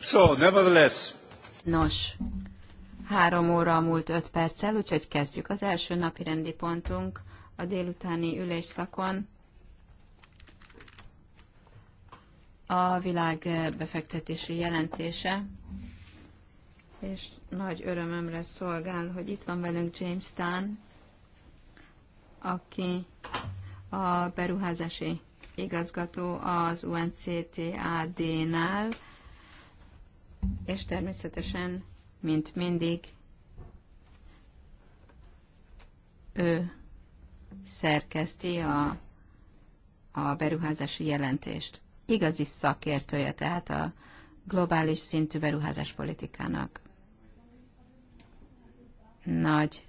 So, nevertheless. Nos, három óra múlt öt perccel, úgyhogy kezdjük az első napi rendi pontunk a délutáni ülésszakon. A világ befektetési jelentése, és nagy örömömre szolgál, hogy itt van velünk James Tan, aki a beruházási igazgató az UNCTAD-nál, és természetesen, mint mindig, ő szerkeszti a, a beruházási jelentést. Igazi szakértője tehát a globális szintű beruházás politikának. Nagy.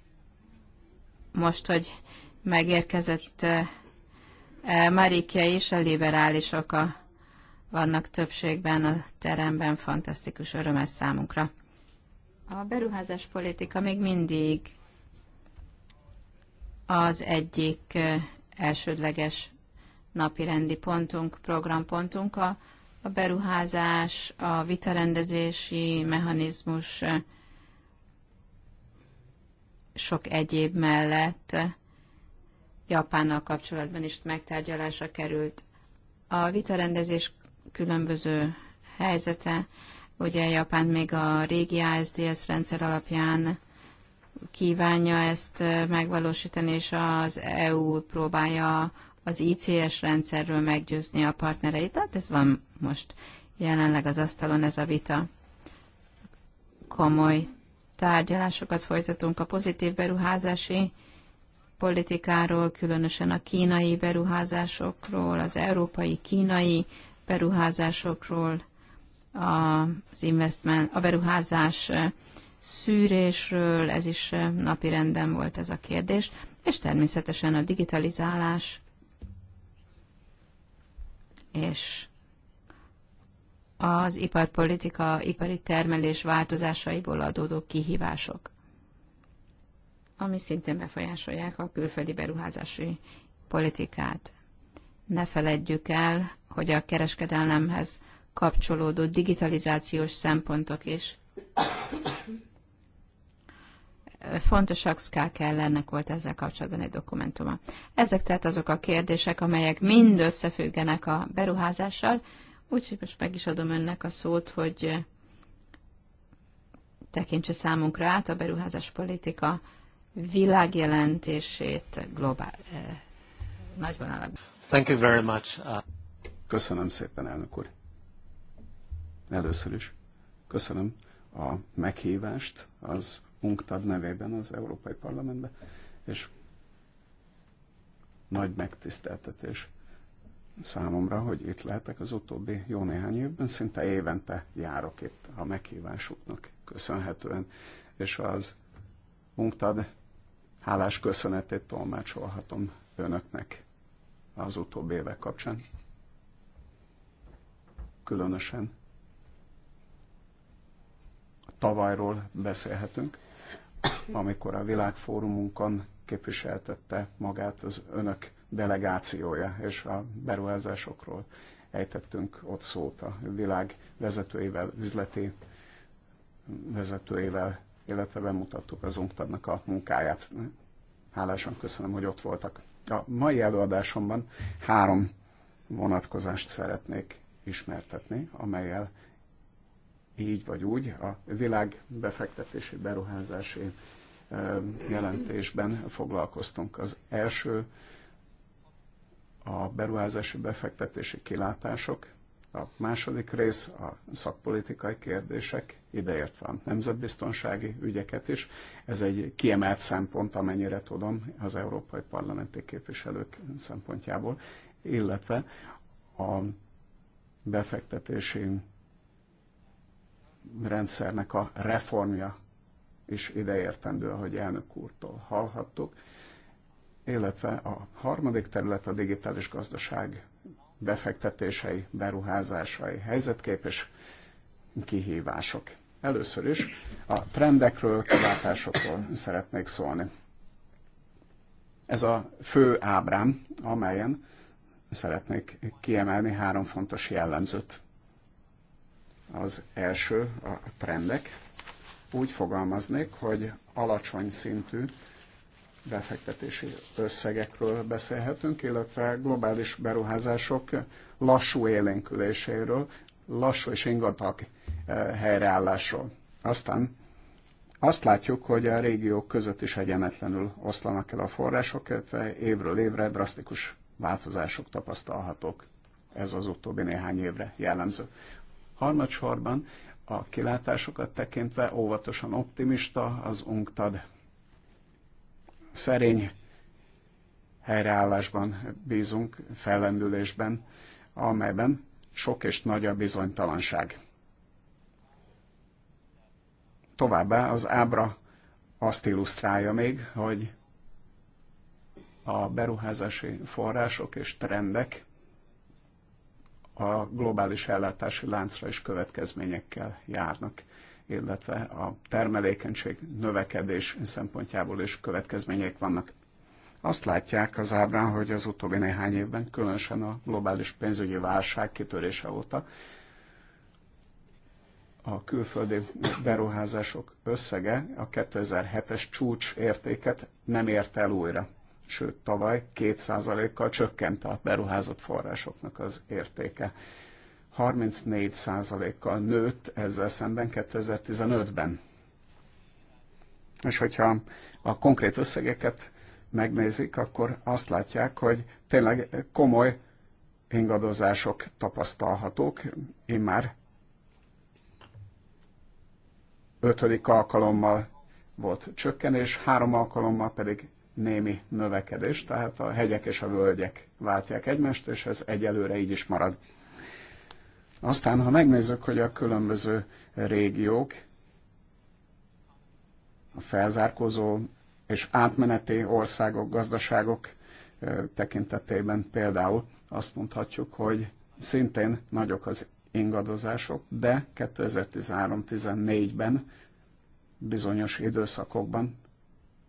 Most, hogy megérkezett eh, Marike is, a liberálisok a vannak többségben a teremben, fantasztikus öröm ez számunkra. A beruházás politika még mindig az egyik elsődleges napi rendi pontunk, programpontunk a, a beruházás, a vitarendezési mechanizmus sok egyéb mellett Japánnal kapcsolatban is megtárgyalásra került. A vitarendezés különböző helyzete. Ugye Japán még a régi ASDS rendszer alapján kívánja ezt megvalósítani, és az EU próbálja az ICS rendszerről meggyőzni a partnereit. Tehát ez van most jelenleg az asztalon ez a vita. Komoly tárgyalásokat folytatunk a pozitív beruházási politikáról, különösen a kínai beruházásokról, az európai-kínai beruházásokról, az investment, a beruházás szűrésről, ez is napi renden volt ez a kérdés, és természetesen a digitalizálás és az iparpolitika, ipari termelés változásaiból adódó kihívások, ami szintén befolyásolják a külföldi beruházási politikát. Ne feledjük el hogy a kereskedelemhez kapcsolódó digitalizációs szempontok is. Fontosak kell Kellernek volt ezzel kapcsolatban egy dokumentuma. Ezek tehát azok a kérdések, amelyek mind összefüggenek a beruházással, úgyhogy most meg is adom önnek a szót, hogy tekintse számunkra át a beruházás politika világjelentését globál eh, Thank you very much. Uh... Köszönöm szépen, elnök úr. Először is köszönöm a meghívást az UNCTAD nevében az Európai Parlamentbe, és nagy megtiszteltetés számomra, hogy itt lehetek az utóbbi jó néhány évben, szinte évente járok itt a meghívásuknak köszönhetően, és az UNCTAD hálás köszönetét tolmácsolhatom önöknek az utóbbi évek kapcsán különösen a tavalyról beszélhetünk, amikor a világfórumunkon képviseltette magát az önök delegációja, és a beruházásokról ejtettünk ott szót a világ vezetőivel, üzleti vezetőivel, illetve bemutattuk az unctad a munkáját. Hálásan köszönöm, hogy ott voltak. A mai előadásomban három vonatkozást szeretnék ismertetni, amelyel így vagy úgy a világ befektetési, beruházási jelentésben foglalkoztunk. Az első a beruházási befektetési kilátások, a második rész a szakpolitikai kérdések, ideértve van nemzetbiztonsági ügyeket is. Ez egy kiemelt szempont, amennyire tudom, az európai parlamenti képviselők szempontjából, illetve a befektetési rendszernek a reformja is ideértendő, ahogy elnök úrtól hallhattuk, illetve a harmadik terület a digitális gazdaság befektetései, beruházásai, helyzetképes kihívások. Először is a trendekről, kilátásokról szeretnék szólni. Ez a fő ábrám, amelyen szeretnék kiemelni három fontos jellemzőt. Az első a trendek. Úgy fogalmaznék, hogy alacsony szintű befektetési összegekről beszélhetünk, illetve globális beruházások lassú élénküléséről, lassú és ingatag eh, helyreállásról. Aztán azt látjuk, hogy a régiók között is egyenetlenül oszlanak el a források, illetve évről évre drasztikus változások tapasztalhatók. Ez az utóbbi néhány évre jellemző. Harmadsorban a kilátásokat tekintve óvatosan optimista az UNCTAD. Szerény helyreállásban bízunk, fellendülésben, amelyben sok és nagy a bizonytalanság. Továbbá az ábra azt illusztrálja még, hogy a beruházási források és trendek a globális ellátási láncra is következményekkel járnak, illetve a termelékenység növekedés szempontjából is következmények vannak. Azt látják az ábrán, hogy az utóbbi néhány évben, különösen a globális pénzügyi válság kitörése óta, a külföldi beruházások összege a 2007-es csúcs értéket nem ért el újra sőt tavaly 2%-kal csökkent a beruházott forrásoknak az értéke. 34%-kal nőtt ezzel szemben 2015-ben. És hogyha a konkrét összegeket megnézik, akkor azt látják, hogy tényleg komoly ingadozások tapasztalhatók. Én már ötödik alkalommal volt csökkenés, három alkalommal pedig némi növekedés, tehát a hegyek és a völgyek váltják egymást, és ez egyelőre így is marad. Aztán, ha megnézzük, hogy a különböző régiók, a felzárkózó és átmeneti országok, gazdaságok tekintetében például azt mondhatjuk, hogy szintén nagyok az ingadozások, de 2013-14-ben bizonyos időszakokban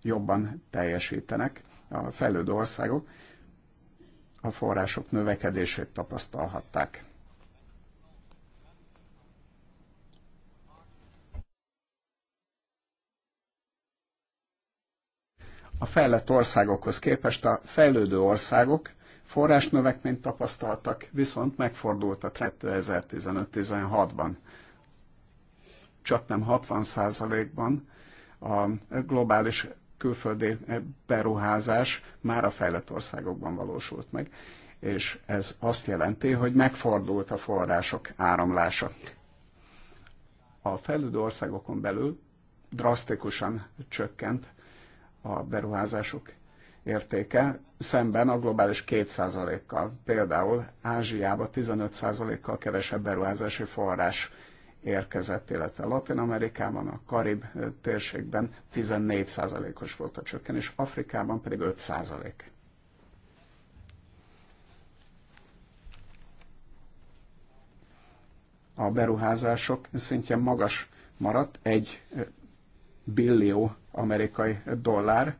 jobban teljesítenek a fejlődő országok, a források növekedését tapasztalhatták. A fejlett országokhoz képest a fejlődő országok növekményt tapasztaltak, viszont megfordult a 2015-16-ban. Csak nem 60%-ban a globális külföldi eh, beruházás már a fejlett országokban valósult meg, és ez azt jelenti, hogy megfordult a források áramlása. A fejlődő országokon belül drasztikusan csökkent a beruházások értéke, szemben a globális 2%-kal. Például Ázsiában 15%-kal kevesebb beruházási forrás érkezett, illetve Latin Amerikában, a Karib térségben 14%-os volt a csökkenés, Afrikában pedig 5%. A beruházások szintén magas maradt, egy billió amerikai dollár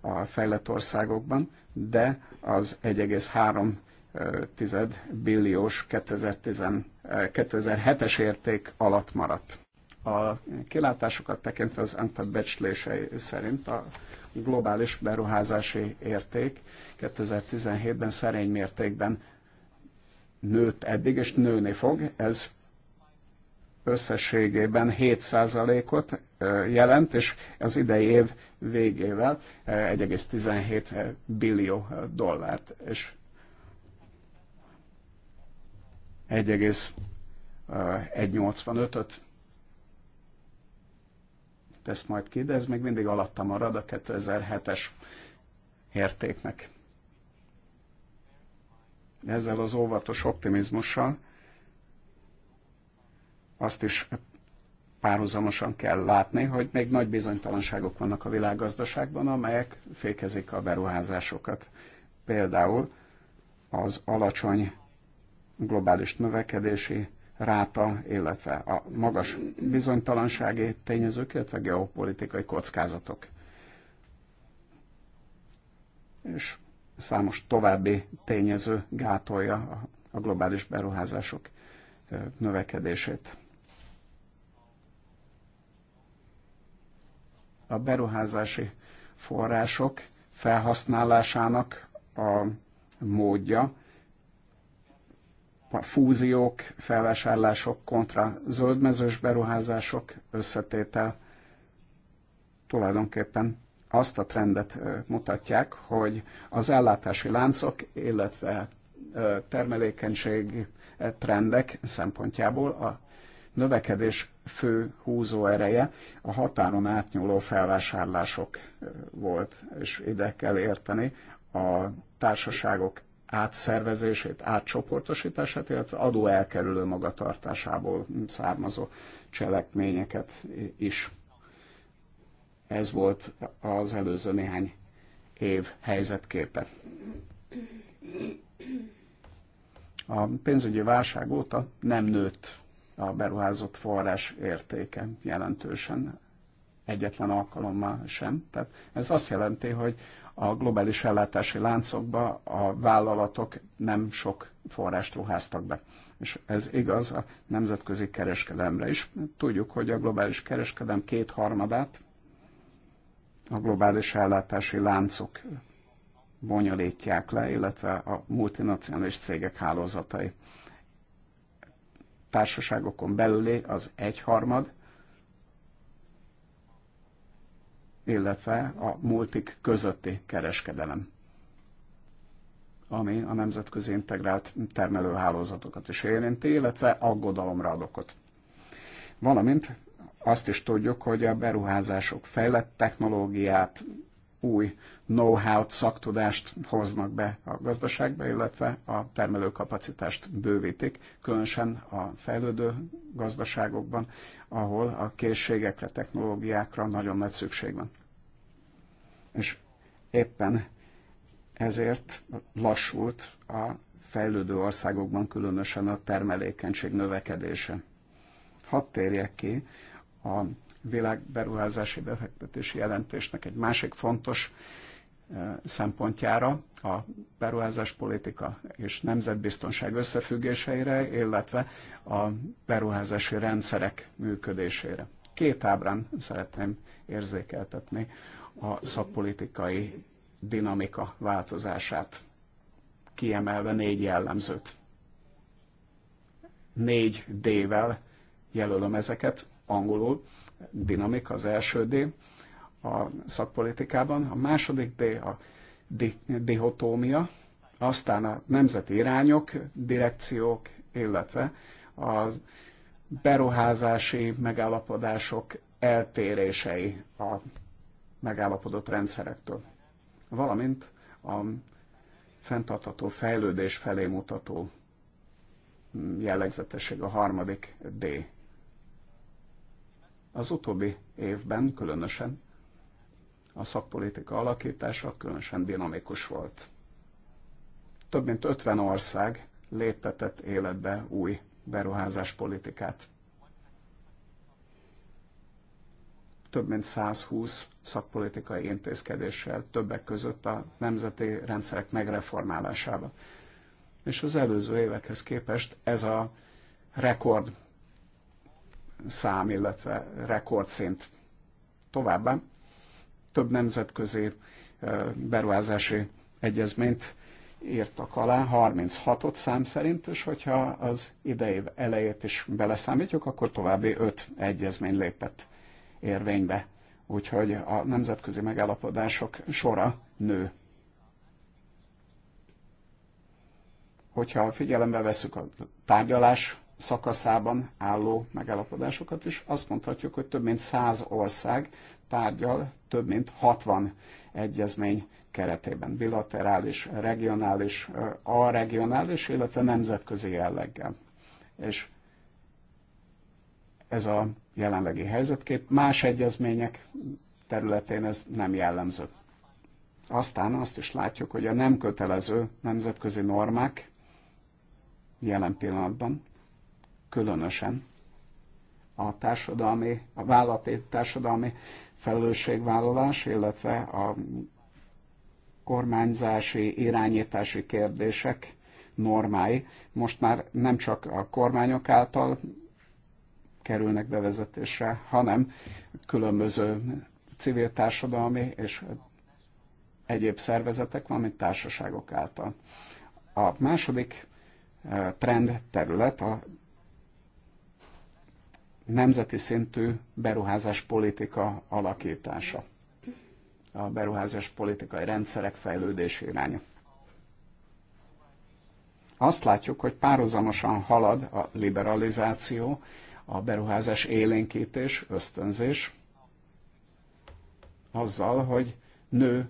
a fejlett országokban, de az tized billiós 2007-es eh, érték alatt maradt. A kilátásokat tekintve az ENTA becslései szerint a globális beruházási érték 2017-ben szerény mértékben nőtt eddig, és nőni fog. Ez összességében 7%-ot eh, jelent, és az idei év végével 1,17 eh, billió dollárt. És 1,185-öt tesz majd ki, de ez még mindig alatta marad a 2007-es értéknek. Ezzel az óvatos optimizmussal azt is párhuzamosan kell látni, hogy még nagy bizonytalanságok vannak a világgazdaságban, amelyek fékezik a beruházásokat. Például az alacsony globális növekedési ráta, illetve a magas bizonytalansági tényezők, illetve geopolitikai kockázatok. És számos további tényező gátolja a globális beruházások növekedését. A beruházási források felhasználásának a módja fúziók, felvásárlások kontra zöldmezős beruházások összetétel tulajdonképpen azt a trendet mutatják, hogy az ellátási láncok, illetve termelékenység trendek szempontjából a növekedés fő húzó ereje a határon átnyúló felvásárlások volt, és ide kell érteni a társaságok átszervezését, átcsoportosítását, illetve adó elkerülő magatartásából származó cselekményeket is. Ez volt az előző néhány év helyzetképe. A pénzügyi válság óta nem nőtt a beruházott forrás értéke jelentősen egyetlen alkalommal sem. Tehát ez azt jelenti, hogy a globális ellátási láncokba a vállalatok nem sok forrást ruháztak be. És ez igaz a nemzetközi kereskedelemre is. Tudjuk, hogy a globális kereskedelem kétharmadát a globális ellátási láncok bonyolítják le, illetve a multinacionális cégek hálózatai. Társaságokon belüli az egyharmad, illetve a multik közötti kereskedelem, ami a nemzetközi integrált termelőhálózatokat is érinti, illetve aggodalomra ad okot. Valamint azt is tudjuk, hogy a beruházások fejlett technológiát, új know-how-t, szaktudást hoznak be a gazdaságba, illetve a termelőkapacitást bővítik, különösen a fejlődő gazdaságokban, ahol a készségekre, technológiákra nagyon nagy szükség van. És éppen ezért lassult a fejlődő országokban különösen a termelékenység növekedése. Hadd térjek ki a világberuházási befektetési jelentésnek egy másik fontos eh, szempontjára, a beruházás politika és nemzetbiztonság összefüggéseire, illetve a beruházási rendszerek működésére. Két ábrán szeretném érzékeltetni a szakpolitikai dinamika változását, kiemelve négy jellemzőt. Négy D-vel jelölöm ezeket, angolul, dinamik az első D a szakpolitikában, a második D a di dihotómia, aztán a nemzeti irányok, direkciók, illetve az beruházási megállapodások eltérései a megállapodott rendszerektől, valamint a fenntartható fejlődés felé mutató jellegzetesség a harmadik D az utóbbi évben különösen a szakpolitika alakítása különösen dinamikus volt. Több mint 50 ország léptetett életbe új beruházáspolitikát. Több mint 120 szakpolitikai intézkedéssel, többek között a nemzeti rendszerek megreformálásával. És az előző évekhez képest ez a rekord szám, illetve rekordszint. Továbbá több nemzetközi beruházási egyezményt írtak alá, 36-ot szám szerint, és hogyha az idei elejét is beleszámítjuk, akkor további 5 egyezmény lépett érvénybe. Úgyhogy a nemzetközi megállapodások sora nő. Hogyha figyelembe veszük a tárgyalás szakaszában álló megállapodásokat is, azt mondhatjuk, hogy több mint 100 ország tárgyal több mint 60 egyezmény keretében, bilaterális, regionális, a-regionális, illetve nemzetközi jelleggel. És ez a jelenlegi helyzetkép. Más egyezmények területén ez nem jellemző. Aztán azt is látjuk, hogy a nem kötelező nemzetközi normák jelen pillanatban különösen a társadalmi, a vállalati társadalmi felelősségvállalás, illetve a kormányzási, irányítási kérdések normái most már nem csak a kormányok által kerülnek bevezetésre, hanem különböző civil társadalmi és egyéb szervezetek, valamint társaságok által. A második eh, trend terület a nemzeti szintű beruházás politika alakítása, a beruházás politikai rendszerek fejlődés iránya. Azt látjuk, hogy párhuzamosan halad a liberalizáció, a beruházás élénkítés, ösztönzés, azzal, hogy nő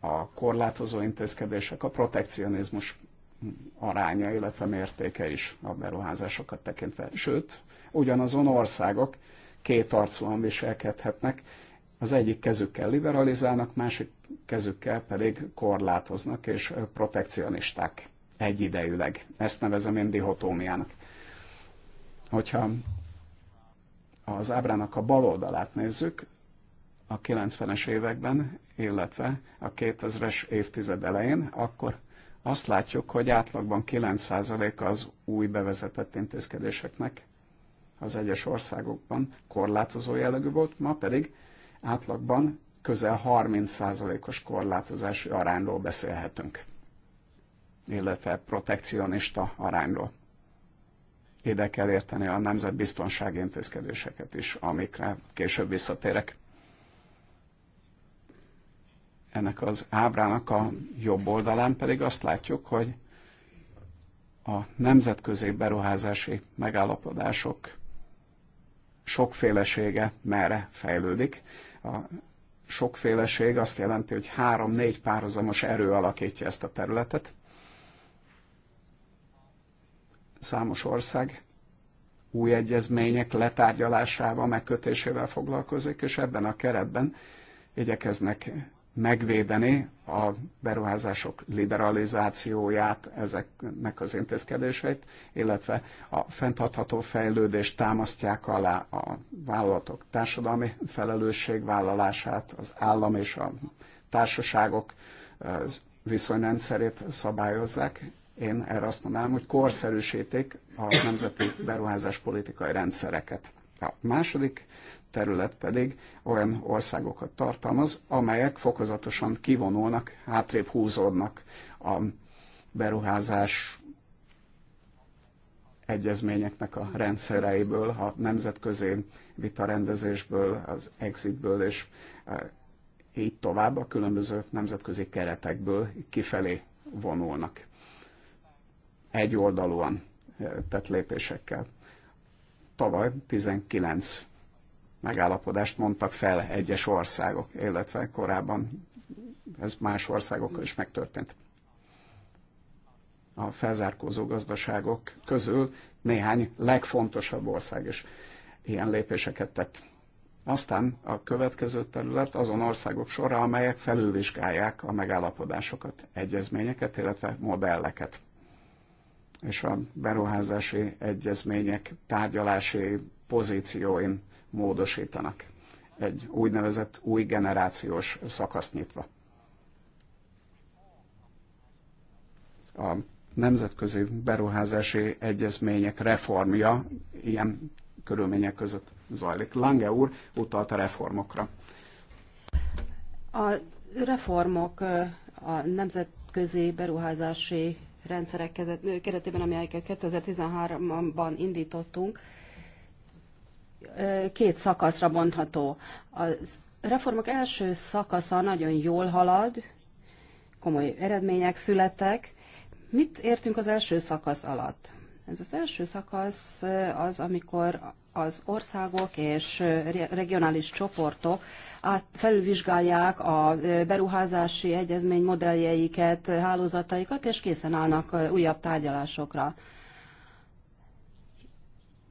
a korlátozó intézkedések, a protekcionizmus aránya, illetve mértéke is a beruházásokat tekintve. Sőt, ugyanazon országok két arcúan viselkedhetnek, az egyik kezükkel liberalizálnak, másik kezükkel pedig korlátoznak és protekcionisták egyidejűleg. Ezt nevezem én dihotómiának. Hogyha az ábrának a bal oldalát nézzük, a 90-es években, illetve a 2000-es évtized elején, akkor azt látjuk, hogy átlagban 9% az új bevezetett intézkedéseknek az egyes országokban korlátozó jellegű volt, ma pedig átlagban közel 30%-os korlátozási arányról beszélhetünk, illetve protekcionista arányról. Ide kell érteni a nemzetbiztonsági intézkedéseket is, amikre később visszatérek. Ennek az ábrának a jobb oldalán pedig azt látjuk, hogy a nemzetközi beruházási megállapodások sokfélesége merre fejlődik. A sokféleség azt jelenti, hogy három-négy párhuzamos erő alakítja ezt a területet. Számos ország új egyezmények letárgyalásával, megkötésével foglalkozik, és ebben a keretben igyekeznek megvédeni a beruházások liberalizációját, ezeknek az intézkedéseit, illetve a fenntartható fejlődést támasztják alá a vállalatok társadalmi felelősségvállalását, az állam és a társaságok viszonyrendszerét szabályozzák. Én erre azt mondanám, hogy korszerűsítik a nemzeti beruházás politikai rendszereket. A második terület pedig olyan országokat tartalmaz, amelyek fokozatosan kivonulnak, hátrébb húzódnak a beruházás egyezményeknek a rendszereiből, a nemzetközi vitarendezésből, az exitből, és e, így tovább a különböző nemzetközi keretekből kifelé vonulnak. Egyoldalúan e, tett lépésekkel. Tavaly 19 megállapodást mondtak fel egyes országok, illetve korábban ez más országokkal is megtörtént. A felzárkózó gazdaságok közül néhány legfontosabb ország is ilyen lépéseket tett. Aztán a következő terület azon országok sorra, amelyek felülvizsgálják a megállapodásokat, egyezményeket, illetve modelleket. És a beruházási egyezmények tárgyalási pozícióin módosítanak. Egy úgynevezett új generációs szakaszt nyitva. A nemzetközi beruházási egyezmények reformja ilyen körülmények között zajlik. Lange úr utalt a reformokra. A reformok a nemzetközi beruházási rendszerek keretében, amelyeket 2013-ban indítottunk, két szakaszra bontható. A reformok első szakasza nagyon jól halad, komoly eredmények születtek. Mit értünk az első szakasz alatt? Ez az első szakasz az, amikor az országok és regionális csoportok át, felülvizsgálják a beruházási egyezmény modelljeiket, hálózataikat, és készen állnak újabb tárgyalásokra.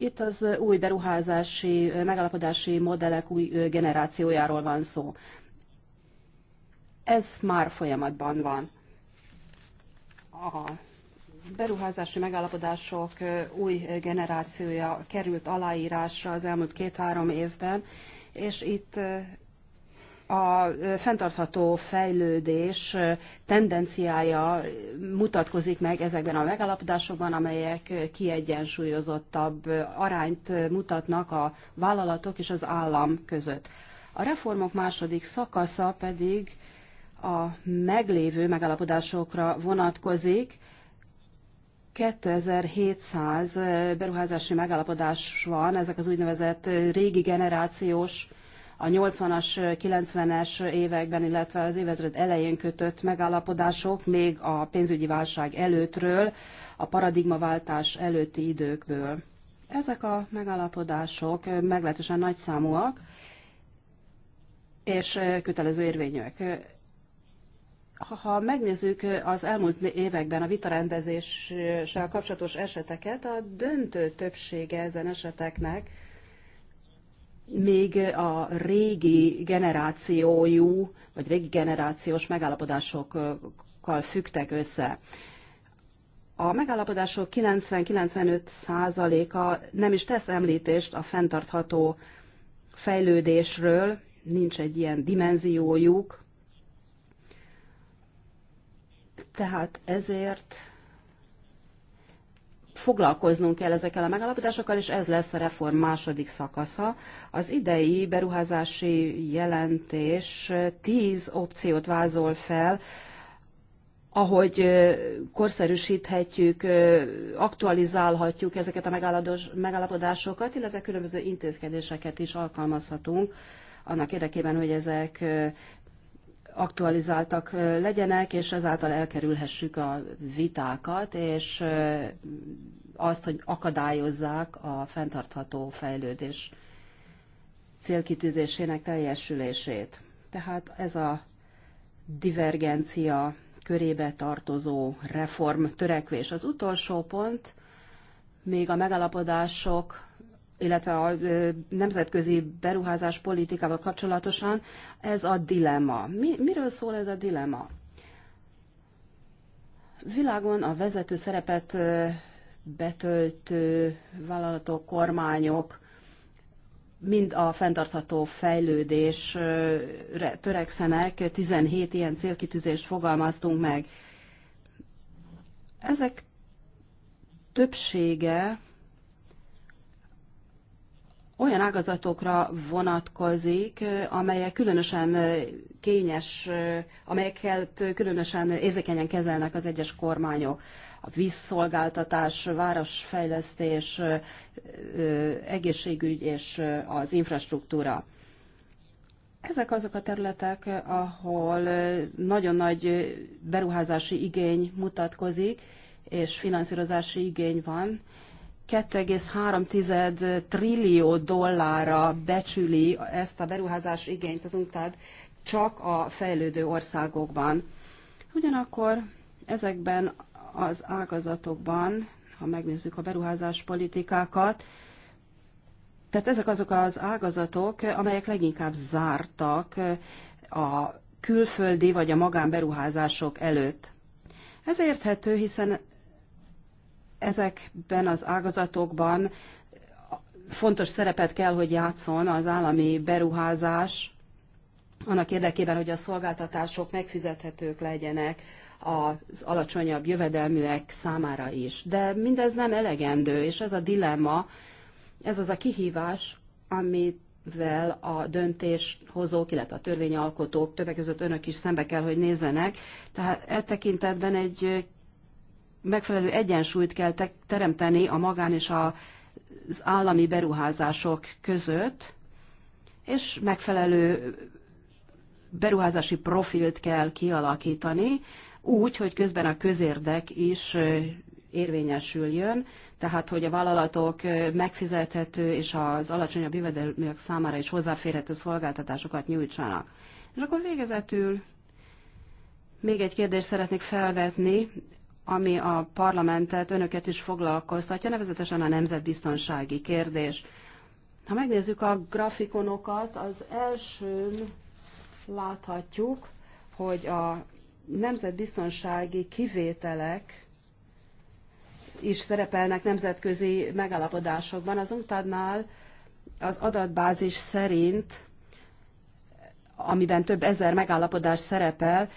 Itt az új beruházási, megalapodási modellek új generációjáról van szó. Ez már folyamatban van. A beruházási megállapodások új generációja került aláírásra az elmúlt két-három évben, és itt a fenntartható fejlődés tendenciája mutatkozik meg ezekben a megállapodásokban, amelyek kiegyensúlyozottabb arányt mutatnak a vállalatok és az állam között. A reformok második szakasza pedig a meglévő megállapodásokra vonatkozik, 2700 beruházási megállapodás van, ezek az úgynevezett régi generációs a 80-as, 90-es években, illetve az évezred elején kötött megállapodások még a pénzügyi válság előttről, a paradigmaváltás előtti időkből. Ezek a megállapodások meglehetősen nagyszámúak, és kötelező érvényűek. Ha megnézzük az elmúlt években a vitarendezéssel kapcsolatos eseteket, a döntő többsége ezen eseteknek még a régi generációjú, vagy régi generációs megállapodásokkal fügtek össze. A megállapodások 90-95 a nem is tesz említést a fenntartható fejlődésről, nincs egy ilyen dimenziójuk, tehát ezért foglalkoznunk kell ezekkel a megállapodásokkal, és ez lesz a reform második szakasza. Az idei beruházási jelentés tíz opciót vázol fel, ahogy korszerűsíthetjük, aktualizálhatjuk ezeket a megállapodásokat, illetve különböző intézkedéseket is alkalmazhatunk annak érdekében, hogy ezek aktualizáltak legyenek, és ezáltal elkerülhessük a vitákat, és azt, hogy akadályozzák a fenntartható fejlődés célkitűzésének teljesülését. Tehát ez a divergencia körébe tartozó reform törekvés. Az utolsó pont, még a megalapodások illetve a nemzetközi beruházás politikával kapcsolatosan, ez a dilemma. Mi, miről szól ez a dilemma? Világon a vezető szerepet betöltő vállalatok, kormányok mind a fenntartható fejlődésre törekszenek, 17 ilyen célkitűzést fogalmaztunk meg. Ezek többsége olyan ágazatokra vonatkozik, amelyek különösen kényes, amelyekkel különösen érzékenyen kezelnek az egyes kormányok. A vízszolgáltatás, városfejlesztés, egészségügy és az infrastruktúra. Ezek azok a területek, ahol nagyon nagy beruházási igény mutatkozik, és finanszírozási igény van, 2,3 trillió dollárra becsüli ezt a beruházás igényt az UNCTAD csak a fejlődő országokban. Ugyanakkor ezekben az ágazatokban, ha megnézzük a beruházás politikákat, tehát ezek azok az ágazatok, amelyek leginkább zártak a külföldi vagy a magánberuházások előtt. Ez érthető, hiszen ezekben az ágazatokban fontos szerepet kell, hogy játszon az állami beruházás, annak érdekében, hogy a szolgáltatások megfizethetők legyenek az alacsonyabb jövedelműek számára is. De mindez nem elegendő, és ez a dilemma, ez az a kihívás, amivel a döntéshozók, illetve a törvényalkotók, többek között önök is szembe kell, hogy nézzenek. Tehát e tekintetben egy megfelelő egyensúlyt kell teremteni a magán és az állami beruházások között, és megfelelő beruházási profilt kell kialakítani, úgy, hogy közben a közérdek is érvényesüljön, tehát hogy a vállalatok megfizethető és az alacsonyabb jövedelmiak számára is hozzáférhető szolgáltatásokat nyújtsanak. És akkor végezetül még egy kérdést szeretnék felvetni ami a parlamentet, önöket is foglalkoztatja, nevezetesen a nemzetbiztonsági kérdés. Ha megnézzük a grafikonokat, az elsőn láthatjuk, hogy a nemzetbiztonsági kivételek is szerepelnek nemzetközi megállapodásokban. Az unctad az adatbázis szerint, amiben több ezer megállapodás szerepel,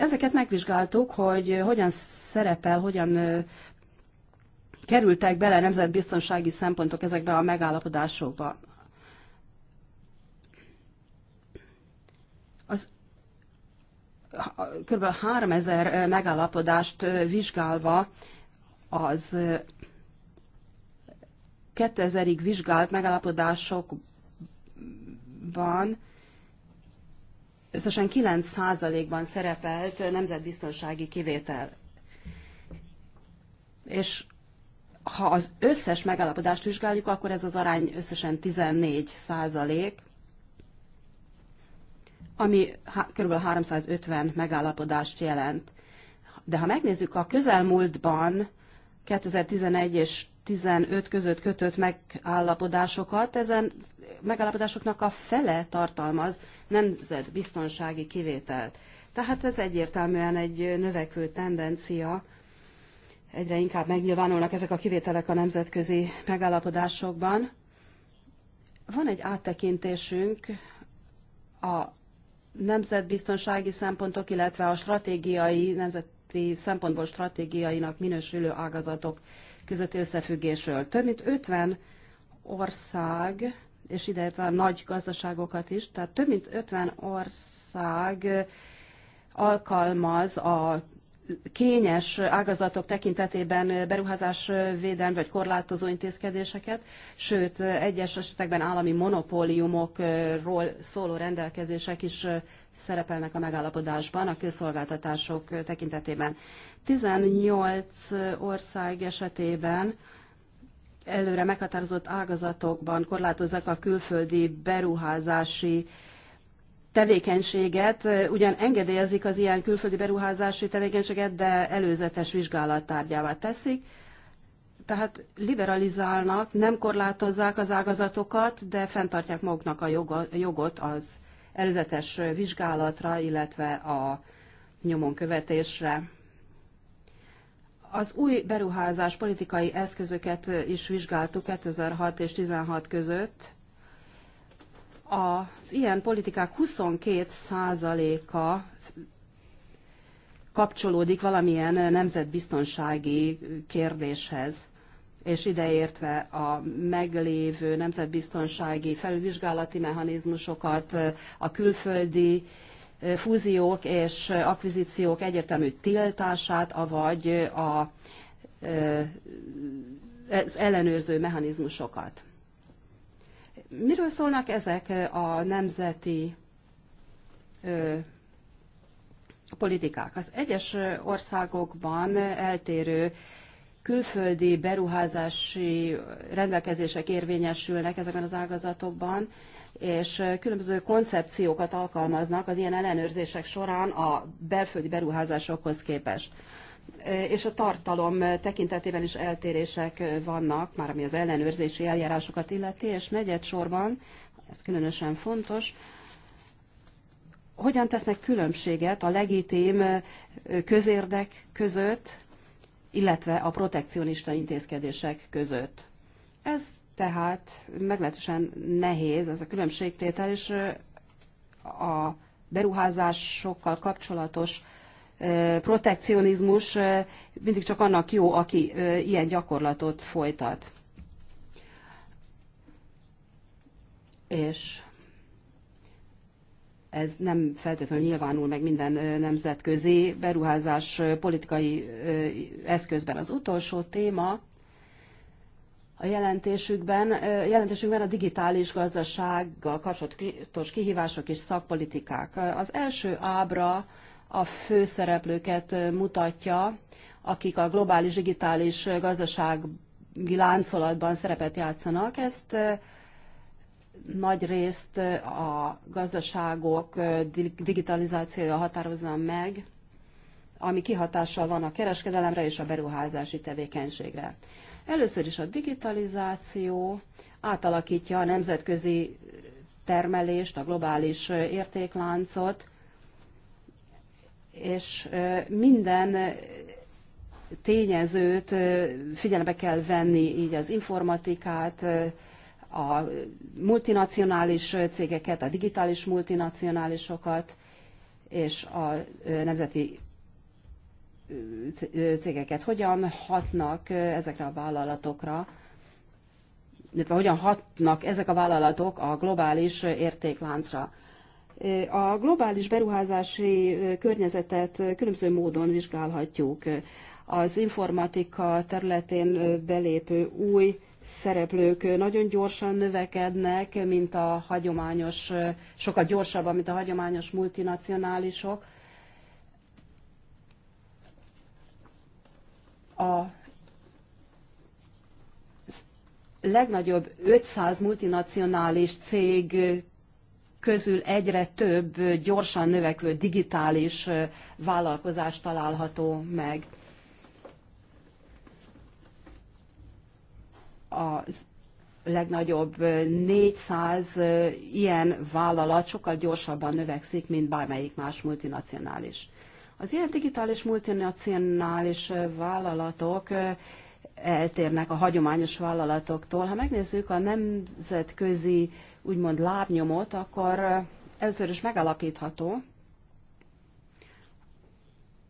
Ezeket megvizsgáltuk, hogy hogyan szerepel, hogyan kerültek bele nemzetbiztonsági szempontok ezekbe a megállapodásokba. Az kb. 3000 megállapodást vizsgálva az 2000-ig vizsgált megállapodásokban összesen 9%-ban szerepelt nemzetbiztonsági kivétel. És ha az összes megállapodást vizsgáljuk, akkor ez az arány összesen 14 százalék, ami kb. 350 megállapodást jelent. De ha megnézzük a közelmúltban, 2011 és 2015 között kötött megállapodásokat, ezen megállapodásoknak a fele tartalmaz nemzetbiztonsági kivételt. Tehát ez egyértelműen egy növekvő tendencia, egyre inkább megnyilvánulnak ezek a kivételek a nemzetközi megállapodásokban. Van egy áttekintésünk a nemzetbiztonsági szempontok, illetve a stratégiai, nemzeti szempontból stratégiainak minősülő ágazatok közötti összefüggésről. Több mint 50 ország, és ideértve a nagy gazdaságokat is, tehát több mint 50 ország alkalmaz a kényes ágazatok tekintetében beruházásvédelmi vagy korlátozó intézkedéseket, sőt egyes esetekben állami monopóliumokról szóló rendelkezések is szerepelnek a megállapodásban a közszolgáltatások tekintetében. 18 ország esetében előre meghatározott ágazatokban korlátozzák a külföldi beruházási tevékenységet, ugyan engedélyezik az ilyen külföldi beruházási tevékenységet, de előzetes vizsgálat tárgyává teszik. Tehát liberalizálnak, nem korlátozzák az ágazatokat, de fenntartják maguknak a jogot az előzetes vizsgálatra, illetve a nyomon követésre. Az új beruházás politikai eszközöket is vizsgáltuk 2006 és 2016 között az ilyen politikák 22%-a kapcsolódik valamilyen nemzetbiztonsági kérdéshez, és ideértve a meglévő nemzetbiztonsági felülvizsgálati mechanizmusokat, a külföldi eh, fúziók és akvizíciók egyértelmű tiltását, avagy a, az eh, ellenőrző mechanizmusokat. Miről szólnak ezek a nemzeti ö, politikák? Az egyes országokban eltérő külföldi beruházási rendelkezések érvényesülnek ezekben az ágazatokban, és különböző koncepciókat alkalmaznak az ilyen ellenőrzések során a belföldi beruházásokhoz képest. Eh, és a tartalom tekintetében is eltérések eh, vannak, már ami az ellenőrzési eljárásokat illeti, és negyed sorban, ez különösen fontos, hogyan tesznek különbséget a legitim eh, közérdek között, illetve a protekcionista intézkedések között. Ez tehát meglehetősen nehéz, ez a különbségtétel, és a beruházásokkal kapcsolatos protekcionizmus mindig csak annak jó, aki ilyen gyakorlatot folytat. És ez nem feltétlenül nyilvánul meg minden nemzetközi beruházás politikai eszközben. Az utolsó téma a jelentésükben, jelentésünkben a digitális gazdasággal kapcsolatos kihívások és szakpolitikák. Az első ábra a főszereplőket mutatja, akik a globális digitális gazdasági láncolatban szerepet játszanak. Ezt nagy részt a gazdaságok digitalizációja határozza meg, ami kihatással van a kereskedelemre és a beruházási tevékenységre. Először is a digitalizáció átalakítja a nemzetközi termelést, a globális értékláncot, és minden tényezőt figyelembe kell venni, így az informatikát, a multinacionális cégeket, a digitális multinacionálisokat, és a nemzeti cégeket. Hogyan hatnak ezekre a vállalatokra, illetve hogyan hatnak ezek a vállalatok a globális értékláncra. A globális beruházási környezetet különböző módon vizsgálhatjuk. Az informatika területén belépő új szereplők nagyon gyorsan növekednek, mint a hagyományos, sokkal gyorsabban, mint a hagyományos multinacionálisok. A legnagyobb 500 multinacionális cég közül egyre több gyorsan növekvő digitális vállalkozás található meg. A legnagyobb 400 ilyen vállalat sokkal gyorsabban növekszik, mint bármelyik más multinacionális. Az ilyen digitális multinacionális vállalatok eltérnek a hagyományos vállalatoktól. Ha megnézzük a nemzetközi úgymond lábnyomot, akkor eh, először is megalapítható,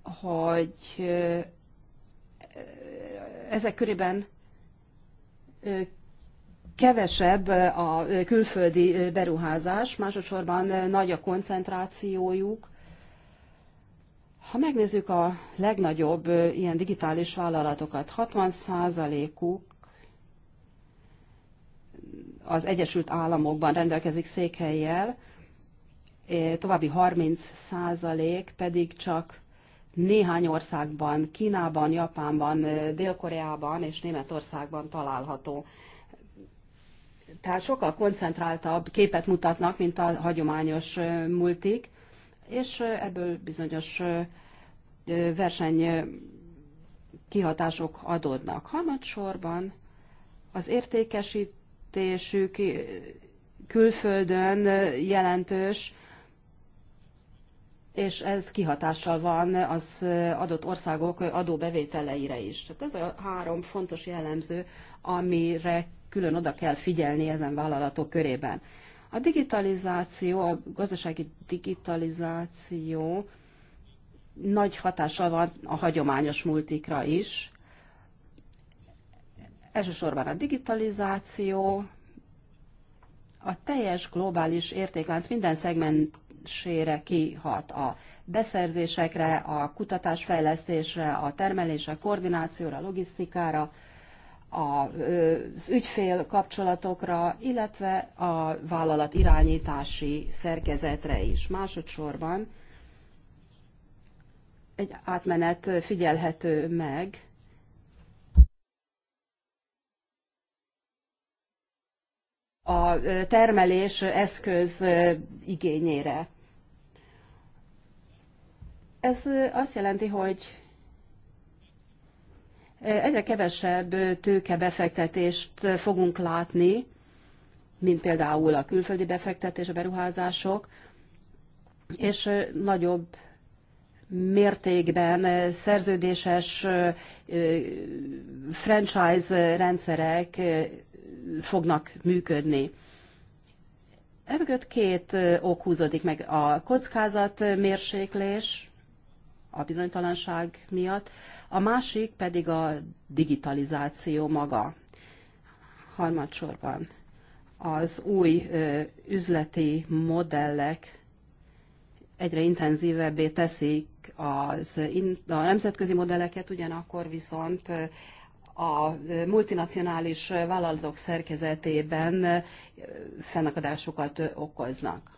hogy eh, ezek körében eh, kevesebb a külföldi beruházás, másodszorban nagy a koncentrációjuk. Ha megnézzük a legnagyobb ilyen digitális vállalatokat, 60%-uk az Egyesült Államokban rendelkezik székhelyjel, e, további 30 százalék pedig csak néhány országban, Kínában, Japánban, e, Dél-Koreában és Németországban található. Tehát sokkal koncentráltabb képet mutatnak, mint a hagyományos e, multik, és ebből bizonyos verseny kihatások adódnak. sorban. az értékesít költségvetésük külföldön jelentős, és ez kihatással van az adott országok adóbevételeire is. Tehát ez a három fontos jellemző, amire külön oda kell figyelni ezen vállalatok körében. A digitalizáció, a gazdasági digitalizáció nagy hatással van a hagyományos multikra is, Elsősorban a digitalizáció, a teljes globális értéklánc minden szegmensére kihat a beszerzésekre, a kutatásfejlesztésre, a termelésre, a koordinációra, a logisztikára, az ügyfél kapcsolatokra, illetve a vállalat irányítási szerkezetre is. Másodszorban egy átmenet figyelhető meg a termelés eszköz igényére. Ez azt jelenti, hogy egyre kevesebb tőkebefektetést fogunk látni, mint például a külföldi befektetés, a beruházások, és nagyobb mértékben szerződéses franchise rendszerek fognak működni. Ebből két ok húzódik meg a kockázat mérséklés, a bizonytalanság miatt, a másik pedig a digitalizáció maga. Harmadsorban az új üzleti modellek egyre intenzívebbé teszik az, a nemzetközi modelleket, ugyanakkor viszont a multinacionális vállalatok szerkezetében fennakadásokat okoznak.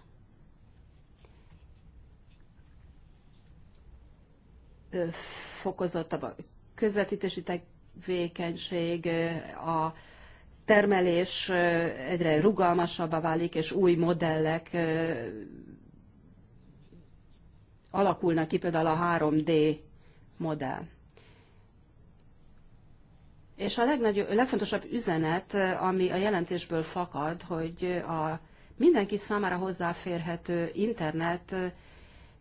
Fokozottabb a közvetítési tevékenység, a termelés egyre rugalmasabbá válik, és új modellek alakulnak ki, például a 3D modell. És a legnagyobb, legfontosabb üzenet, ami a jelentésből fakad, hogy a mindenki számára hozzáférhető internet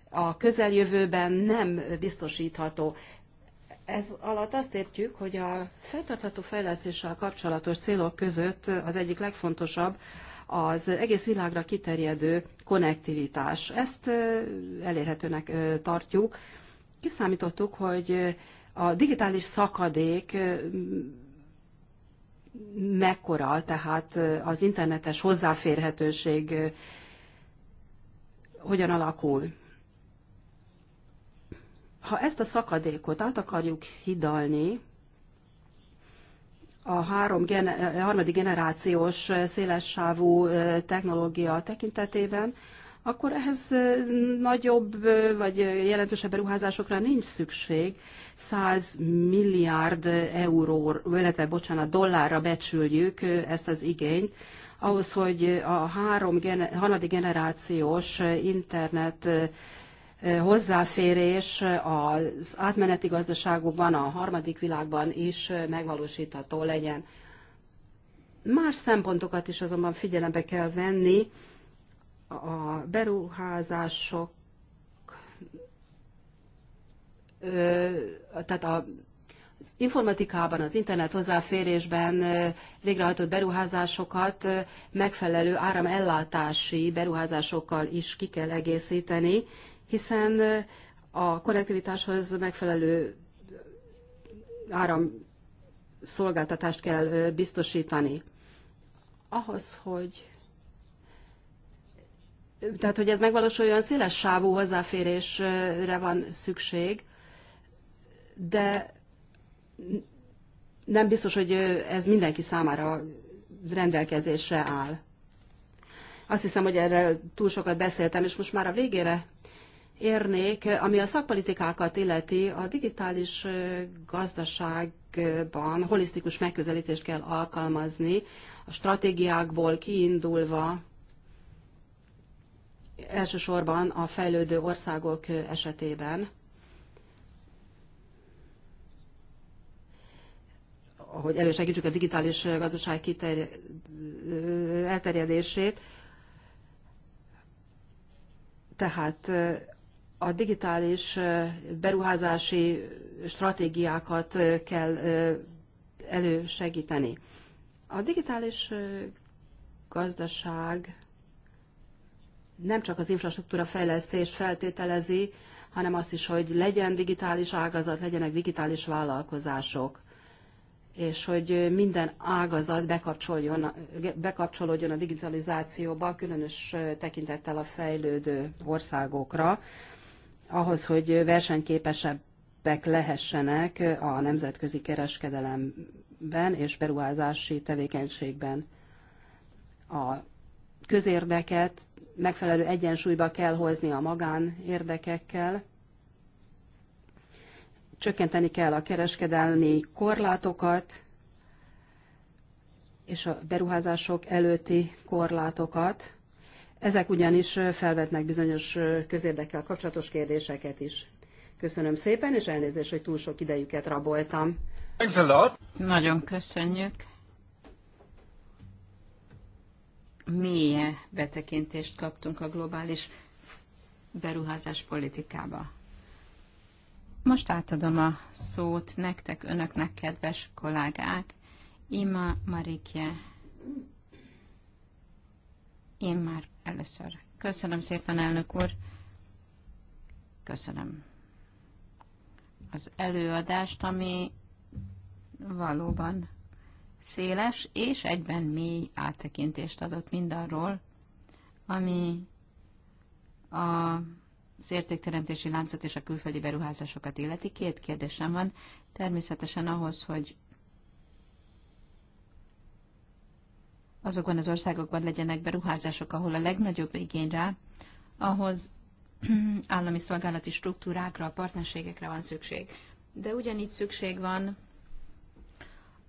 a közeljövőben nem biztosítható. Ez alatt azt értjük, hogy a fenntartható fejlesztéssel kapcsolatos célok között az egyik legfontosabb az egész világra kiterjedő konnektivitás. Ezt elérhetőnek tartjuk. Kiszámítottuk, hogy a digitális szakadék mekkora, tehát az internetes hozzáférhetőség hogyan alakul. Ha ezt a szakadékot át akarjuk hidalni, a három gener- harmadik generációs szélessávú technológia tekintetében, akkor ehhez nagyobb vagy jelentősebb beruházásokra nincs szükség. 100 milliárd euró, illetve bocsánat, dollárra becsüljük ezt az igényt, ahhoz, hogy a három gener- harmadik generációs internet hozzáférés az átmeneti gazdaságokban, a harmadik világban is megvalósítható legyen. Más szempontokat is azonban figyelembe kell venni, a beruházások, tehát a az informatikában, az internet hozzáférésben végrehajtott beruházásokat megfelelő áramellátási beruházásokkal is ki kell egészíteni, hiszen a konnektivitáshoz megfelelő áramszolgáltatást kell biztosítani. Ahhoz, hogy tehát, hogy ez megvalósuljon, széles sávú hozzáférésre van szükség, de nem biztos, hogy ez mindenki számára rendelkezésre áll. Azt hiszem, hogy erről túl sokat beszéltem, és most már a végére érnék, ami a szakpolitikákat illeti, a digitális gazdaságban holisztikus megközelítést kell alkalmazni, a stratégiákból kiindulva, elsősorban a fejlődő országok esetében, hogy elősegítsük a digitális gazdaság kiterj- elterjedését. Tehát eh, a digitális eh, beruházási stratégiákat eh, kell elősegíteni. A digitális gazdaság nem csak az infrastruktúra fejlesztést feltételezi, hanem azt is, hogy legyen digitális ágazat, legyenek digitális vállalkozások, és hogy minden ágazat bekapcsoljon, bekapcsolódjon a digitalizációba, különös tekintettel a fejlődő országokra, ahhoz, hogy versenyképesebbek lehessenek a nemzetközi kereskedelemben és beruházási tevékenységben. A közérdeket megfelelő egyensúlyba kell hozni a magán érdekekkel. Csökkenteni kell a kereskedelmi korlátokat és a beruházások előtti korlátokat. Ezek ugyanis felvetnek bizonyos közérdekkel kapcsolatos kérdéseket is. Köszönöm szépen, és elnézést, hogy túl sok idejüket raboltam. Nagyon köszönjük. mélye betekintést kaptunk a globális beruházás politikába. Most átadom a szót nektek, önöknek, kedves kollégák. Ima Marikje. Én már először. Köszönöm szépen, elnök úr. Köszönöm az előadást, ami valóban széles és egyben mély áttekintést adott mindarról, ami a az értékteremtési láncot és a külföldi beruházásokat illeti. Két kérdésem van. Természetesen ahhoz, hogy azokban az országokban legyenek beruházások, ahol a legnagyobb igény rá, ahhoz állami szolgálati struktúrákra, partnerségekre van szükség. De ugyanígy szükség van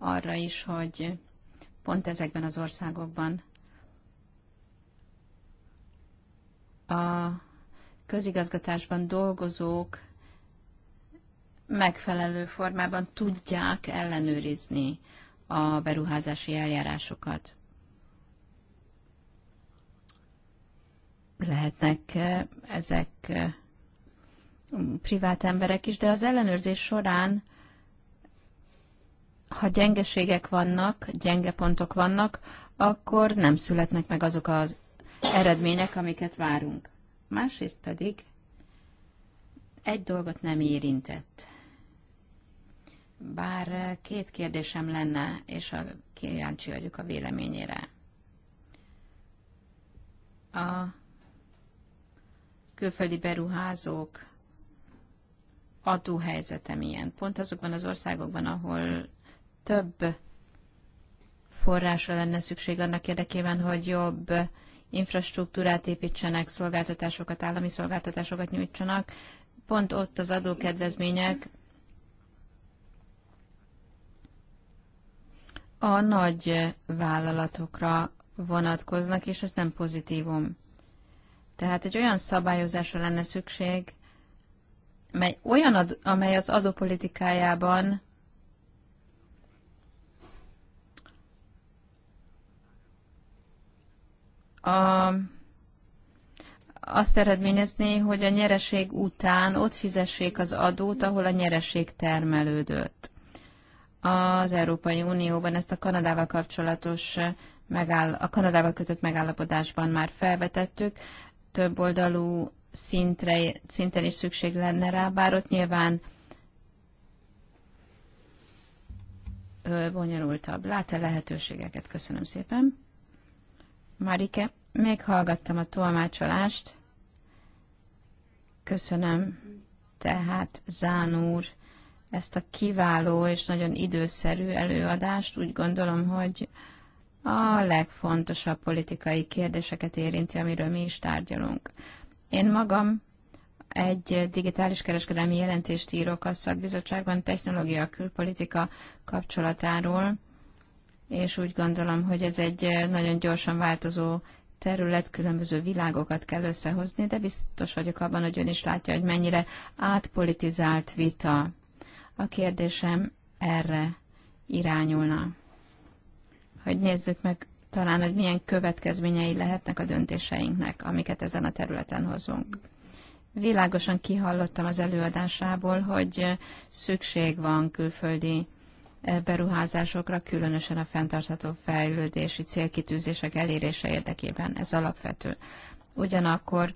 arra is, hogy pont ezekben az országokban a közigazgatásban dolgozók megfelelő formában tudják ellenőrizni a beruházási eljárásokat. Lehetnek eh, ezek eh, privát emberek is, de az ellenőrzés során ha gyengeségek vannak, gyenge pontok vannak, akkor nem születnek meg azok az eredmények, amiket várunk. Másrészt pedig egy dolgot nem érintett. Bár két kérdésem lenne, és a kíváncsi vagyok a véleményére. A külföldi beruházók adóhelyzete milyen? Pont azokban az országokban, ahol több forrásra lenne szükség annak érdekében, hogy jobb infrastruktúrát építsenek, szolgáltatásokat, állami szolgáltatásokat nyújtsanak. Pont ott az adókedvezmények a nagy vállalatokra vonatkoznak, és ez nem pozitívum. Tehát egy olyan szabályozásra lenne szükség, mely olyan, amely az adópolitikájában a, azt eredményezné, hogy a nyereség után ott fizessék az adót, ahol a nyereség termelődött. Az Európai Unióban ezt a Kanadával kapcsolatos megáll, a Kanadával kötött megállapodásban már felvetettük, több oldalú szintre, szinten is szükség lenne rá, bár ott nyilván bonyolultabb. Lát-e lehetőségeket? Köszönöm szépen. Marike, hallgattam a tolmácsolást. Köszönöm tehát Zán úr ezt a kiváló és nagyon időszerű előadást. Úgy gondolom, hogy a legfontosabb politikai kérdéseket érinti, amiről mi is tárgyalunk. Én magam egy digitális kereskedelmi jelentést írok a szakbizottságban technológia külpolitika kapcsolatáról, és úgy gondolom, hogy ez egy eh, nagyon gyorsan változó terület, különböző világokat kell összehozni, de biztos vagyok abban, hogy ön is látja, hogy mennyire átpolitizált vita. A kérdésem erre irányulna. Hogy nézzük meg talán, hogy milyen következményei lehetnek a döntéseinknek, amiket ezen a területen hozunk. Világosan kihallottam az előadásából, hogy eh, szükség van külföldi beruházásokra, különösen a fenntartható fejlődési célkitűzések elérése érdekében. Ez alapvető. Ugyanakkor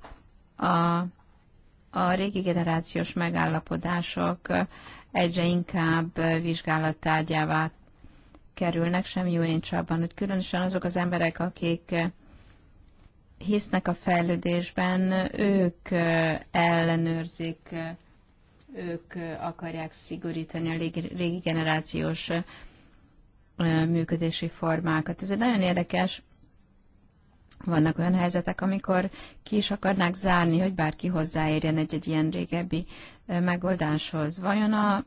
a, a régi generációs megállapodások egyre inkább vizsgálattárgyává kerülnek, sem jó nincs abban, hogy különösen azok az emberek, akik hisznek a fejlődésben, ők ellenőrzik ők akarják szigorítani a régi generációs működési formákat. Ez egy nagyon érdekes, vannak olyan helyzetek, amikor ki is akarnák zárni, hogy bárki hozzáérjen egy-egy ilyen régebbi megoldáshoz. Vajon a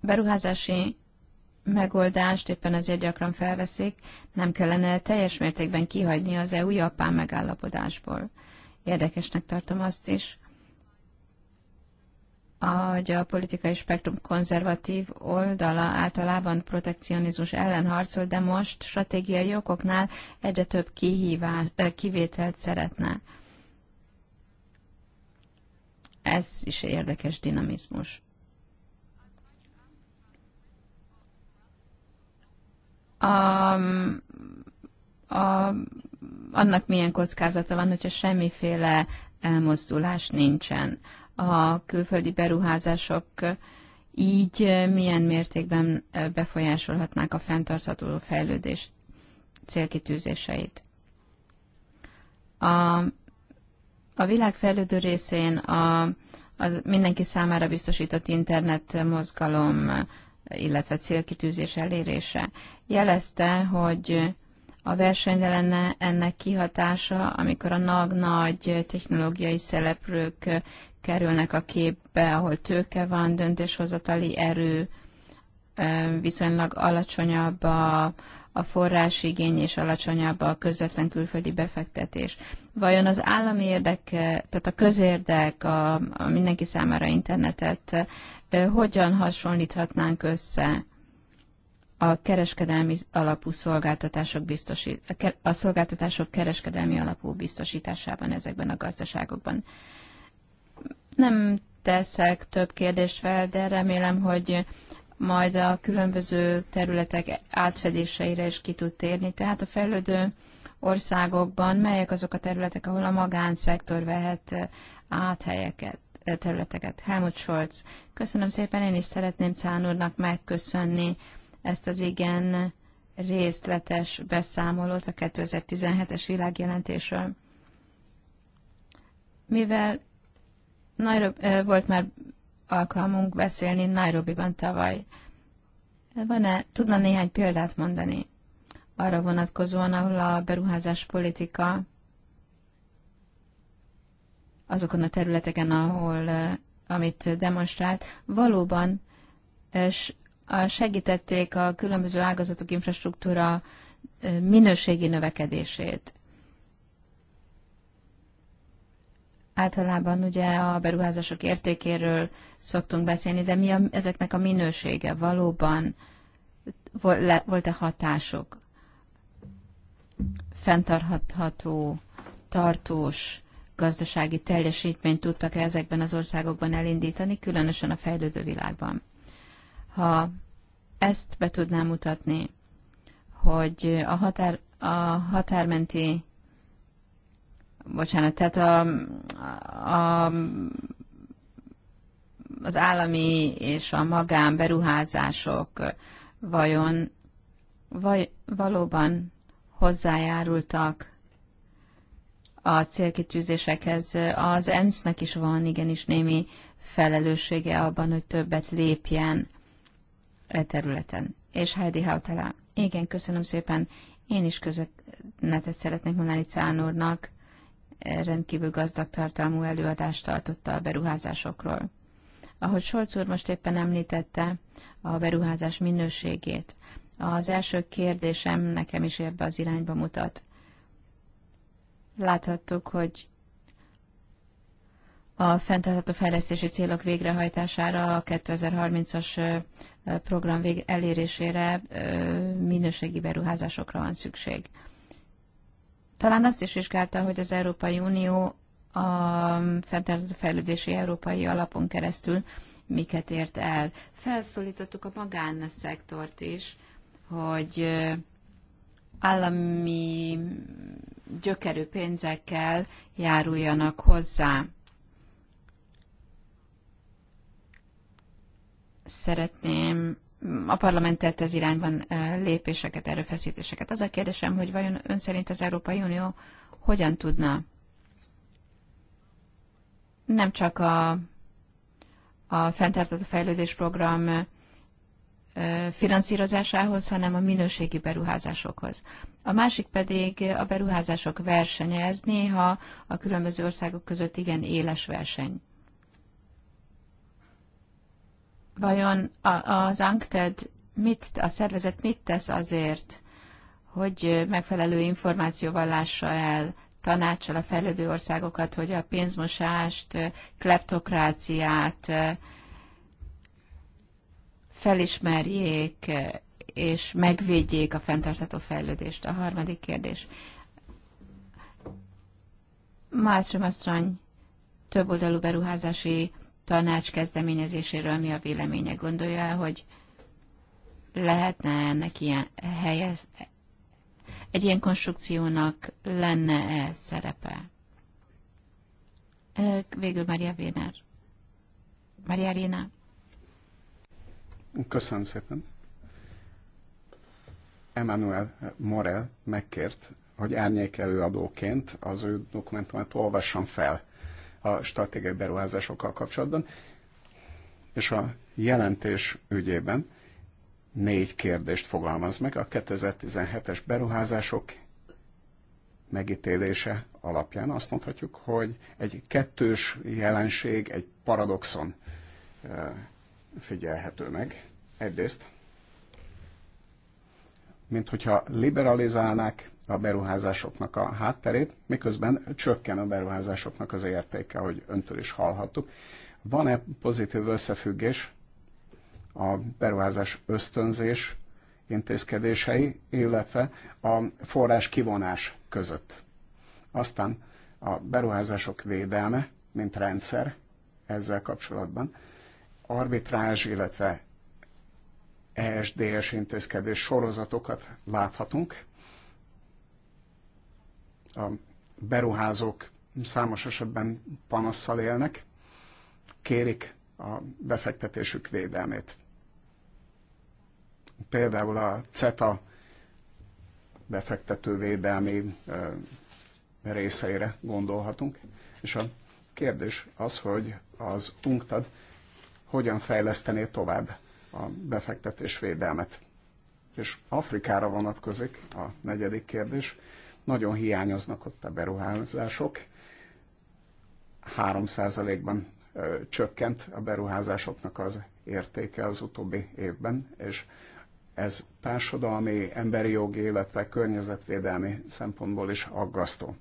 beruházási megoldást éppen ezért gyakran felveszik, nem kellene teljes mértékben kihagyni az EU-japán megállapodásból. Érdekesnek tartom azt is, hogy a politikai spektrum konzervatív oldala általában protekcionizmus ellen harcol, de most stratégiai okoknál egyre több kihívál, kivételt szeretne. Ez is érdekes dinamizmus. A, a, annak milyen kockázata van, hogyha semmiféle elmozdulás nincsen a külföldi beruházások így milyen mértékben befolyásolhatnák a fenntartható fejlődés célkitűzéseit. A, a világ fejlődő részén a, a mindenki számára biztosított internet mozgalom, illetve célkitűzés elérése jelezte, hogy a versenyre lenne ennek kihatása, amikor a nagy nagy technológiai szereplők kerülnek a képbe, ahol tőke van, döntéshozatali erő, viszonylag alacsonyabb a, a forrásigény és alacsonyabb a közvetlen külföldi befektetés. Vajon az állami érdek, tehát a közérdek, a, a mindenki számára internetet hogyan hasonlíthatnánk össze a kereskedelmi alapú szolgáltatások biztosít, a, ke, a szolgáltatások kereskedelmi alapú biztosításában ezekben a gazdaságokban? Nem teszek több kérdést fel, de remélem, hogy majd a különböző területek átfedéseire is ki tud térni. Tehát a fejlődő országokban melyek azok a területek, ahol a magánszektor vehet át helyeket, területeket. Helmut Scholz, köszönöm szépen, én is szeretném Cán úrnak megköszönni ezt az igen részletes beszámolót a 2017-es világjelentésről. Mivel Nairobi, volt már alkalmunk beszélni Nairobiban tavaly. Van-e, tudna néhány példát mondani arra vonatkozóan, ahol a beruházás politika azokon a területeken, ahol amit demonstrált, valóban segítették a különböző ágazatok infrastruktúra minőségi növekedését. Általában ugye a beruházások értékéről szoktunk beszélni, de mi a, ezeknek a minősége valóban volt-e hatások? Fentarható, tartós gazdasági teljesítményt tudtak -e ezekben az országokban elindítani, különösen a fejlődő világban. Ha ezt be tudnám mutatni, hogy a, határ, a határmenti bocsánat, tehát a, a, az állami és a magán beruházások vajon vaj, valóban hozzájárultak a célkitűzésekhez. Az ENSZ-nek is van igenis némi felelőssége abban, hogy többet lépjen e területen. És Heidi Hautala. Igen, köszönöm szépen. Én is közöttetet szeretnék mondani Cán úrnak rendkívül gazdag tartalmú előadást tartotta a beruházásokról. Ahogy Solc úr most éppen említette, a beruházás minőségét. Az első kérdésem nekem is ebbe az irányba mutat. Láthattuk, hogy a fenntartható fejlesztési célok végrehajtására, a 2030-as program elérésére minőségi beruházásokra van szükség. Talán azt is vizsgálta, hogy az Európai Unió a fejlődési európai alapon keresztül miket ért el. Felszólítottuk a magánszektort is, hogy állami gyökerű pénzekkel járuljanak hozzá. Szeretném a parlament tett ez irányban lépéseket, erőfeszítéseket. Az a kérdésem, hogy vajon ön szerint az Európai Unió hogyan tudna nem csak a, a fenntartató fejlődés program finanszírozásához, hanem a minőségi beruházásokhoz. A másik pedig a beruházások versenye. Ez néha a különböző országok között igen éles verseny. Vajon az ANKTED mit, a szervezet mit tesz azért, hogy megfelelő információval lássa el tanácsal a fejlődő országokat, hogy a pénzmosást, kleptokráciát felismerjék és megvédjék a fenntartható fejlődést. A harmadik kérdés. Malmström több oldalú beruházási tanács kezdeményezéséről mi a véleménye? Gondolja, hogy lehetne ennek ilyen helye, egy ilyen konstrukciónak lenne-e szerepe? Végül Maria Véner. Maria Réna. Köszönöm szépen. Emmanuel Morel megkért, hogy árnyék előadóként az ő dokumentumát olvassam fel a stratégiai beruházásokkal kapcsolatban, és a jelentés ügyében négy kérdést fogalmaz meg a 2017-es beruházások megítélése alapján. Azt mondhatjuk, hogy egy kettős jelenség, egy paradoxon figyelhető meg. Egyrészt, mint hogyha liberalizálnák a beruházásoknak a hátterét, miközben csökken a beruházásoknak az értéke, hogy öntől is hallhattuk. Van-e pozitív összefüggés a beruházás ösztönzés intézkedései, illetve a forrás kivonás között? Aztán a beruházások védelme, mint rendszer ezzel kapcsolatban, arbitrázs, illetve ESDS intézkedés sorozatokat láthatunk, a beruházók számos esetben panasszal élnek, kérik a befektetésük védelmét. Például a CETA védelmi részeire gondolhatunk, és a kérdés az, hogy az UNCTAD hogyan fejlesztené tovább a befektetés védelmet. És Afrikára vonatkozik a negyedik kérdés. Nagyon hiányoznak ott a beruházások. 3%-ban csökkent a beruházásoknak az értéke az utóbbi évben, és ez társadalmi, emberi jogi, illetve környezetvédelmi szempontból is aggasztó.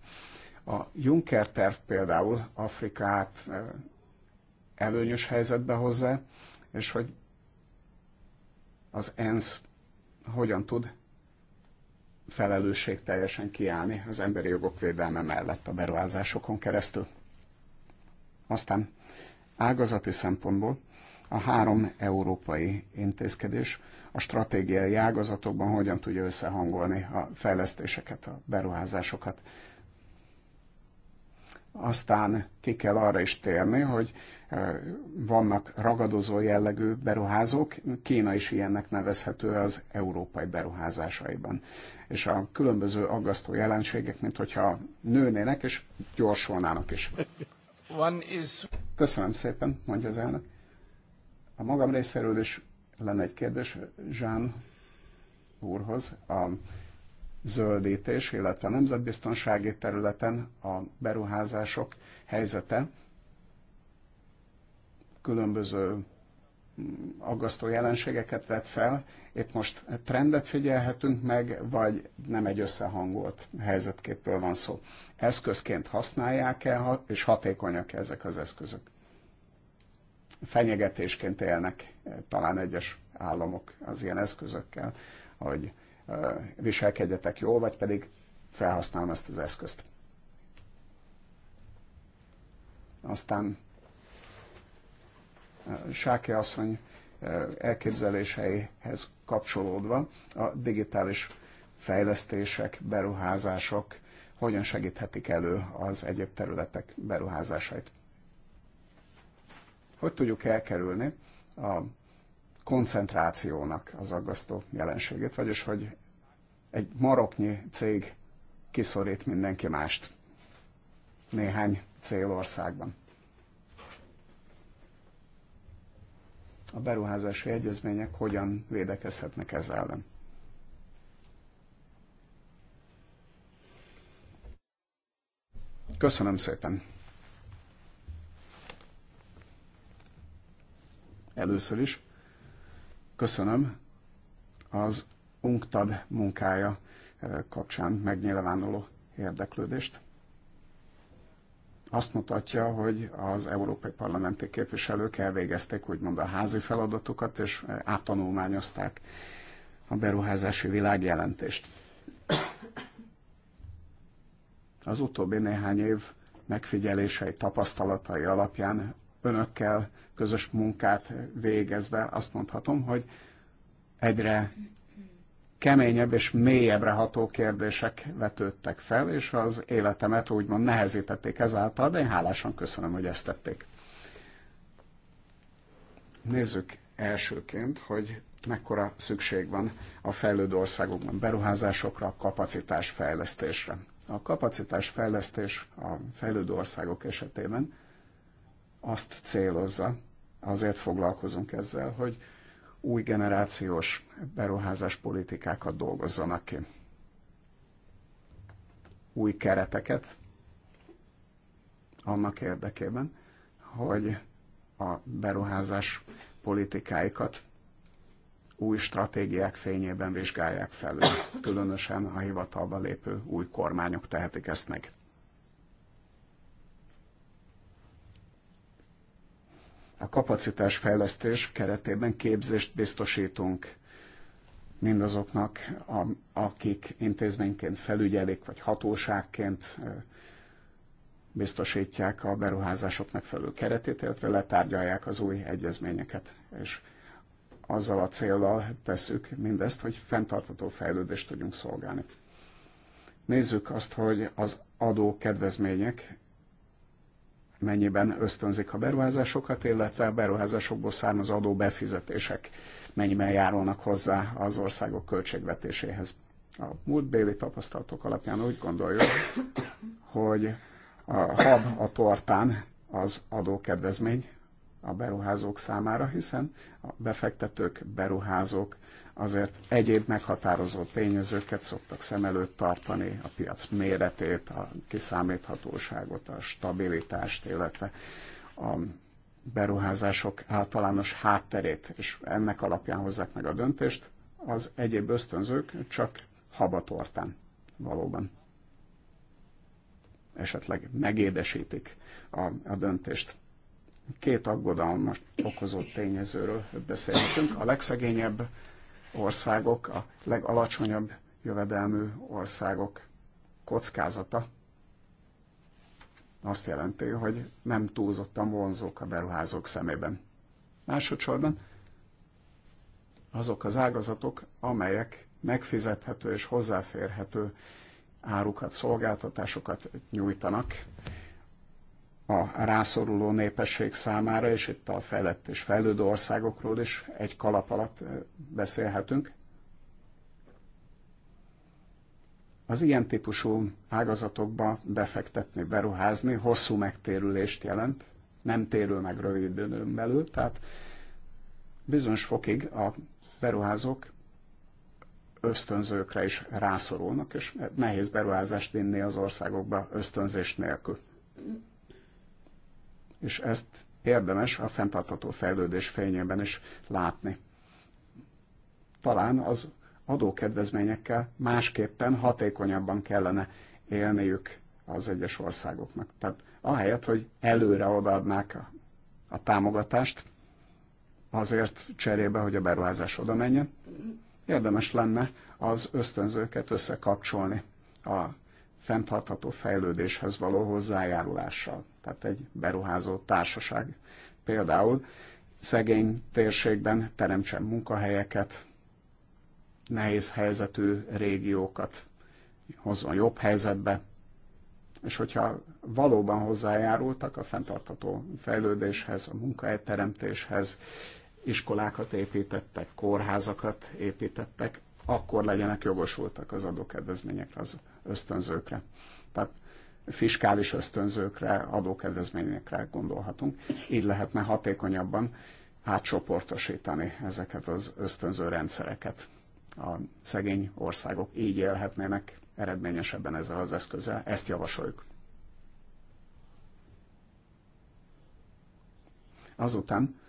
A Juncker terv például Afrikát előnyös helyzetbe hozza, és hogy az ENSZ hogyan tud felelősség teljesen kiállni az emberi jogok védelme mellett a beruházásokon keresztül. Aztán ágazati szempontból a három európai intézkedés a stratégiai ágazatokban hogyan tudja összehangolni a fejlesztéseket, a beruházásokat. Aztán ki kell arra is térni, hogy vannak ragadozó jellegű beruházók, Kína is ilyennek nevezhető az európai beruházásaiban. És a különböző aggasztó jelenségek, mint hogyha nőnének és gyorsolnának is. Köszönöm szépen, mondja az elnök. A magam részéről is lenne egy kérdés Zsán úrhoz. A zöldítés, illetve a nemzetbiztonsági területen a beruházások helyzete különböző mm, aggasztó jelenségeket vett fel. Itt most trendet figyelhetünk meg, vagy nem egy összehangolt helyzetképről van szó. Eszközként használják el, és hatékonyak ezek az eszközök. Fenyegetésként élnek eh, talán egyes államok az ilyen eszközökkel, hogy eh, viselkedjetek jól, vagy pedig felhasználom ezt az eszközt. Aztán Sáke asszony eh, elképzeléseihez kapcsolódva a digitális fejlesztések, beruházások hogyan segíthetik elő az egyéb területek beruházásait. Hogy tudjuk elkerülni a koncentrációnak az aggasztó jelenségét, vagyis hogy egy maroknyi cég kiszorít mindenki mást néhány célországban. a beruházási egyezmények hogyan védekezhetnek ez ellen. Köszönöm szépen! Először is köszönöm az UNCTAD munkája eh, kapcsán megnyilvánuló érdeklődést azt mutatja, hogy az európai parlamenti képviselők elvégezték úgymond a házi feladatukat, és eh, áttanulmányozták a beruházási világjelentést. Az utóbbi néhány év megfigyelései, tapasztalatai alapján önökkel közös munkát végezve azt mondhatom, hogy egyre keményebb és mélyebbre ható kérdések vetődtek fel, és az életemet úgymond nehezítették ezáltal, de én hálásan köszönöm, hogy ezt tették. Nézzük elsőként, hogy mekkora szükség van a fejlődő országokban beruházásokra, kapacitásfejlesztésre. A kapacitásfejlesztés a fejlődő országok esetében azt célozza, azért foglalkozunk ezzel, hogy új generációs beruházás politikákat dolgozzanak ki. Új kereteket annak érdekében, hogy a beruházás politikáikat új stratégiák fényében vizsgálják felül. Különösen a hivatalba lépő új kormányok tehetik ezt meg. a kapacitásfejlesztés keretében képzést biztosítunk mindazoknak, akik intézményként felügyelik, vagy hatóságként biztosítják a beruházások megfelelő keretét, illetve letárgyalják az új egyezményeket. És azzal a célral tesszük mindezt, hogy fenntartató fejlődést tudjunk szolgálni. Nézzük azt, hogy az adó kedvezmények mennyiben ösztönzik a beruházásokat, illetve a beruházásokból származó befizetések mennyiben járulnak hozzá az országok költségvetéséhez. A múltbéli tapasztalatok alapján úgy gondoljuk, hogy a hab a tortán az adókedvezmény a beruházók számára, hiszen a befektetők, beruházók azért egyéb meghatározó tényezőket szoktak szem előtt tartani, a piac méretét, a kiszámíthatóságot, a stabilitást, illetve a beruházások általános hátterét, és ennek alapján hozzák meg a döntést, az egyéb ösztönzők csak habatortán valóban esetleg megédesítik a, a döntést. Két aggodalmas okozott tényezőről beszélhetünk. A legszegényebb országok, a legalacsonyabb jövedelmű országok kockázata azt jelenti, hogy nem túlzottan vonzók a beruházók szemében. Másodszorban azok az ágazatok, amelyek megfizethető és hozzáférhető árukat, szolgáltatásokat nyújtanak, a rászoruló népesség számára, és itt a fejlett és fejlődő országokról is egy kalap alatt beszélhetünk. Az ilyen típusú ágazatokba befektetni, beruházni hosszú megtérülést jelent, nem térül meg rövid időn belül, tehát bizonyos fokig a beruházók ösztönzőkre is rászorulnak, és nehéz beruházást vinni az országokba ösztönzés nélkül és ezt érdemes a fenntartható fejlődés fényében is látni. Talán az adókedvezményekkel másképpen hatékonyabban kellene élniük az egyes országoknak. Tehát ahelyett, hogy előre odaadnák a, a támogatást, azért cserébe, hogy a beruházás oda menjen, érdemes lenne az ösztönzőket összekapcsolni a fenntartható fejlődéshez való hozzájárulással tehát egy beruházó társaság például szegény térségben teremtsen munkahelyeket, nehéz helyzetű régiókat hozzon jobb helyzetbe, és hogyha valóban hozzájárultak a fenntartható fejlődéshez, a munkahelyteremtéshez, iskolákat építettek, kórházakat építettek, akkor legyenek jogosultak az adókedvezményekre, az ösztönzőkre. Tehát fiskális ösztönzőkre, adókedvezményekre gondolhatunk. Így lehetne hatékonyabban átcsoportosítani ezeket az ösztönző rendszereket. A szegény országok így élhetnének eredményesebben ezzel az eszközzel. Ezt javasoljuk. Azután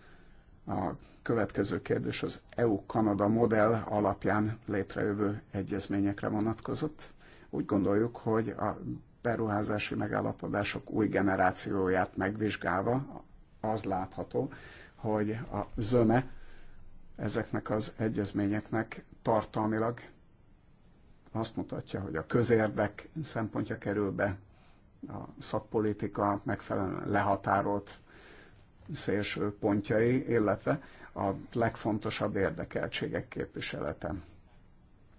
a következő kérdés az EU-Kanada modell alapján létrejövő egyezményekre vonatkozott. Úgy gondoljuk, hogy a beruházási megállapodások új generációját megvizsgálva az látható, hogy a zöme ezeknek az egyezményeknek tartalmilag azt mutatja, hogy a közérdek szempontja kerül be, a szakpolitika megfelelően lehatárolt szélső pontjai, illetve a legfontosabb érdekeltségek képviselete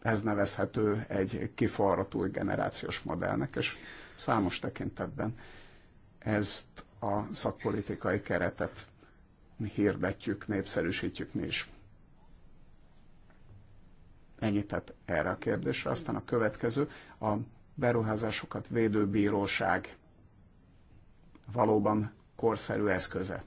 ez nevezhető egy kiforrat új generációs modellnek, és számos tekintetben ezt a szakpolitikai keretet hirdetjük, népszerűsítjük mi is. Ennyit tehát erre a kérdésre. Aztán a következő, a beruházásokat védő bíróság valóban korszerű eszköze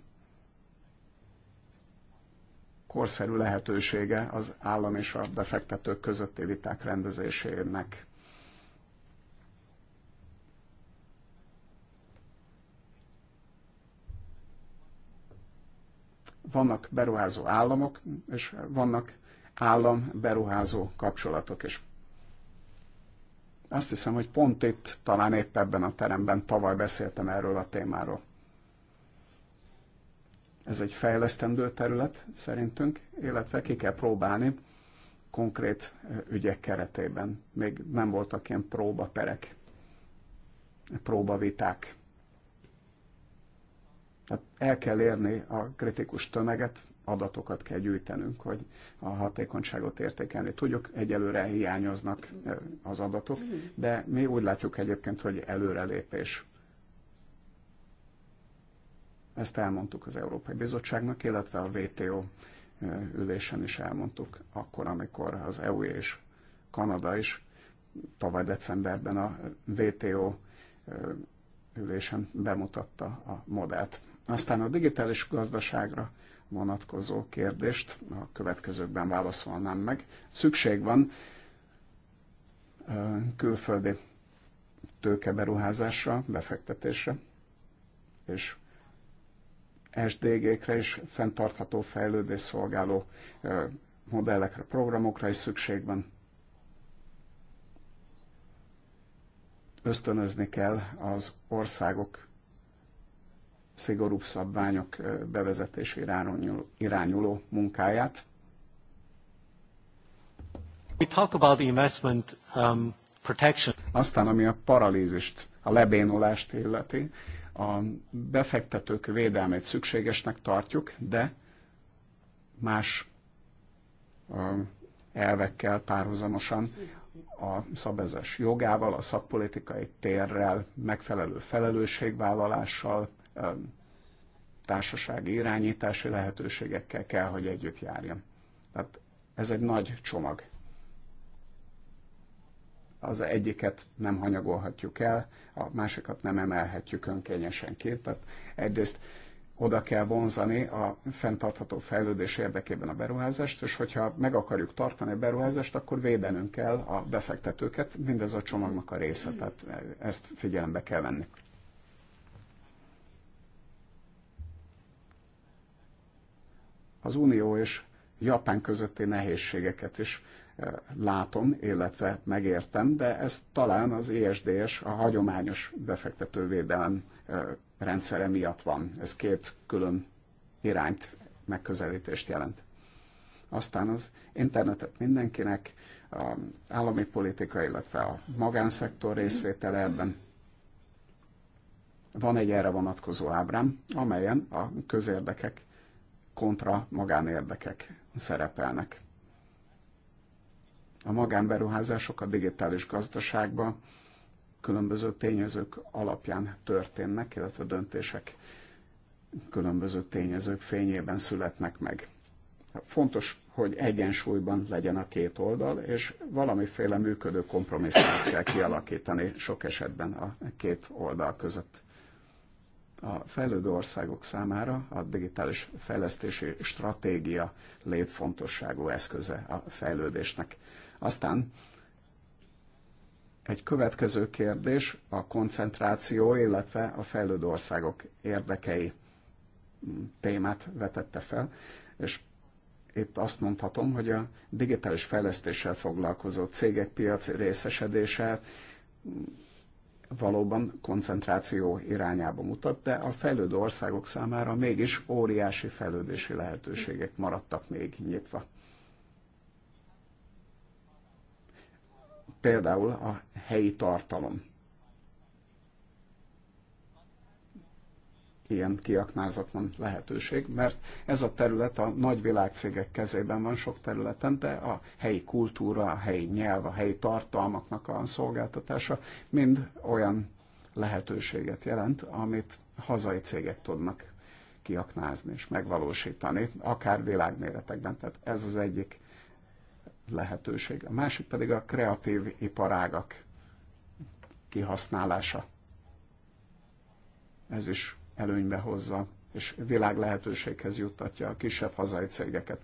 korszerű lehetősége az állam és a befektetők közötti viták rendezésének. Vannak beruházó államok, és vannak állam-beruházó kapcsolatok is. Azt hiszem, hogy pont itt, talán épp ebben a teremben tavaly beszéltem erről a témáról. Ez egy fejlesztendő terület szerintünk, illetve ki kell próbálni konkrét ügyek keretében. Még nem voltak ilyen próbaperek, próbaviták. Tehát el kell érni a kritikus tömeget, adatokat kell gyűjtenünk, hogy a hatékonyságot értékelni tudjuk. Egyelőre hiányoznak az adatok, mhm. de mi úgy látjuk egyébként, hogy előrelépés ezt elmondtuk az Európai Bizottságnak, illetve a WTO ülésen is elmondtuk, akkor, amikor az EU és Kanada is tavaly decemberben a WTO ülésen bemutatta a modellt. Aztán a digitális gazdaságra vonatkozó kérdést a következőkben válaszolnám meg. Szükség van külföldi tőkeberuházásra, befektetésre, és SDG-kre és fenntartható fejlődés szolgáló modellekre, programokra is szükség van. Ösztönözni kell az országok szigorúbb szabványok bevezetésére irányuló munkáját. We talk about the investment, um, protection. Aztán, ami a paralízist, a lebénulást illeti, a befektetők védelmét szükségesnek tartjuk, de más elvekkel párhuzamosan a szabezes jogával, a szakpolitikai térrel, megfelelő felelősségvállalással, társasági irányítási lehetőségekkel kell, hogy együtt járjon. Tehát ez egy nagy csomag az egyiket nem hanyagolhatjuk el, a másikat nem emelhetjük önkényesen ki. Tehát egyrészt oda kell vonzani a fenntartható fejlődés érdekében a beruházást, és hogyha meg akarjuk tartani a beruházást, akkor védenünk kell a befektetőket, mindez a csomagnak a része, tehát ezt figyelembe kell venni. Az Unió és Japán közötti nehézségeket is látom, illetve megértem, de ez talán az ESDS, a hagyományos befektetővédelem rendszere miatt van. Ez két külön irányt, megközelítést jelent. Aztán az internetet mindenkinek, a állami politika, illetve a magánszektor részvétele ebben. Van egy erre vonatkozó ábrám, amelyen a közérdekek kontra magánérdekek szerepelnek a magánberuházások a digitális gazdaságban különböző tényezők alapján történnek, illetve döntések különböző tényezők fényében születnek meg. Fontos, hogy egyensúlyban legyen a két oldal, és valamiféle működő kompromisszumot kell kialakítani sok esetben a két oldal között. A fejlődő országok számára a digitális fejlesztési stratégia létfontosságú eszköze a fejlődésnek. Aztán egy következő kérdés a koncentráció, illetve a fejlődő országok érdekei témát vetette fel, és itt azt mondhatom, hogy a digitális fejlesztéssel foglalkozó cégek piac részesedése valóban koncentráció irányába mutat, de a fejlődő országok számára mégis óriási fejlődési lehetőségek maradtak még nyitva. például a helyi tartalom. ilyen kiaknázatlan lehetőség, mert ez a terület a nagy világcégek kezében van sok területen, de a helyi kultúra, a helyi nyelv, a helyi tartalmaknak a szolgáltatása mind olyan lehetőséget jelent, amit hazai cégek tudnak kiaknázni és megvalósítani, akár világméretekben. Tehát ez az egyik lehetőség. A másik pedig a kreatív iparágak kihasználása. Ez is előnybe hozza, és világ lehetőséghez juttatja a kisebb hazai cégeket.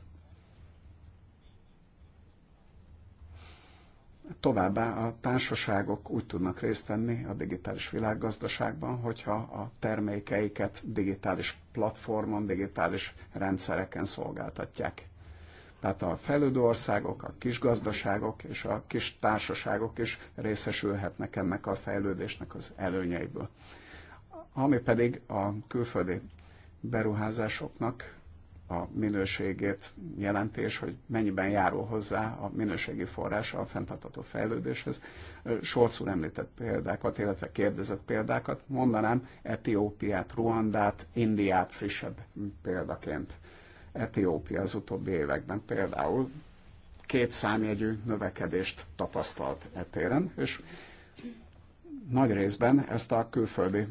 Továbbá a társaságok úgy tudnak részt venni a digitális világgazdaságban, hogyha a termékeiket digitális platformon, digitális rendszereken szolgáltatják. Tehát a fejlődő országok, a kis gazdaságok és a kis társaságok is részesülhetnek ennek a fejlődésnek az előnyeiből. Ami pedig a külföldi beruházásoknak a minőségét jelenti, és hogy mennyiben járul hozzá a minőségi forrása a fenntartható fejlődéshez. Sorcú említett példákat, illetve kérdezett példákat, mondanám Etiópiát, Ruandát, Indiát frissebb példaként Etiópia az utóbbi években például két számjegyű növekedést tapasztalt etéren, és nagy részben ezt a külföldi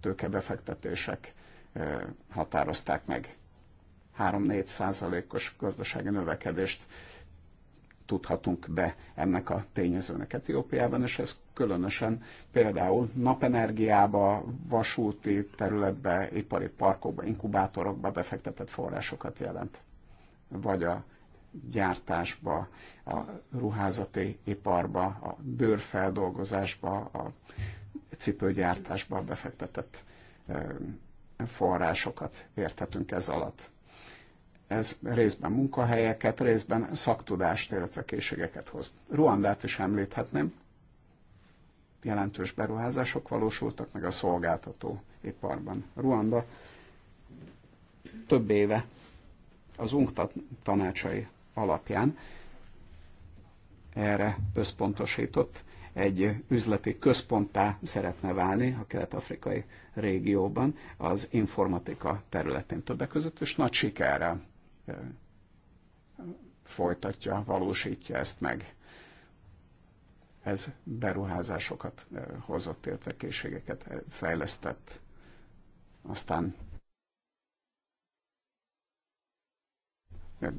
tőkebefektetések e, határozták meg. 3-4 százalékos gazdasági növekedést tudhatunk be ennek a tényezőnek Etiópiában, és ez különösen például napenergiába, vasúti területbe, ipari parkokba, inkubátorokba befektetett forrásokat jelent, vagy a gyártásba, a ruházati iparba, a bőrfeldolgozásba, a cipőgyártásba befektetett forrásokat érthetünk ez alatt. Ez részben munkahelyeket, részben szaktudást, illetve készségeket hoz. Ruandát is említhetném. Jelentős beruházások valósultak meg a szolgáltató iparban. Ruanda több éve az UNCTAD tanácsai alapján erre összpontosított, egy üzleti központtá szeretne válni a kelet-afrikai régióban az informatika területén többek között, és nagy sikerrel folytatja, valósítja ezt meg. Ez beruházásokat hozott, illetve készségeket fejlesztett. Aztán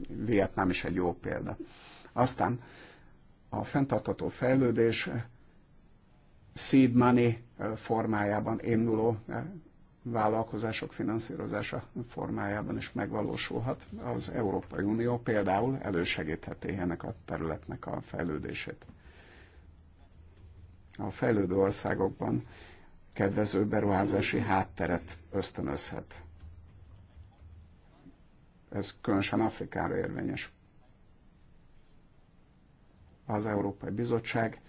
Vietnám is egy jó példa. Aztán a fenntartató fejlődés seed money formájában induló vállalkozások finanszírozása formájában is megvalósulhat. Az Európai Unió például elősegítheti ennek a területnek a fejlődését. A fejlődő országokban kedvező beruházási hátteret ösztönözhet. Ez különösen Afrikára érvényes. Az Európai Bizottság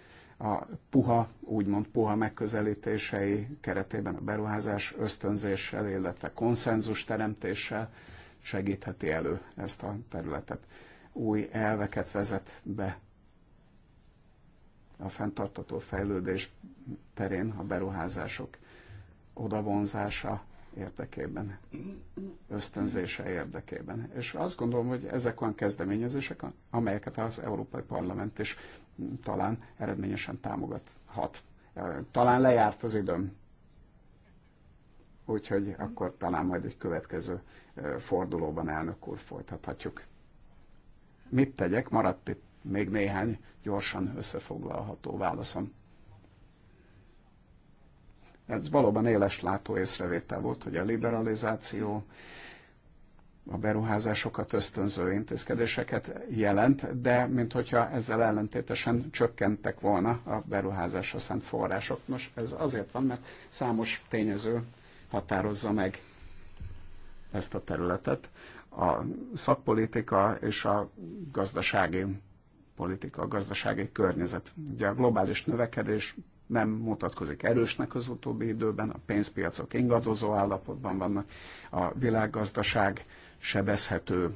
a puha, úgymond puha megközelítései keretében a beruházás ösztönzéssel, illetve konszenzus teremtéssel segítheti elő ezt a területet. Új elveket vezet be a fenntartató fejlődés terén a beruházások odavonzása érdekében, ösztönzése érdekében. És azt gondolom, hogy ezek olyan kezdeményezések, amelyeket az Európai Parlament is talán eredményesen támogathat. Talán lejárt az időm. Úgyhogy akkor talán majd egy következő fordulóban elnök úr folytathatjuk. Mit tegyek? Maradt itt még néhány gyorsan összefoglalható válaszom. Ez valóban éles látó észrevétel volt, hogy a liberalizáció a beruházásokat ösztönző intézkedéseket jelent, de minthogyha ezzel ellentétesen csökkentek volna a beruházásra szánt források. Nos, ez azért van, mert számos tényező határozza meg ezt a területet. A szakpolitika és a gazdasági politika, a gazdasági környezet. Ugye a globális növekedés nem mutatkozik erősnek az utóbbi időben, a pénzpiacok ingadozó állapotban vannak, a világgazdaság sebezhető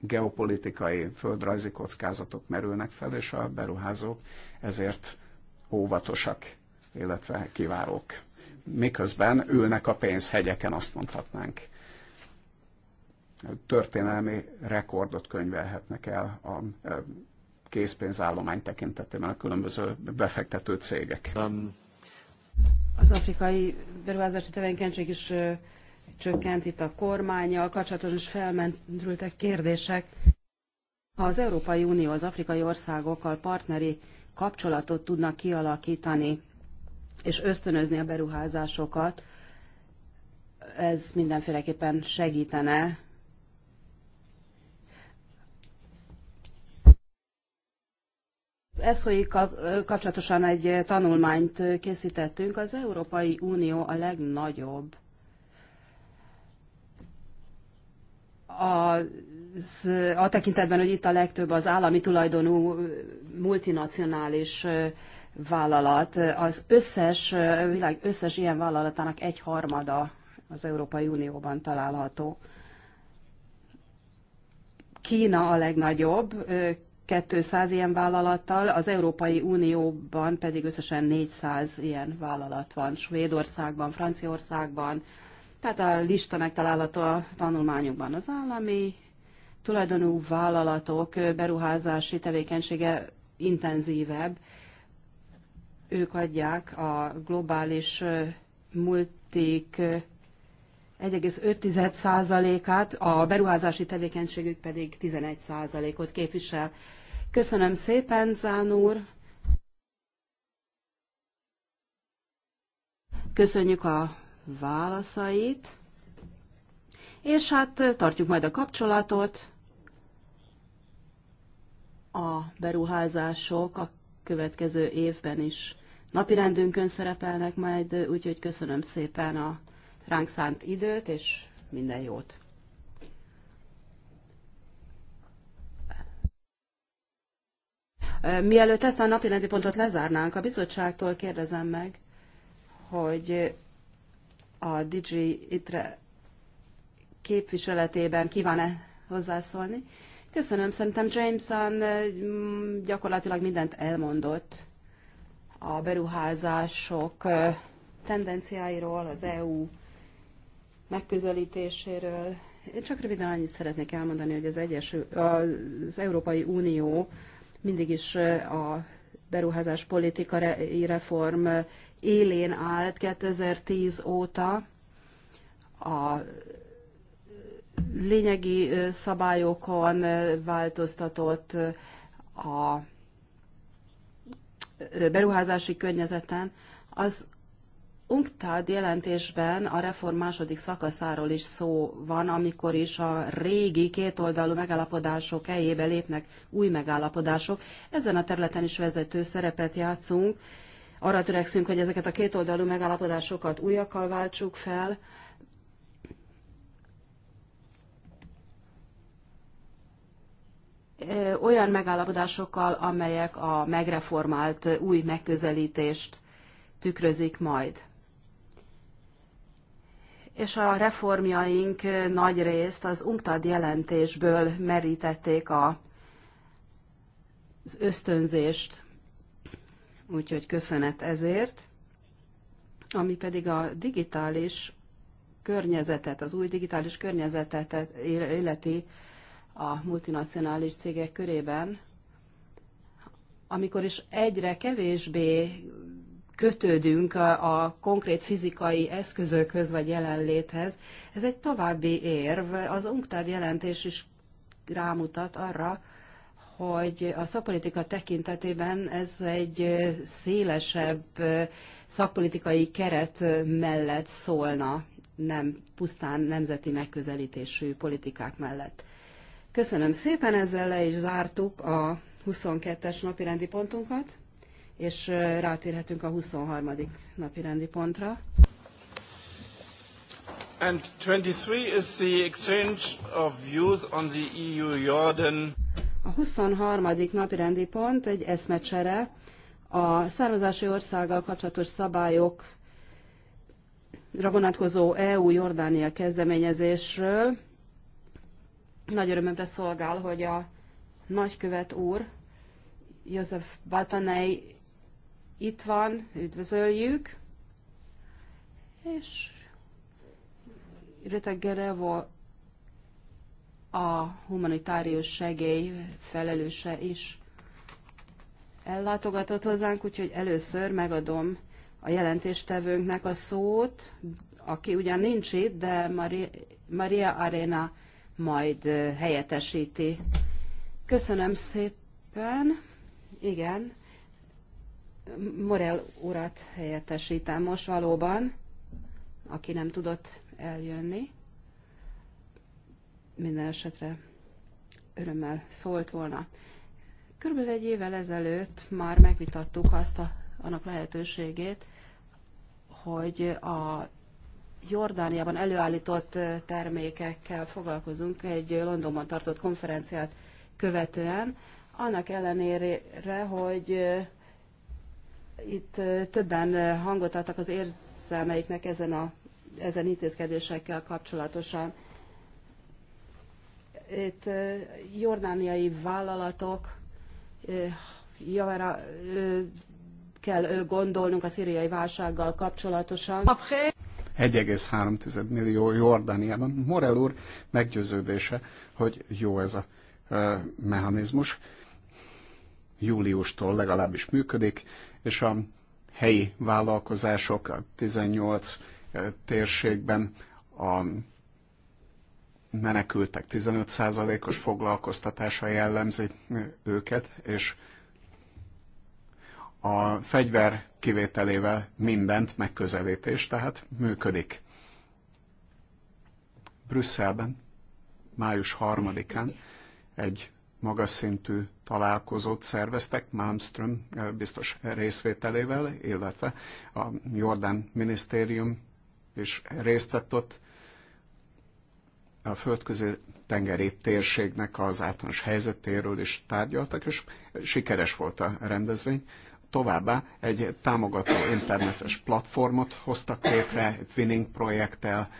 geopolitikai, földrajzi kockázatok merülnek fel, és a beruházók ezért óvatosak, illetve kivárók. Miközben ülnek a pénzhegyeken, azt mondhatnánk. Történelmi rekordot könyvelhetnek el a készpénzállomány tekintetében a különböző befektető cégek. Um. Az afrikai beruházási tevékenység is csökkent, itt a kormányjal kapcsolatos felmentültek kérdések. Ha az Európai Unió az afrikai országokkal partneri kapcsolatot tudnak kialakítani, és ösztönözni a beruházásokat, ez mindenféleképpen segítene eszhoikkal kapcsolatosan egy tanulmányt készítettünk. Az Európai Unió a legnagyobb az, a tekintetben, hogy itt a legtöbb az állami tulajdonú multinacionális vállalat. Az összes, világ összes ilyen vállalatának egy harmada az Európai Unióban található. Kína a legnagyobb, 200 ilyen vállalattal, az Európai Unióban pedig összesen 400 ilyen vállalat van. Svédországban, Franciaországban, tehát a lista megtalálható a tanulmányokban. Az állami tulajdonú vállalatok beruházási tevékenysége intenzívebb. Ők adják a globális multik 1,5%-át, a beruházási tevékenységük pedig 11%-ot képvisel. Köszönöm szépen, Zán úr! Köszönjük a válaszait, és hát tartjuk majd a kapcsolatot a beruházások a következő évben is napirendünkön szerepelnek majd, úgyhogy köszönöm szépen a ránk szánt időt, és minden jót! Mielőtt ezt a napirendi pontot lezárnánk, a bizottságtól kérdezem meg, hogy a DJ Itre képviseletében kíván-e hozzászólni. Köszönöm, szerintem Jameson gyakorlatilag mindent elmondott a beruházások tendenciáiról, az EU megközelítéséről. Én csak röviden annyit szeretnék elmondani, hogy az, egyes az Európai Unió mindig is a beruházás politikai reform élén állt 2010 óta a lényegi szabályokon változtatott a beruházási környezeten, az UNCTAD jelentésben a reform második szakaszáról is szó van, amikor is a régi kétoldalú megállapodások eljébe lépnek új megállapodások. Ezen a területen is vezető szerepet játszunk, arra törekszünk, hogy ezeket a kétoldalú megállapodásokat újakkal váltsuk fel, olyan megállapodásokkal, amelyek a megreformált új megközelítést tükrözik majd. És a reformjaink nagy részt az UNCTAD jelentésből merítették a, az ösztönzést úgyhogy köszönet ezért. Ami pedig a digitális környezetet, az új digitális környezetet életi a multinacionális cégek körében, amikor is egyre kevésbé kötődünk a, a konkrét fizikai eszközökhöz vagy jelenléthez, ez egy további érv. Az UNCTAD jelentés is rámutat arra, hogy a szakpolitika tekintetében ez egy szélesebb szakpolitikai keret mellett szólna, nem pusztán nemzeti megközelítésű politikák mellett. Köszönöm szépen, ezzel le is zártuk a 22-es napirendi pontunkat, és rátérhetünk a 23. napirendi pontra. And 23 is the exchange of views on the EU-Jordan 23. napirendi pont egy eszmecsere a származási országgal kapcsolatos szabályok vonatkozó EU-Jordánia kezdeményezésről. Nagy örömömre szolgál, hogy a nagykövet úr, József Batanei itt van, üdvözöljük, és Rita Gerevo a humanitárius segély felelőse is ellátogatott hozzánk, úgyhogy először megadom a jelentéstevőnknek a szót, aki ugyan nincs itt, de Maria Arena majd helyettesíti. Köszönöm szépen. Igen. Morel urat helyettesítem most valóban, aki nem tudott eljönni minden esetre örömmel szólt volna. Körülbelül egy évvel ezelőtt már megvitattuk azt a, annak lehetőségét, hogy a Jordániában előállított termékekkel foglalkozunk egy Londonban tartott konferenciát követően, annak ellenére, hogy itt többen hangot adtak az érzelmeiknek ezen, a, ezen intézkedésekkel kapcsolatosan itt jordániai vállalatok javára kell gondolnunk a szíriai válsággal kapcsolatosan. 1,3 millió Jordániában. Morel úr meggyőződése, hogy jó ez a mechanizmus. Júliustól legalábbis működik, és a helyi vállalkozások a 18 térségben a menekültek 15%-os foglalkoztatása jellemzi őket, és a fegyver kivételével mindent megközelítés, tehát működik. Brüsszelben május 3-án egy magas szintű találkozót szerveztek Malmström eh, biztos részvételével, illetve a Jordán minisztérium is részt vett ott, a földközi tengeri térségnek az általános helyzetéről is tárgyaltak, és sikeres volt a rendezvény. Továbbá egy támogató internetes platformot hoztak létre, Twinning projekttel,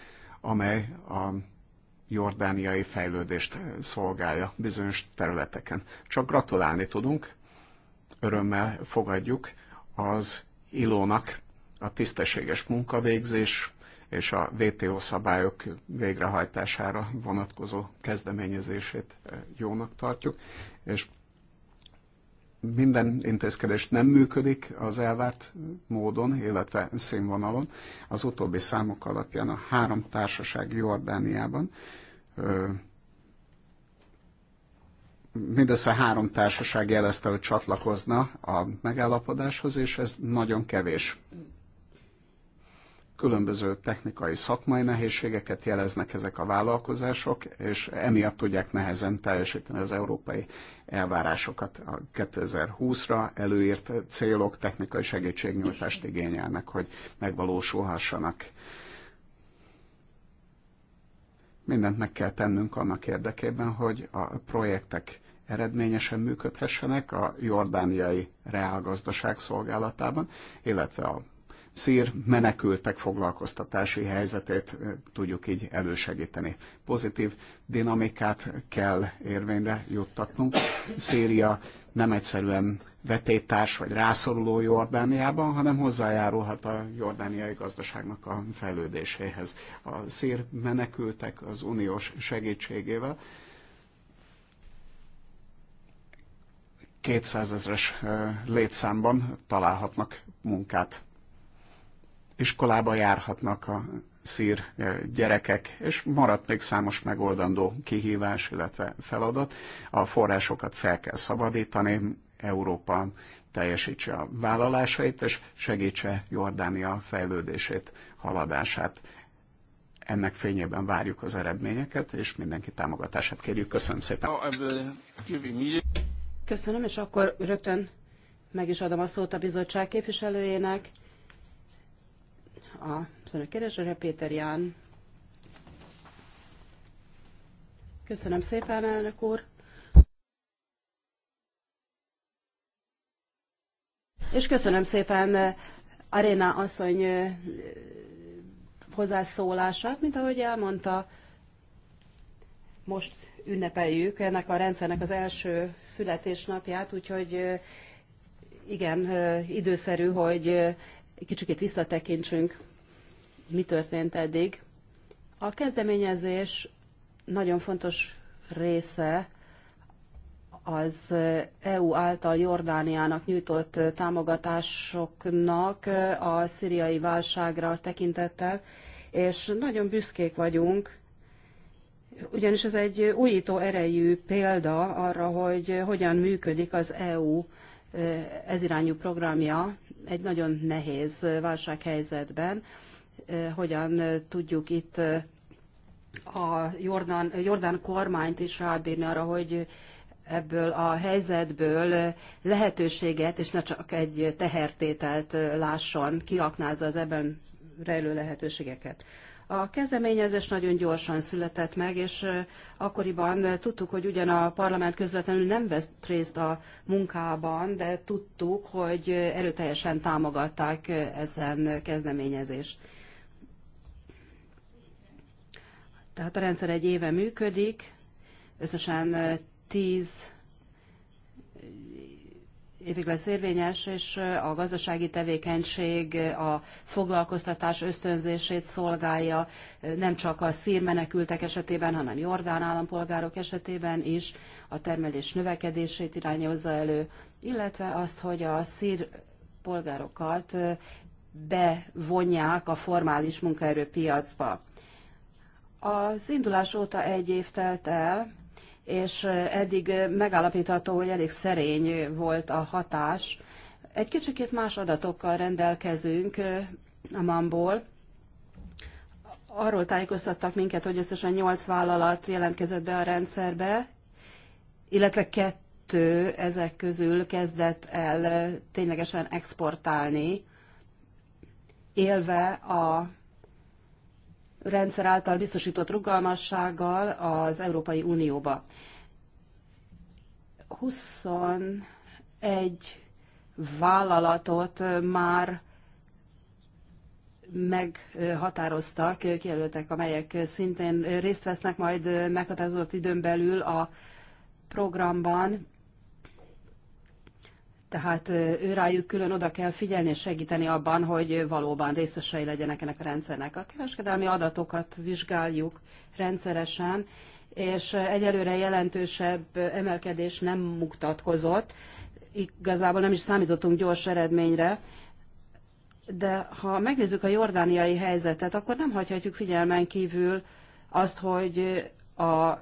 amely a jordániai fejlődést szolgálja bizonyos területeken. Csak gratulálni tudunk, örömmel fogadjuk az ilónak a tisztességes munkavégzés és a WTO szabályok végrehajtására vonatkozó kezdeményezését eh, jónak tartjuk, és minden intézkedés nem működik az elvárt módon, illetve színvonalon. Az utóbbi számok alapján a három társaság Jordániában mindössze három társaság jelezte, hogy csatlakozna a megállapodáshoz, és ez nagyon kevés különböző technikai szakmai nehézségeket jeleznek ezek a vállalkozások, és emiatt tudják nehezen teljesíteni az európai elvárásokat. A 2020-ra előírt célok technikai segítségnyújtást igényelnek, hogy megvalósulhassanak. Mindent meg kell tennünk annak érdekében, hogy a projektek eredményesen működhessenek a jordániai reálgazdaság szolgálatában, illetve a szír menekültek foglalkoztatási helyzetét tudjuk így elősegíteni. Pozitív dinamikát kell érvényre juttatnunk. Szíria nem egyszerűen vetétárs vagy rászoruló Jordániában, hanem hozzájárulhat a jordániai gazdaságnak a fejlődéséhez. A szír menekültek az uniós segítségével 200 ezres létszámban találhatnak munkát iskolába járhatnak a szír e, gyerekek, és maradt még számos megoldandó kihívás, illetve feladat. A forrásokat fel kell szabadítani, Európa teljesítse a vállalásait, és segítse Jordánia fejlődését, haladását. Ennek fényében várjuk az eredményeket, és mindenki támogatását kérjük. Köszönöm szépen! Köszönöm, és akkor rögtön meg is adom a szót a bizottság képviselőjének. A, önök keresőre, Péter Ján. Köszönöm szépen, elnök úr. És köszönöm szépen eh, Aréna asszony eh, hozzászólását, mint ahogy elmondta, most ünnepeljük ennek a rendszernek az első születésnapját, úgyhogy eh, igen, időszerű, hogy kicsikét visszatekintsünk mi történt eddig. A kezdeményezés nagyon fontos része az EU által Jordániának nyújtott támogatásoknak a szíriai válságra tekintettel, és nagyon büszkék vagyunk, ugyanis ez egy újító erejű példa arra, hogy hogyan működik az EU eh, ezirányú programja egy nagyon nehéz válsághelyzetben hogyan tudjuk itt a Jordán, Jordán kormányt is rábírni arra, hogy ebből a helyzetből lehetőséget, és ne csak egy tehertételt lásson, kiaknázza az ebben rejlő lehetőségeket. A kezdeményezés nagyon gyorsan született meg, és akkoriban tudtuk, hogy ugyan a parlament közvetlenül nem vesz részt a munkában, de tudtuk, hogy erőteljesen támogatták ezen kezdeményezést. Tehát a rendszer egy éve működik, összesen tíz évig lesz érvényes, és a gazdasági tevékenység a foglalkoztatás ösztönzését szolgálja, nem csak a szír menekültek esetében, hanem jordán állampolgárok esetében is a termelés növekedését irányozza elő, illetve azt, hogy a szír polgárokat bevonják a formális munkaerőpiacba. Az indulás óta egy év telt el, és eddig megállapítható, hogy elég szerény volt a hatás. Egy kicsikét más adatokkal rendelkezünk a MAM-ból. Arról tájékoztattak minket, hogy összesen 8 vállalat jelentkezett be a rendszerbe, illetve kettő ezek közül kezdett el ténylegesen exportálni, élve a rendszer által biztosított rugalmassággal az Európai Unióba. 21 vállalatot már meghatároztak, kijelöltek, amelyek szintén részt vesznek majd meghatározott időn belül a programban. Tehát őrájuk külön oda kell figyelni és segíteni abban, hogy valóban részesei legyenek ennek a rendszernek. A kereskedelmi adatokat vizsgáljuk rendszeresen, és egyelőre jelentősebb emelkedés nem mutatkozott. Igazából nem is számítottunk gyors eredményre, de ha megnézzük a jordániai helyzetet, akkor nem hagyhatjuk figyelmen kívül azt, hogy a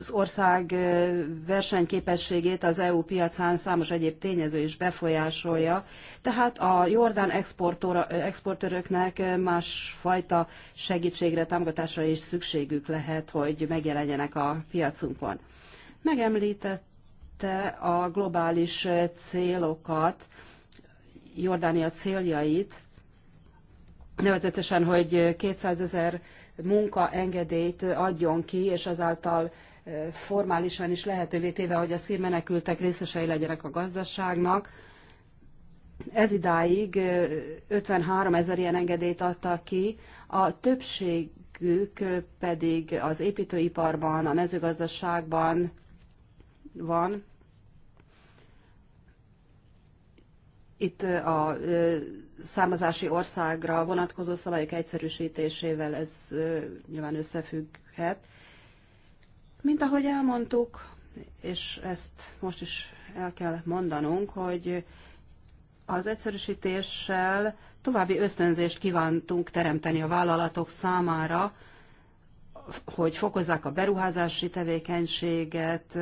az ország versenyképességét az EU piacán számos egyéb tényező is befolyásolja, tehát a jordán exportőröknek másfajta segítségre, támogatásra is szükségük lehet, hogy megjelenjenek a piacunkon. Megemlítette a globális célokat, Jordánia céljait, nevezetesen, hogy 200 ezer munkaengedélyt adjon ki, és azáltal formálisan is lehetővé téve, hogy a szír menekültek részesei legyenek a gazdaságnak. Ez idáig 53 ezer ilyen engedélyt adtak ki, a többségük pedig az építőiparban, a mezőgazdaságban van. Itt a származási országra vonatkozó szabályok egyszerűsítésével ez nyilván összefügghet. Mint ahogy elmondtuk, és ezt most is el kell mondanunk, hogy az egyszerűsítéssel további ösztönzést kívántunk teremteni a vállalatok számára, hogy fokozzák a beruházási tevékenységet,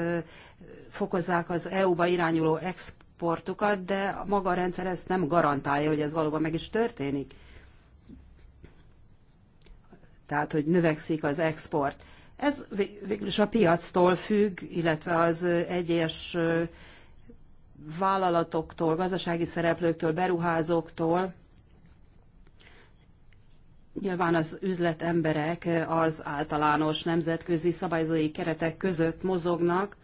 fokozzák az EU-ba irányuló exportukat, de maga a rendszer ezt nem garantálja, hogy ez valóban meg is történik. Tehát, hogy növekszik az export. Ez végül is a piactól függ, illetve az egyes vállalatoktól, gazdasági szereplőktől, beruházóktól. Nyilván az üzletemberek az általános nemzetközi szabályzói keretek között mozognak,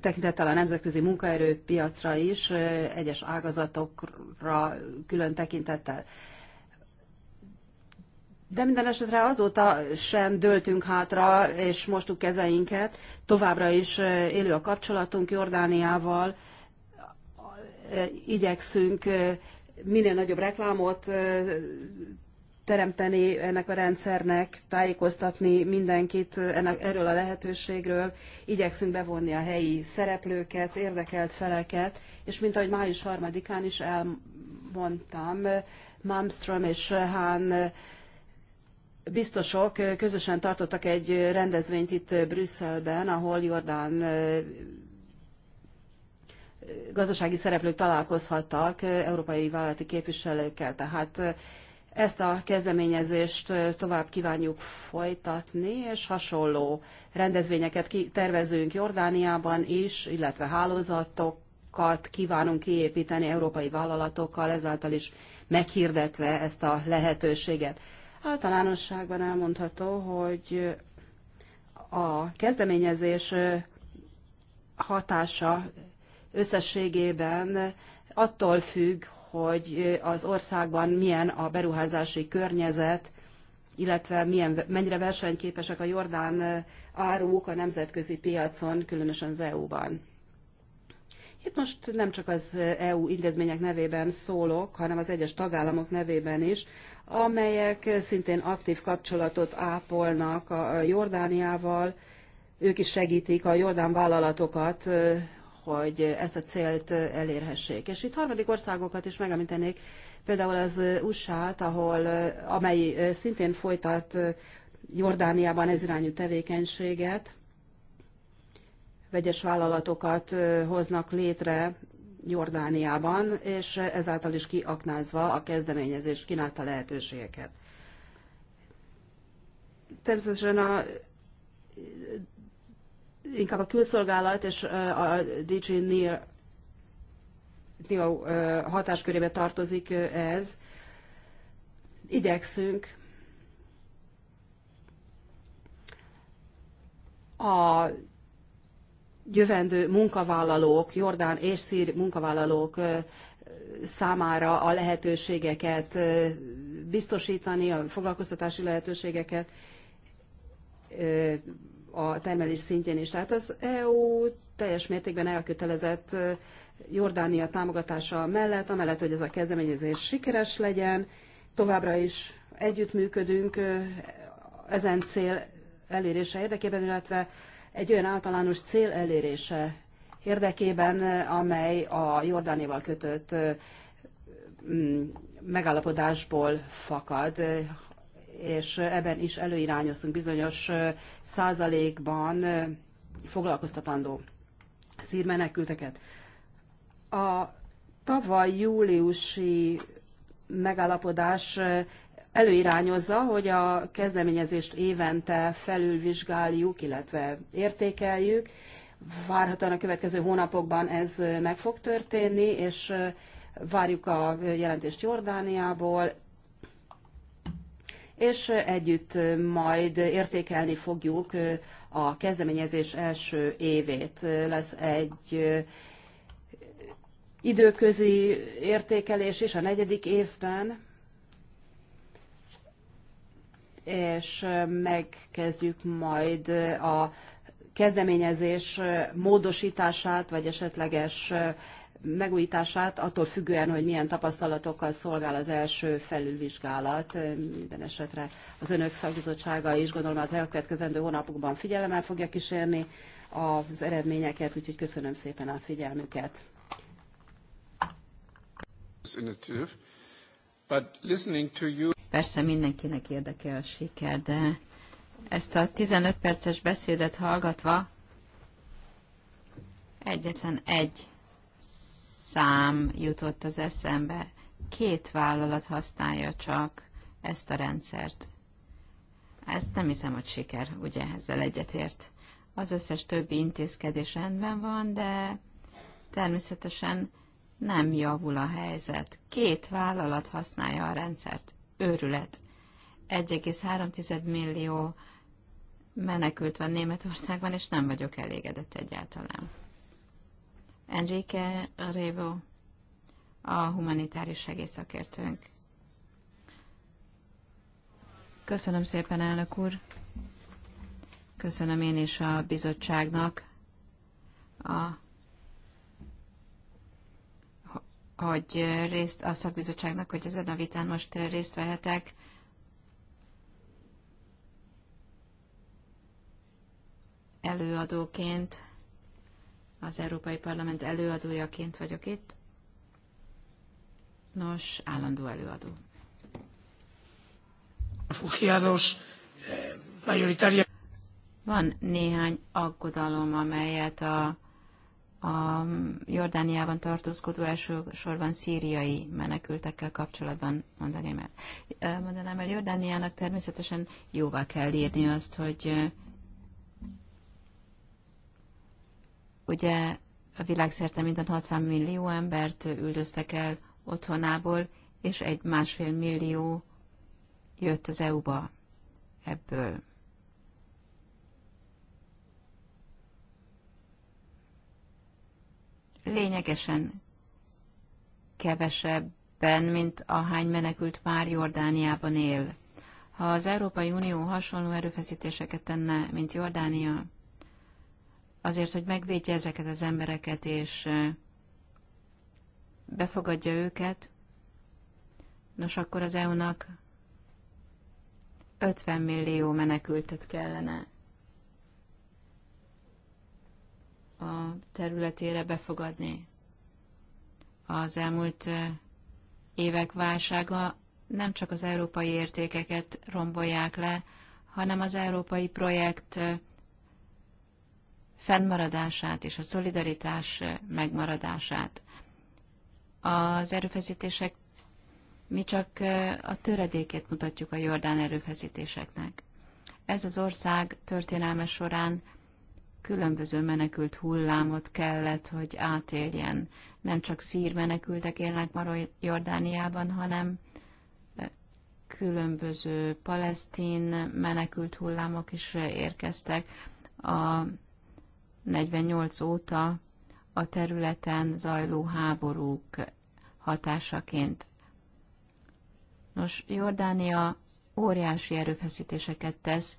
tekintettel a nemzetközi munkaerőpiacra is, egyes ágazatokra külön tekintettel. De minden esetre azóta sem döltünk hátra, és mostuk kezeinket. Továbbra is élő a kapcsolatunk Jordániával. Igyekszünk minél nagyobb reklámot teremteni ennek a rendszernek, tájékoztatni mindenkit ennek, erről a lehetőségről, igyekszünk bevonni a helyi szereplőket, érdekelt feleket, és mint ahogy május harmadikán is elmondtam, Malmström és Hahn biztosok közösen tartottak egy rendezvényt itt Brüsszelben, ahol Jordán gazdasági szereplők találkozhattak európai vállalati képviselőkkel. Tehát ezt a kezdeményezést tovább kívánjuk folytatni, és hasonló rendezvényeket tervezünk Jordániában is, illetve hálózatokat kívánunk kiépíteni európai vállalatokkal, ezáltal is meghirdetve ezt a lehetőséget. Általánosságban elmondható, hogy a kezdeményezés hatása összességében attól függ, hogy az országban milyen a beruházási környezet, illetve milyen, mennyire versenyképesek a jordán áruk a nemzetközi piacon, különösen az EU-ban. Itt most nem csak az EU intézmények nevében szólok, hanem az egyes tagállamok nevében is, amelyek szintén aktív kapcsolatot ápolnak a Jordániával, ők is segítik a jordán vállalatokat, hogy ezt a célt elérhessék. És itt harmadik országokat is megemlítenék, például az USA-t, ahol, amely szintén folytat Jordániában ez irányú tevékenységet, vegyes vállalatokat hoznak létre Jordániában, és ezáltal is kiaknázva a kezdeményezés kínálta lehetőségeket. Természetesen a, inkább a külszolgálat és a DG NIO hatáskörébe tartozik ez. Igyekszünk a jövendő munkavállalók, jordán és szír munkavállalók számára a lehetőségeket biztosítani, a foglalkoztatási lehetőségeket a termelés szintjén is. Tehát az EU teljes mértékben elkötelezett Jordánia támogatása mellett, amellett, hogy ez a kezdeményezés sikeres legyen, továbbra is együttműködünk ezen cél elérése érdekében, illetve egy olyan általános cél elérése érdekében, amely a Jordánival kötött mm, megállapodásból fakad, és ebben is előirányoztunk bizonyos százalékban foglalkoztatandó szírmenekülteket. A tavaly júliusi megállapodás előirányozza, hogy a kezdeményezést évente felülvizsgáljuk, illetve értékeljük. Várhatóan a következő hónapokban ez meg fog történni, és várjuk a jelentést Jordániából, és együtt majd értékelni fogjuk a kezdeményezés első évét. Lesz egy időközi értékelés is a negyedik évben, és megkezdjük majd a kezdeményezés módosítását, vagy esetleges megújítását, attól függően, hogy milyen tapasztalatokkal szolgál az első felülvizsgálat. Minden esetre az önök szakbizottsága is gondolom az elkövetkezendő hónapokban figyelemmel fogja kísérni az eredményeket, úgyhogy köszönöm szépen a figyelmüket. But listening to you... Persze mindenkinek érdeke a siker, de ezt a 15 perces beszédet hallgatva egyetlen egy szám jutott az eszembe. Két vállalat használja csak ezt a rendszert. Ezt nem hiszem, hogy siker, ugye ezzel egyetért. Az összes többi intézkedés rendben van, de természetesen nem javul a helyzet. Két vállalat használja a rendszert őrület. 1,3 millió menekült van Németországban, és nem vagyok elégedett egyáltalán. Enrique Revo, a humanitárius segélyszakértőnk. Köszönöm szépen, elnök úr. Köszönöm én is a bizottságnak a hogy részt a szakbizottságnak, hogy ezen a vitán most részt vehetek. Előadóként, az Európai Parlament előadójaként vagyok itt. Nos, állandó előadó. Eh, Van néhány aggodalom, amelyet a a Jordániában tartózkodó elsősorban szíriai menekültekkel kapcsolatban mondanám el. Mondanám el, Jordániának természetesen jóvá kell írni azt, hogy ugye a világszerte minden 60 millió embert üldöztek el otthonából, és egy másfél millió jött az EU-ba ebből. lényegesen kevesebben, mint ahány menekült már Jordániában él. Ha az Európai Unió hasonló erőfeszítéseket tenne, mint Jordánia, azért, hogy megvédje ezeket az embereket, és befogadja őket, nos, akkor az EU-nak 50 millió menekültet kellene a területére befogadni. Az elmúlt évek válsága nem csak az európai értékeket rombolják le, hanem az európai projekt fennmaradását és a szolidaritás megmaradását. Az erőfeszítések mi csak a töredékét mutatjuk a Jordán erőfeszítéseknek. Ez az ország történelme során különböző menekült hullámot kellett, hogy átéljen. Nem csak szír menekültek élnek már Jordániában, hanem eh, különböző palesztin menekült hullámok is eh, érkeztek. A 48 óta a területen zajló háborúk hatásaként. Nos, Jordánia óriási erőfeszítéseket tesz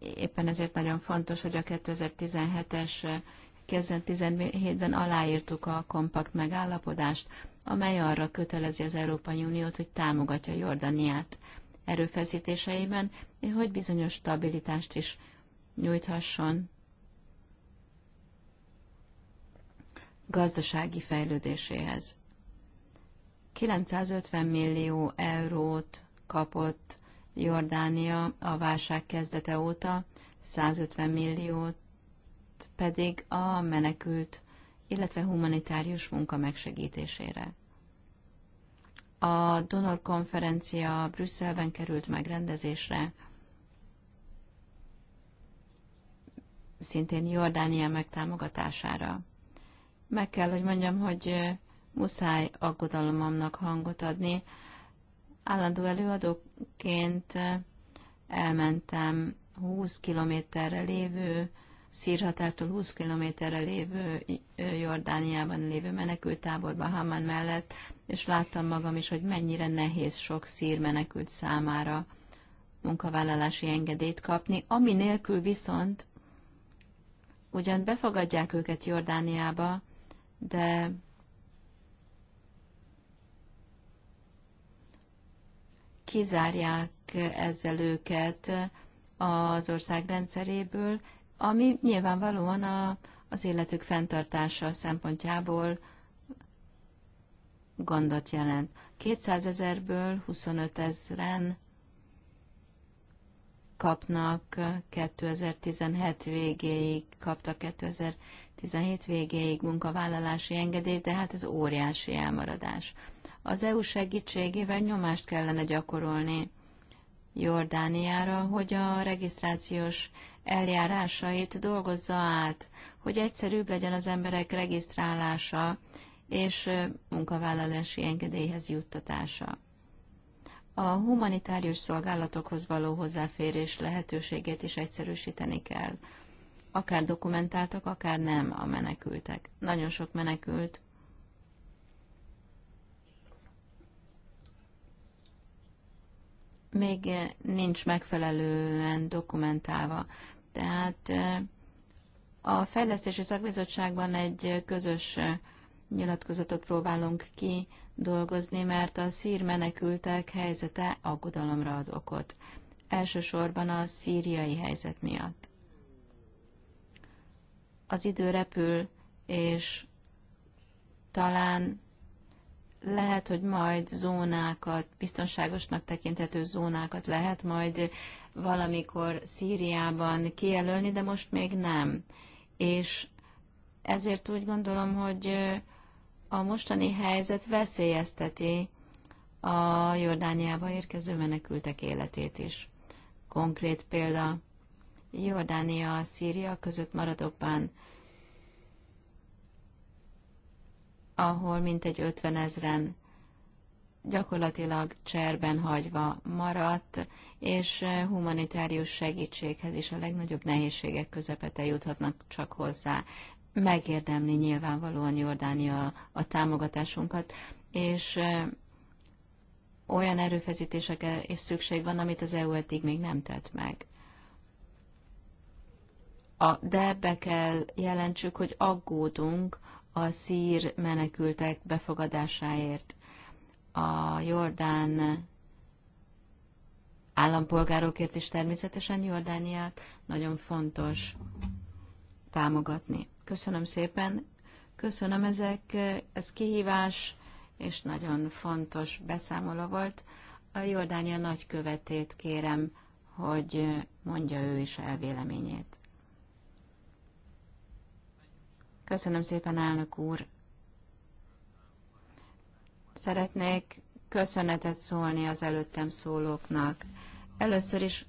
éppen ezért nagyon fontos, hogy a 2017-es 2017-ben aláírtuk a kompakt megállapodást, amely arra kötelezi az Európai Uniót, hogy támogatja Jordaniát erőfeszítéseiben, és hogy bizonyos stabilitást is nyújthasson gazdasági fejlődéséhez. 950 millió eurót kapott Jordánia a válság kezdete óta, 150 milliót pedig a menekült, illetve humanitárius munka megsegítésére. A donor konferencia Brüsszelben került megrendezésre, szintén Jordánia megtámogatására. Meg kell, hogy mondjam, hogy muszáj aggodalomamnak hangot adni, állandó előadóként eh, elmentem 20 kilométerre lévő, Szírhatártól 20 kilométerre lévő Jordániában lévő menekültáborba Haman mellett, és láttam magam is, hogy mennyire nehéz sok szír menekült számára munkavállalási engedélyt kapni, ami nélkül viszont ugyan befogadják őket Jordániába, de kizárják ezzel őket az ország rendszeréből, ami nyilvánvalóan a, az életük fenntartása szempontjából gondot jelent. 200 ezerből 25 ezeren kapnak 2017 végéig, kaptak 2017 végéig munkavállalási engedélyt, de hát ez óriási elmaradás. Az EU segítségével nyomást kellene gyakorolni Jordániára, hogy a regisztrációs eljárásait dolgozza át, hogy egyszerűbb legyen az emberek regisztrálása és munkavállalási engedélyhez juttatása. A humanitárius szolgálatokhoz való hozzáférés lehetőségét is egyszerűsíteni kell. Akár dokumentáltak, akár nem a menekültek. Nagyon sok menekült még eh, nincs megfelelően dokumentálva. Tehát eh, a Fejlesztési Szakbizottságban egy eh, közös nyilatkozatot próbálunk ki dolgozni, mert a szír menekültek helyzete aggodalomra ad okot. Elsősorban a szíriai helyzet miatt. Az idő repül, és talán lehet, hogy majd zónákat, biztonságosnak tekinthető zónákat lehet majd valamikor Szíriában kijelölni, de most még nem. És ezért úgy gondolom, hogy a mostani helyzet veszélyezteti a Jordániába érkező menekültek életét is. Konkrét példa, Jordánia Szíria között maradokban ahol mintegy 50 ezeren gyakorlatilag cserben hagyva maradt, és eh, humanitárius segítséghez is a legnagyobb nehézségek közepete juthatnak csak hozzá. Megérdemli nyilvánvalóan Jordánia a támogatásunkat, és eh, olyan erőfeszítésekre is szükség van, amit az EU eddig még nem tett meg. A, de be kell jelentsük, hogy aggódunk a szír menekültek befogadásáért. A Jordán állampolgárokért is természetesen Jordániát nagyon fontos támogatni. Köszönöm szépen, köszönöm ezek, ez kihívás, és nagyon fontos beszámoló volt. A Jordánia nagykövetét kérem, hogy mondja ő is elvéleményét. Köszönöm szépen, elnök úr. Szeretnék köszönetet szólni az előttem szólóknak. Először is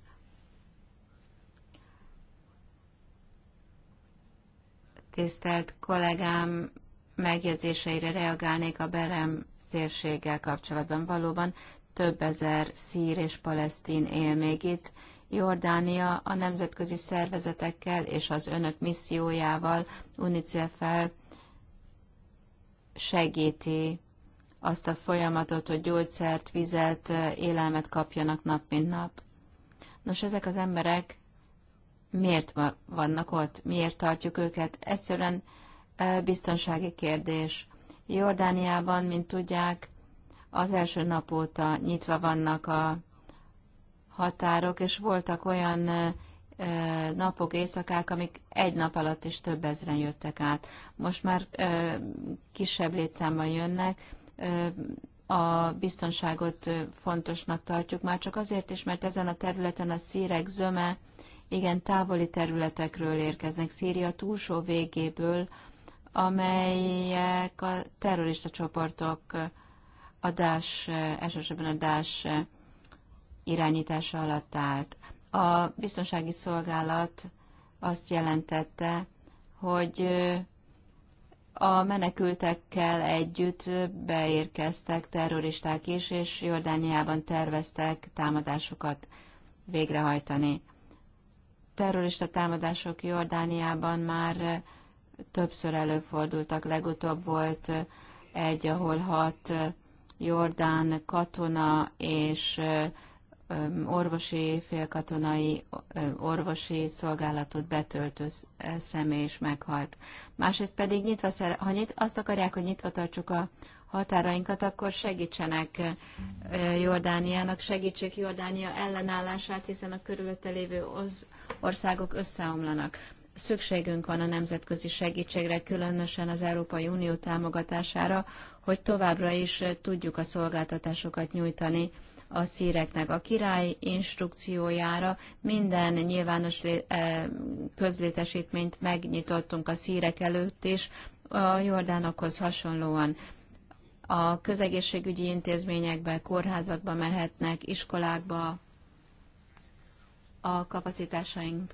tisztelt kollégám megjegyzéseire reagálnék a Berem térséggel kapcsolatban. Valóban több ezer szír és palesztin él még itt, Jordánia a nemzetközi szervezetekkel és az önök missziójával, UNICEF-el segíti azt a folyamatot, hogy gyógyszert, vizet, élelmet kapjanak nap mint nap. Nos, ezek az emberek miért vannak ott, miért tartjuk őket? Egyszerűen biztonsági kérdés. Jordániában, mint tudják, az első nap óta nyitva vannak a határok, és voltak olyan napok, éjszakák, amik egy nap alatt is több ezren jöttek át. Most már kisebb létszámban jönnek, a biztonságot fontosnak tartjuk, már csak azért is, mert ezen a területen a szírek zöme igen távoli területekről érkeznek, Szíria túlsó végéből, amelyek a terrorista csoportok a DAS, elsősorban a DAS irányítása alatt állt. A biztonsági szolgálat azt jelentette, hogy a menekültekkel együtt beérkeztek terroristák is, és Jordániában terveztek támadásokat végrehajtani. Terrorista támadások Jordániában már többször előfordultak. Legutóbb volt egy, ahol hat jordán katona és orvosi, félkatonai orvosi szolgálatot betöltő személy is meghalt. Másrészt pedig nyitva, ha nyit, azt akarják, hogy nyitva tartsuk a határainkat, akkor segítsenek Jordániának, segítsék Jordánia ellenállását, hiszen a körülötte lévő országok összeomlanak. Szükségünk van a nemzetközi segítségre, különösen az Európai Unió támogatására, hogy továbbra is tudjuk a szolgáltatásokat nyújtani a szíreknek a király instrukciójára. Minden nyilvános eh, közlétesítményt megnyitottunk a szírek előtt is, a jordánokhoz hasonlóan. A közegészségügyi intézményekbe, kórházakba mehetnek, iskolákba, a kapacitásainkhoz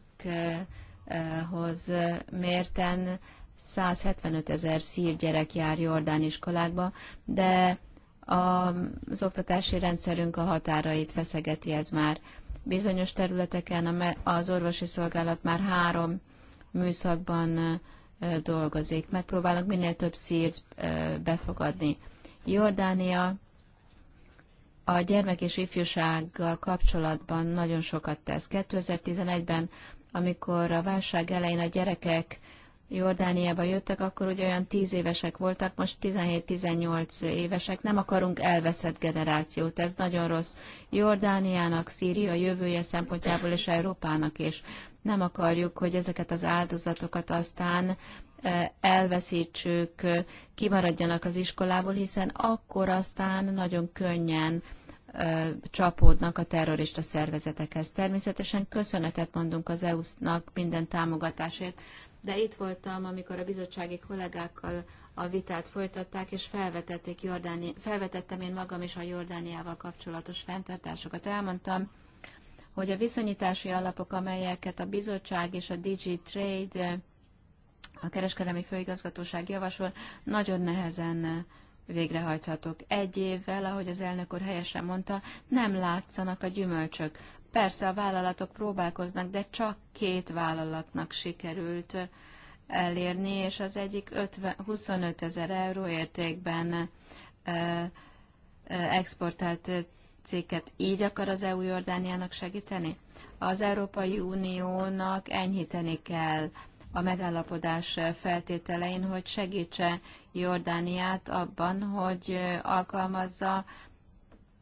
mérten 175 ezer szír gyerek jár Jordán iskolákba, de az oktatási rendszerünk a határait feszegeti ez már. Bizonyos területeken az orvosi szolgálat már három műszakban dolgozik. Megpróbálunk minél több szírt befogadni. Jordánia a gyermek és ifjúsággal kapcsolatban nagyon sokat tesz. 2011-ben, amikor a válság elején a gyerekek Jordániába jöttek, akkor ugye olyan 10 évesek voltak, most 17-18 évesek. Nem akarunk elveszett generációt, ez nagyon rossz. Jordániának, Szíria jövője szempontjából és Európának is. Nem akarjuk, hogy ezeket az áldozatokat aztán eh, elveszítsük, kimaradjanak az iskolából, hiszen akkor aztán nagyon könnyen eh, csapódnak a terrorista szervezetekhez. Természetesen köszönetet mondunk az EU-nak minden támogatásért, de itt voltam, amikor a bizottsági kollégákkal a vitát folytatták, és felvetették Jordáni, felvetettem én magam is a Jordániával kapcsolatos fenntartásokat. Elmondtam, hogy a viszonyítási alapok, amelyeket a bizottság és a DG Trade, a kereskedelmi főigazgatóság javasol, nagyon nehezen végrehajthatók. Egy évvel, ahogy az elnök úr helyesen mondta, nem látszanak a gyümölcsök. Persze a vállalatok próbálkoznak, de csak két vállalatnak sikerült elérni, és az egyik 50, 25 ezer euró értékben exportált céget így akar az EU Jordániának segíteni? Az Európai Uniónak enyhíteni kell a megállapodás feltételein, hogy segítse Jordániát abban, hogy alkalmazza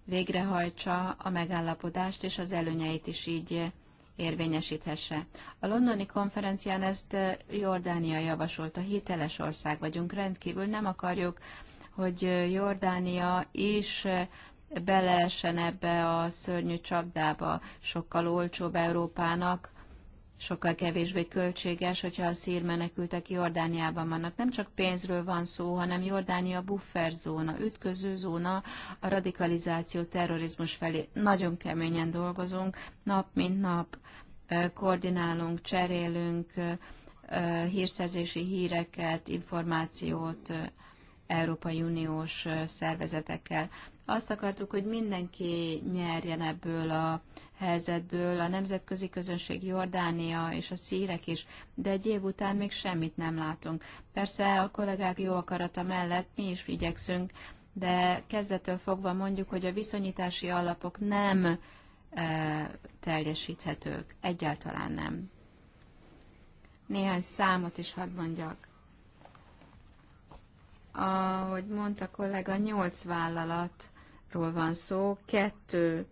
végrehajtsa a megállapodást, és az előnyeit is így érvényesíthesse. A londoni konferencián ezt Jordánia javasolta, hiteles ország vagyunk, rendkívül nem akarjuk, hogy Jordánia is beleessen ebbe a szörnyű csapdába, sokkal olcsóbb Európának sokkal kevésbé költséges, hogyha a szír menekültek Jordániában vannak. Nem csak pénzről van szó, hanem Jordánia bufferzóna, ütköző zóna a radikalizáció, terrorizmus felé. Nagyon keményen dolgozunk, nap mint nap koordinálunk, cserélünk hírszerzési híreket, információt Európai Uniós szervezetekkel. Azt akartuk, hogy mindenki nyerjen ebből a helyzetből, a nemzetközi közönség, Jordánia és a szírek is, de egy év után még semmit nem látunk. Persze a kollégák jó akarata mellett mi is igyekszünk, de kezdetől fogva mondjuk, hogy a viszonyítási alapok nem e, teljesíthetők, egyáltalán nem. Néhány számot is hadd mondjak. Ahogy mondta kollega, nyolc vállalat ról van szó. Kettő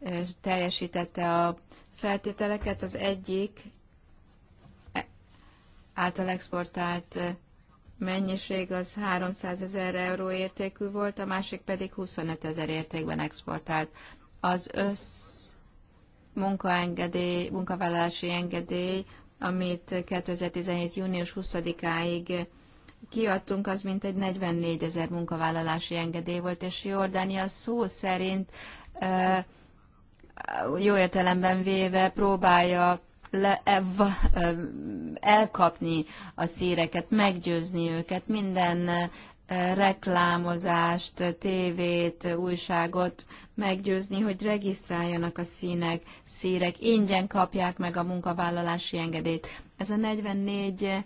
eh, teljesítette a feltételeket, az egyik eh, által exportált eh, mennyiség az 300 ezer euró értékű volt, a másik pedig 25 ezer értékben exportált. Az össz munkaengedély, munkavállalási engedély, amit 2017. június 20-áig kiadtunk, az mint egy 44 ezer munkavállalási engedély volt, és Jordánia szó szerint jó értelemben véve próbálja le, ev, elkapni a szíreket, meggyőzni őket, minden reklámozást, tévét, újságot meggyőzni, hogy regisztráljanak a színek, szírek, ingyen kapják meg a munkavállalási engedélyt. Ez a 44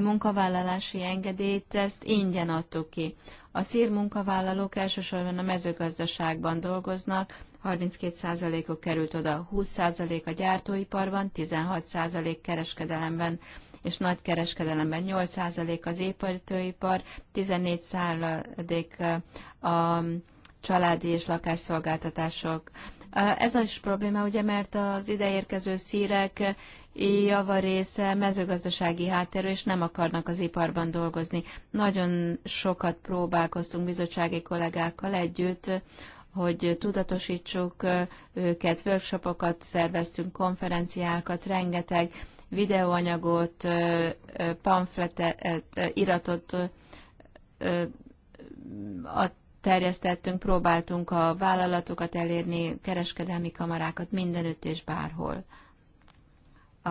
munkavállalási engedélyt, ezt ingyen adtuk ki. A szír munkavállalók elsősorban a mezőgazdaságban dolgoznak, 32%-ok került oda, 20% a gyártóiparban, 16% kereskedelemben és nagy kereskedelemben 8% az építőipar, 14% a családi és lakásszolgáltatások. Ez az is probléma, ugye, mert az ideérkező szírek javarésze mezőgazdasági hátterű, és nem akarnak az iparban dolgozni. Nagyon sokat próbálkoztunk bizottsági kollégákkal együtt, hogy tudatosítsuk őket, workshopokat szerveztünk, konferenciákat, rengeteg videóanyagot, pamfletet, iratot terjesztettünk, próbáltunk a vállalatokat elérni, kereskedelmi kamarákat mindenütt és bárhol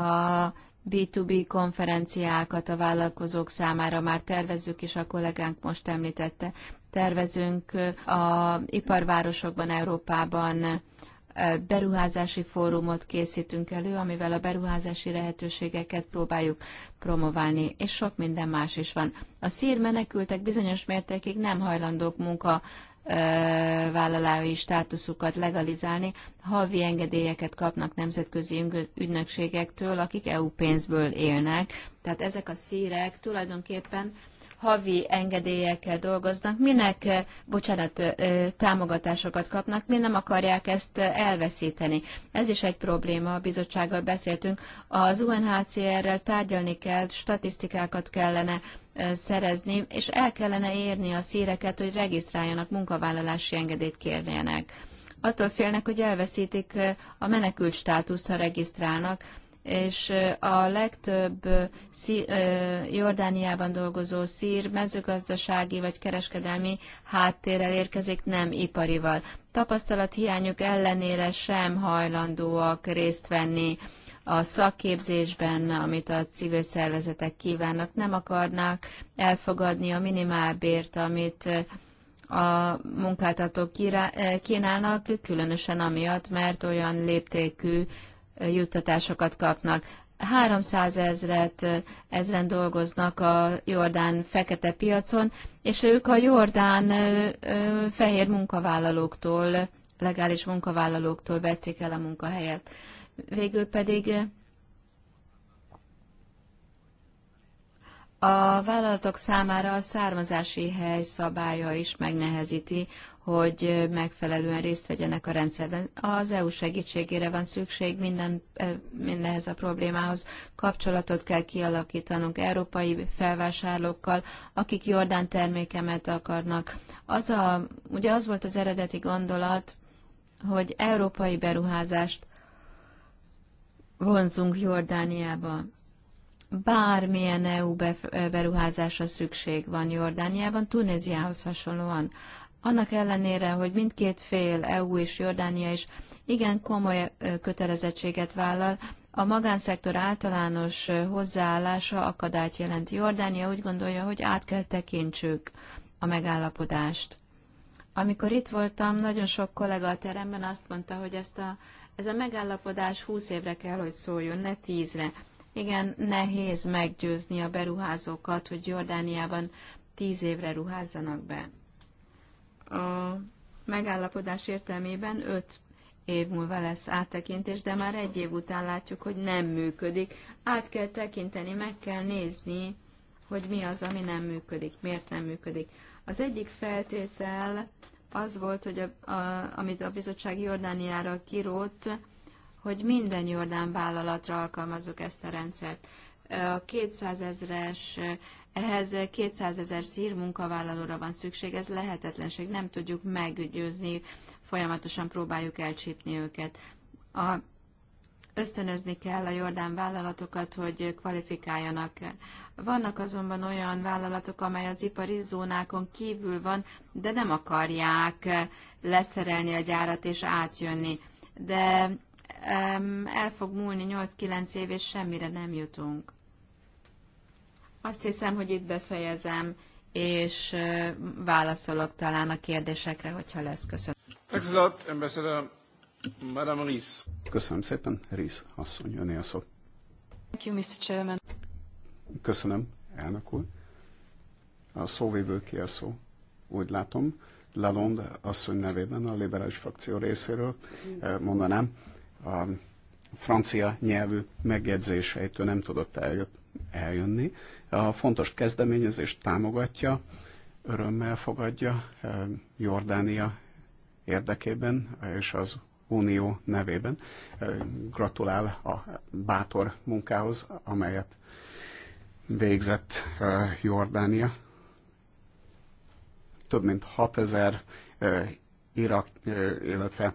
a B2B konferenciákat a vállalkozók számára már tervezzük, és a kollégánk most említette. Tervezünk a iparvárosokban, Európában beruházási fórumot készítünk elő, amivel a beruházási lehetőségeket próbáljuk promoválni, és sok minden más is van. A szír menekültek bizonyos mértékig nem hajlandók munka vállalói státuszukat legalizálni, havi engedélyeket kapnak nemzetközi ügynökségektől, akik EU pénzből élnek. Tehát ezek a szírek tulajdonképpen havi engedélyekkel dolgoznak, minek, eh, bocsánat, eh, támogatásokat kapnak, mi nem akarják ezt eh, elveszíteni. Ez is egy probléma, a bizottsággal beszéltünk. Az UNHCR-rel tárgyalni kell, statisztikákat kellene szerezni, és el kellene érni a szíreket, hogy regisztráljanak, munkavállalási engedélyt kérjenek. Attól félnek, hogy elveszítik a menekült státuszt, ha regisztrálnak, és a legtöbb szí, Jordániában dolgozó szír mezőgazdasági vagy kereskedelmi háttérrel érkezik, nem iparival. Tapasztalat hiányuk ellenére sem hajlandóak részt venni a szakképzésben, amit a civil szervezetek kívánnak, nem akarnák elfogadni a minimálbért, amit a munkáltatók kínálnak, különösen amiatt, mert olyan léptékű juttatásokat kapnak. 300 ezret, ezren dolgoznak a Jordán fekete piacon, és ők a Jordán fehér munkavállalóktól, legális munkavállalóktól vették el a munkahelyet. Végül pedig a vállalatok számára a származási hely szabálya is megnehezíti hogy megfelelően részt vegyenek a rendszerben. Az EU segítségére van szükség minden, e, mindenhez a problémához. Kapcsolatot kell kialakítanunk európai felvásárlókkal, akik Jordán termékemet akarnak. Az a, ugye az volt az eredeti gondolat, hogy európai beruházást vonzunk Jordániába. Bármilyen EU beruházásra szükség van Jordániában, Tunéziához hasonlóan. Annak ellenére, hogy mindkét fél, EU és Jordánia is igen komoly kötelezettséget vállal, a magánszektor általános hozzáállása akadályt jelent. Jordánia úgy gondolja, hogy át kell tekintsük a megállapodást. Amikor itt voltam, nagyon sok kollega a teremben azt mondta, hogy ezt a, ez a megállapodás 20 évre kell, hogy szóljon, ne 10-re. Igen, nehéz meggyőzni a beruházókat, hogy Jordániában 10 évre ruházzanak be a megállapodás értelmében 5 év múlva lesz áttekintés, de már egy év után látjuk, hogy nem működik. Át kell tekinteni, meg kell nézni, hogy mi az, ami nem működik, miért nem működik. Az egyik feltétel az volt, hogy a, a, amit a bizottság Jordániára kirót, hogy minden Jordán vállalatra alkalmazzuk ezt a rendszert. A 200 ezres ehhez 200 ezer szír munkavállalóra van szükség, ez lehetetlenség, nem tudjuk meggyőzni, folyamatosan próbáljuk elcsípni őket. A, ösztönözni kell a jordán vállalatokat, hogy kvalifikáljanak. Vannak azonban olyan vállalatok, amely az ipari zónákon kívül van, de nem akarják leszerelni a gyárat és átjönni. De um, el fog múlni 8-9 év, és semmire nem jutunk. Azt hiszem, hogy itt befejezem, és válaszolok talán a kérdésekre, hogyha lesz. Köszönöm. Thanks Ambassador Madame Rees. Köszönöm szépen, Rees asszony, jönni a szó. Thank you, Mr. Chairman. Köszönöm, elnök úr. A szóvévő ki a szó. Úgy látom, Lalonde asszony nevében a liberális frakció részéről mondanám, a francia nyelvű megjegyzéseitől nem tudott eljött, eljönni, a fontos kezdeményezést támogatja, örömmel fogadja eh, Jordánia érdekében és az Unió nevében. Eh, gratulál a bátor munkához, amelyet végzett eh, Jordánia. Több mint 6000 Irak, illetve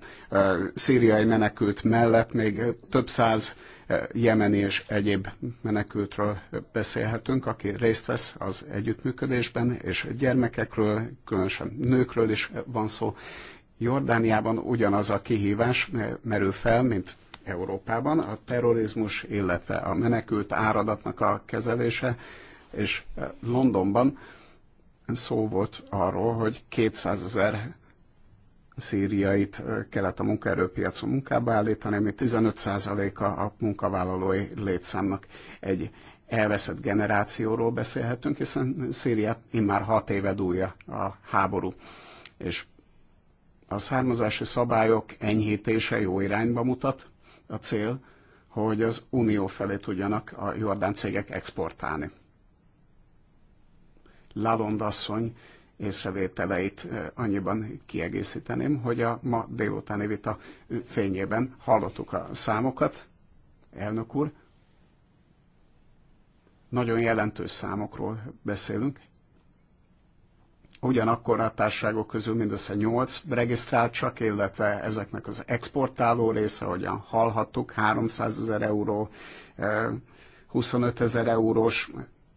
szíriai menekült mellett még több száz E, jemeni és egyéb menekültről beszélhetünk, aki részt vesz az együttműködésben, és gyermekekről, különösen nőkről is van szó. Jordániában ugyanaz a kihívás e, merül fel, mint Európában, a terrorizmus, illetve a menekült áradatnak a kezelése, és e, Londonban szó volt arról, hogy 200 ezer szíriait kellett a munkaerőpiacon munkába állítani, ami 15%-a a munkavállalói létszámnak egy elveszett generációról beszélhetünk, hiszen Szíriát immár hat éve dúlja a háború. És a származási szabályok enyhítése jó irányba mutat a cél, hogy az Unió felé tudjanak a jordán cégek exportálni. Lalond asszony észrevételeit annyiban kiegészíteném, hogy a ma délutáni vita fényében hallottuk a számokat, elnök úr. Nagyon jelentős számokról beszélünk. Ugyanakkor a társaságok közül mindössze 8 regisztrált csak, illetve ezeknek az exportáló része, ahogyan hallhattuk, 300 ezer euró, 25 ezer eurós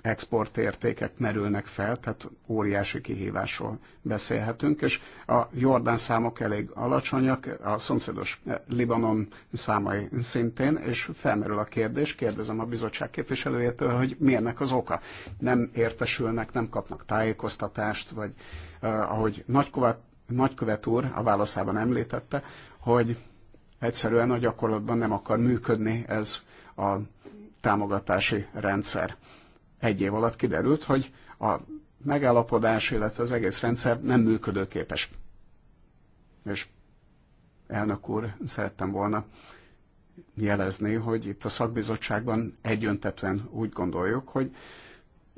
exportértékek merülnek fel, tehát óriási kihívásról beszélhetünk, és a Jordán számok elég alacsonyak, a szomszédos Libanon számai szintén, és felmerül a kérdés, kérdezem a bizottság képviselőjétől, hogy milyennek az oka. Nem értesülnek, nem kapnak tájékoztatást, vagy eh, ahogy Nagykövet, Nagykövet úr a válaszában említette, hogy egyszerűen a gyakorlatban nem akar működni ez a támogatási rendszer egy év alatt kiderült, hogy a megállapodás, illetve az egész rendszer nem működőképes. És elnök úr, szerettem volna jelezni, hogy itt a szakbizottságban egyöntetően úgy gondoljuk, hogy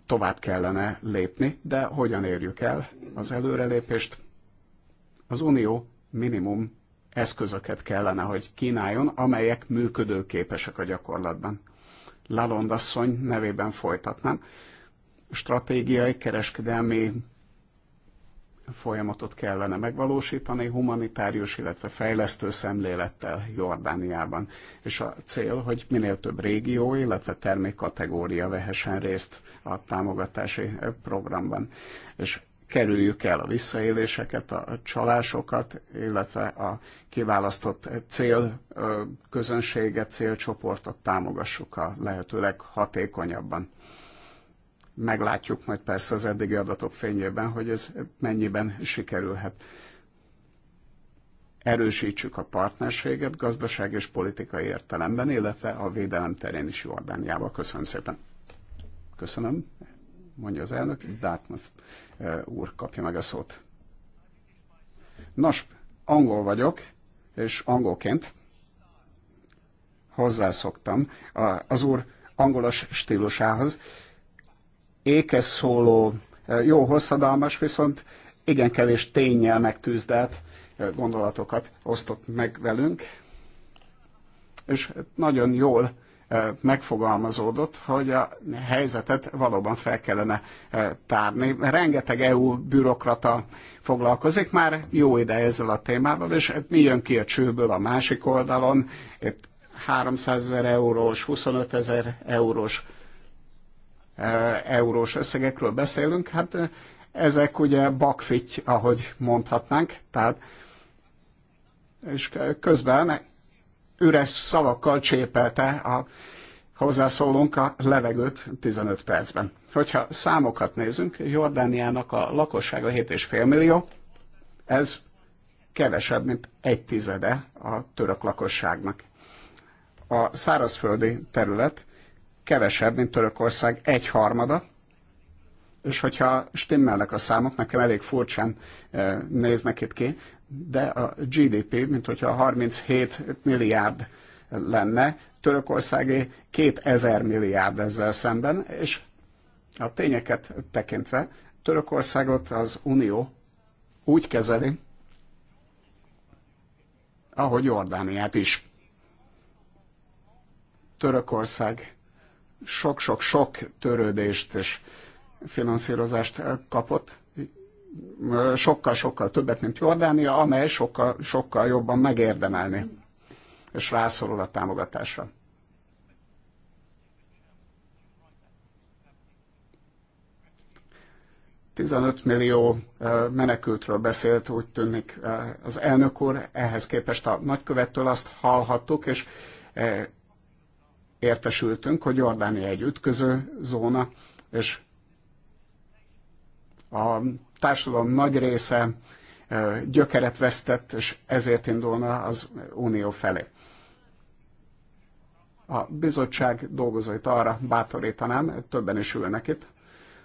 tovább kellene lépni, de hogyan érjük el az előrelépést? Az Unió minimum eszközöket kellene, hogy kínáljon, amelyek működőképesek a gyakorlatban. Lalondasszony nevében folytatnám. Stratégiai, kereskedelmi folyamatot kellene megvalósítani humanitárius, illetve fejlesztő szemlélettel Jordániában. És a cél, hogy minél több régió, illetve termékkategória vehessen részt a támogatási programban. És kerüljük el a visszaéléseket, a csalásokat, illetve a kiválasztott cél közönséget, célcsoportot támogassuk a lehető leghatékonyabban. Meglátjuk majd persze az eddigi adatok fényében, hogy ez mennyiben sikerülhet. Erősítsük a partnerséget gazdaság és politikai értelemben, illetve a védelem terén is Jordániával. Köszönöm szépen. Köszönöm, mondja az elnök úr kapja meg a szót. Nos, angol vagyok, és angolként hozzászoktam az úr angolos stílusához. Ékes szóló, jó hosszadalmas, viszont igen kevés tényel megtűzdelt gondolatokat osztott meg velünk, és nagyon jól megfogalmazódott, hogy a helyzetet valóban fel kellene tárni. Rengeteg EU bürokrata foglalkozik már jó ide ezzel a témával, és hát mi jön ki a csőből a másik oldalon, itt 300 ezer eurós, 25 ezer eurós eurós összegekről beszélünk, hát ezek ugye bakfitty, ahogy mondhatnánk, tehát és közben üres szavakkal csépelte a hozzászólunk a levegőt 15 percben. Hogyha számokat nézünk, Jordániának a lakossága 7,5 millió, ez kevesebb, mint egy tizede a török lakosságnak. A szárazföldi terület kevesebb, mint Törökország egy harmada, és hogyha stimmelnek a számok, nekem elég furcsán eh, néznek itt ki, de a GDP, mint hogyha 37 milliárd lenne, Törökországé 2000 milliárd ezzel szemben, és a tényeket tekintve Törökországot az Unió úgy kezeli, ahogy Jordániát is. Törökország sok-sok-sok törődést és finanszírozást kapott, sokkal-sokkal többet, mint Jordánia, amely sokkal, sokkal jobban megérdemelni, és rászorul a támogatásra. Tizenöt millió menekültről beszélt, úgy tűnik az elnök úr, ehhez képest a nagykövettől azt hallhattuk, és értesültünk, hogy Jordánia egy ütköző zóna, és a társadalom nagy része gyökeret vesztett, és ezért indulna az unió felé. A bizottság dolgozóit arra bátorítanám, többen is ülnek itt,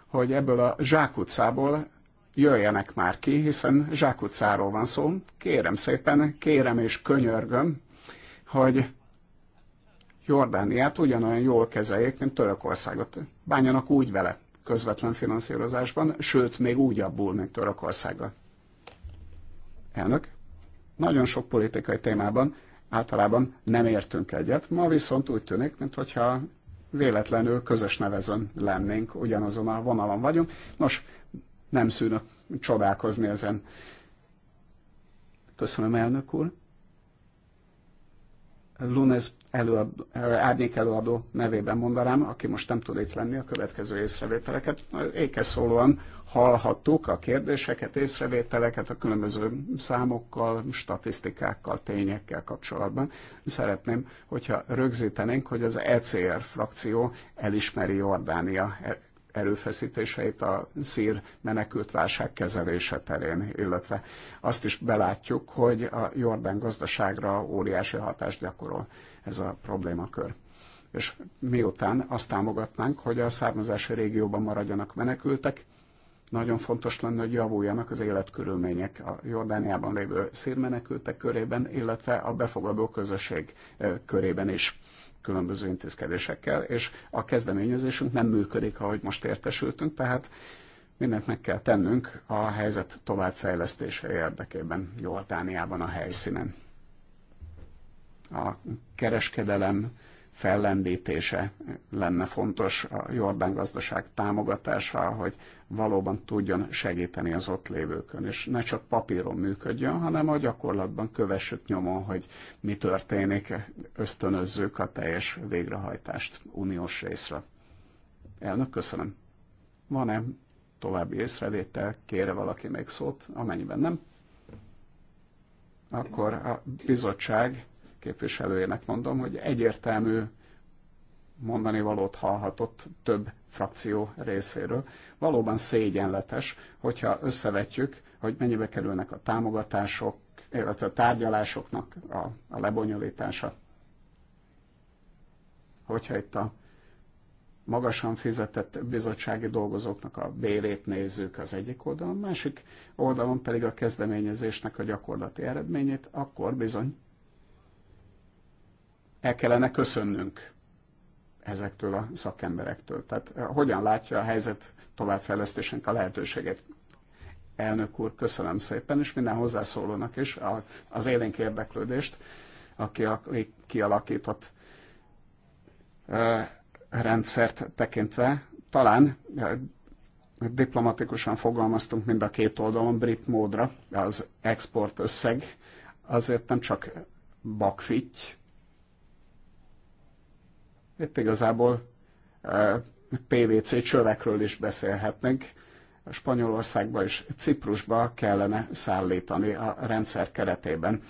hogy ebből a zsákutcából jöjjenek már ki, hiszen zsákutcáról van szó. Kérem szépen, kérem és könyörgöm, hogy Jordániát ugyanolyan jól kezeljék, mint Törökországot. Bánjanak úgy vele, közvetlen finanszírozásban, sőt, még úgy abból, mint Törökországgal. Elnök, nagyon sok politikai témában általában nem értünk egyet, ma viszont úgy tűnik, mintha véletlenül közös nevezőn lennénk, ugyanazon a vonalon vagyunk. Nos, nem szűnök csodálkozni ezen. Köszönöm, elnök úr. Lunes előadó, árnyék előadó nevében mondanám, aki most nem tud itt lenni a következő észrevételeket. Ékes szólóan hallhattuk a kérdéseket, észrevételeket a különböző számokkal, statisztikákkal, tényekkel kapcsolatban. Szeretném, hogyha rögzítenénk, hogy az ECR frakció elismeri Jordánia erőfeszítéseit a szír menekültválság kezelése terén, illetve azt is belátjuk, hogy a Jordán gazdaságra óriási hatást gyakorol ez a problémakör. És miután azt támogatnánk, hogy a származási régióban maradjanak menekültek, nagyon fontos lenne, hogy javuljanak az életkörülmények a Jordániában lévő szírmenekültek körében, illetve a befogadó közösség körében is különböző intézkedésekkel, és a kezdeményezésünk nem működik, ahogy most értesültünk, tehát mindent meg kell tennünk a helyzet továbbfejlesztése érdekében Jordániában a helyszínen a kereskedelem fellendítése lenne fontos, a Jordán gazdaság támogatása, hogy valóban tudjon segíteni az ott lévőkön, és ne csak papíron működjön, hanem a gyakorlatban kövessük nyomon, hogy mi történik, ösztönözzük a teljes végrehajtást uniós részre. Elnök, köszönöm. Van-e további észrevétel? Kére valaki még szót? Amennyiben nem, akkor a bizottság képviselőjének mondom, hogy egyértelmű mondani valót hallhatott több frakció részéről. Valóban szégyenletes, hogyha összevetjük, hogy mennyibe kerülnek a támogatások, illetve a tárgyalásoknak a, a lebonyolítása. Hogyha itt a magasan fizetett bizottsági dolgozóknak a bérét nézzük az egyik oldalon, másik oldalon pedig a kezdeményezésnek a gyakorlati eredményét, akkor bizony el kellene köszönnünk ezektől a szakemberektől. Tehát eh, hogyan látja a helyzet továbbfejlesztésének a lehetőséget? Elnök úr, köszönöm szépen, és minden hozzászólónak is a, az élénk érdeklődést, aki a kialakított eh, rendszert tekintve. Talán eh, diplomatikusan fogalmaztunk mind a két oldalon brit módra, az export összeg azért nem csak bakfitty, itt igazából e, PVC csövekről is beszélhetnek. Spanyolországba és Ciprusba kellene szállítani a rendszer keretében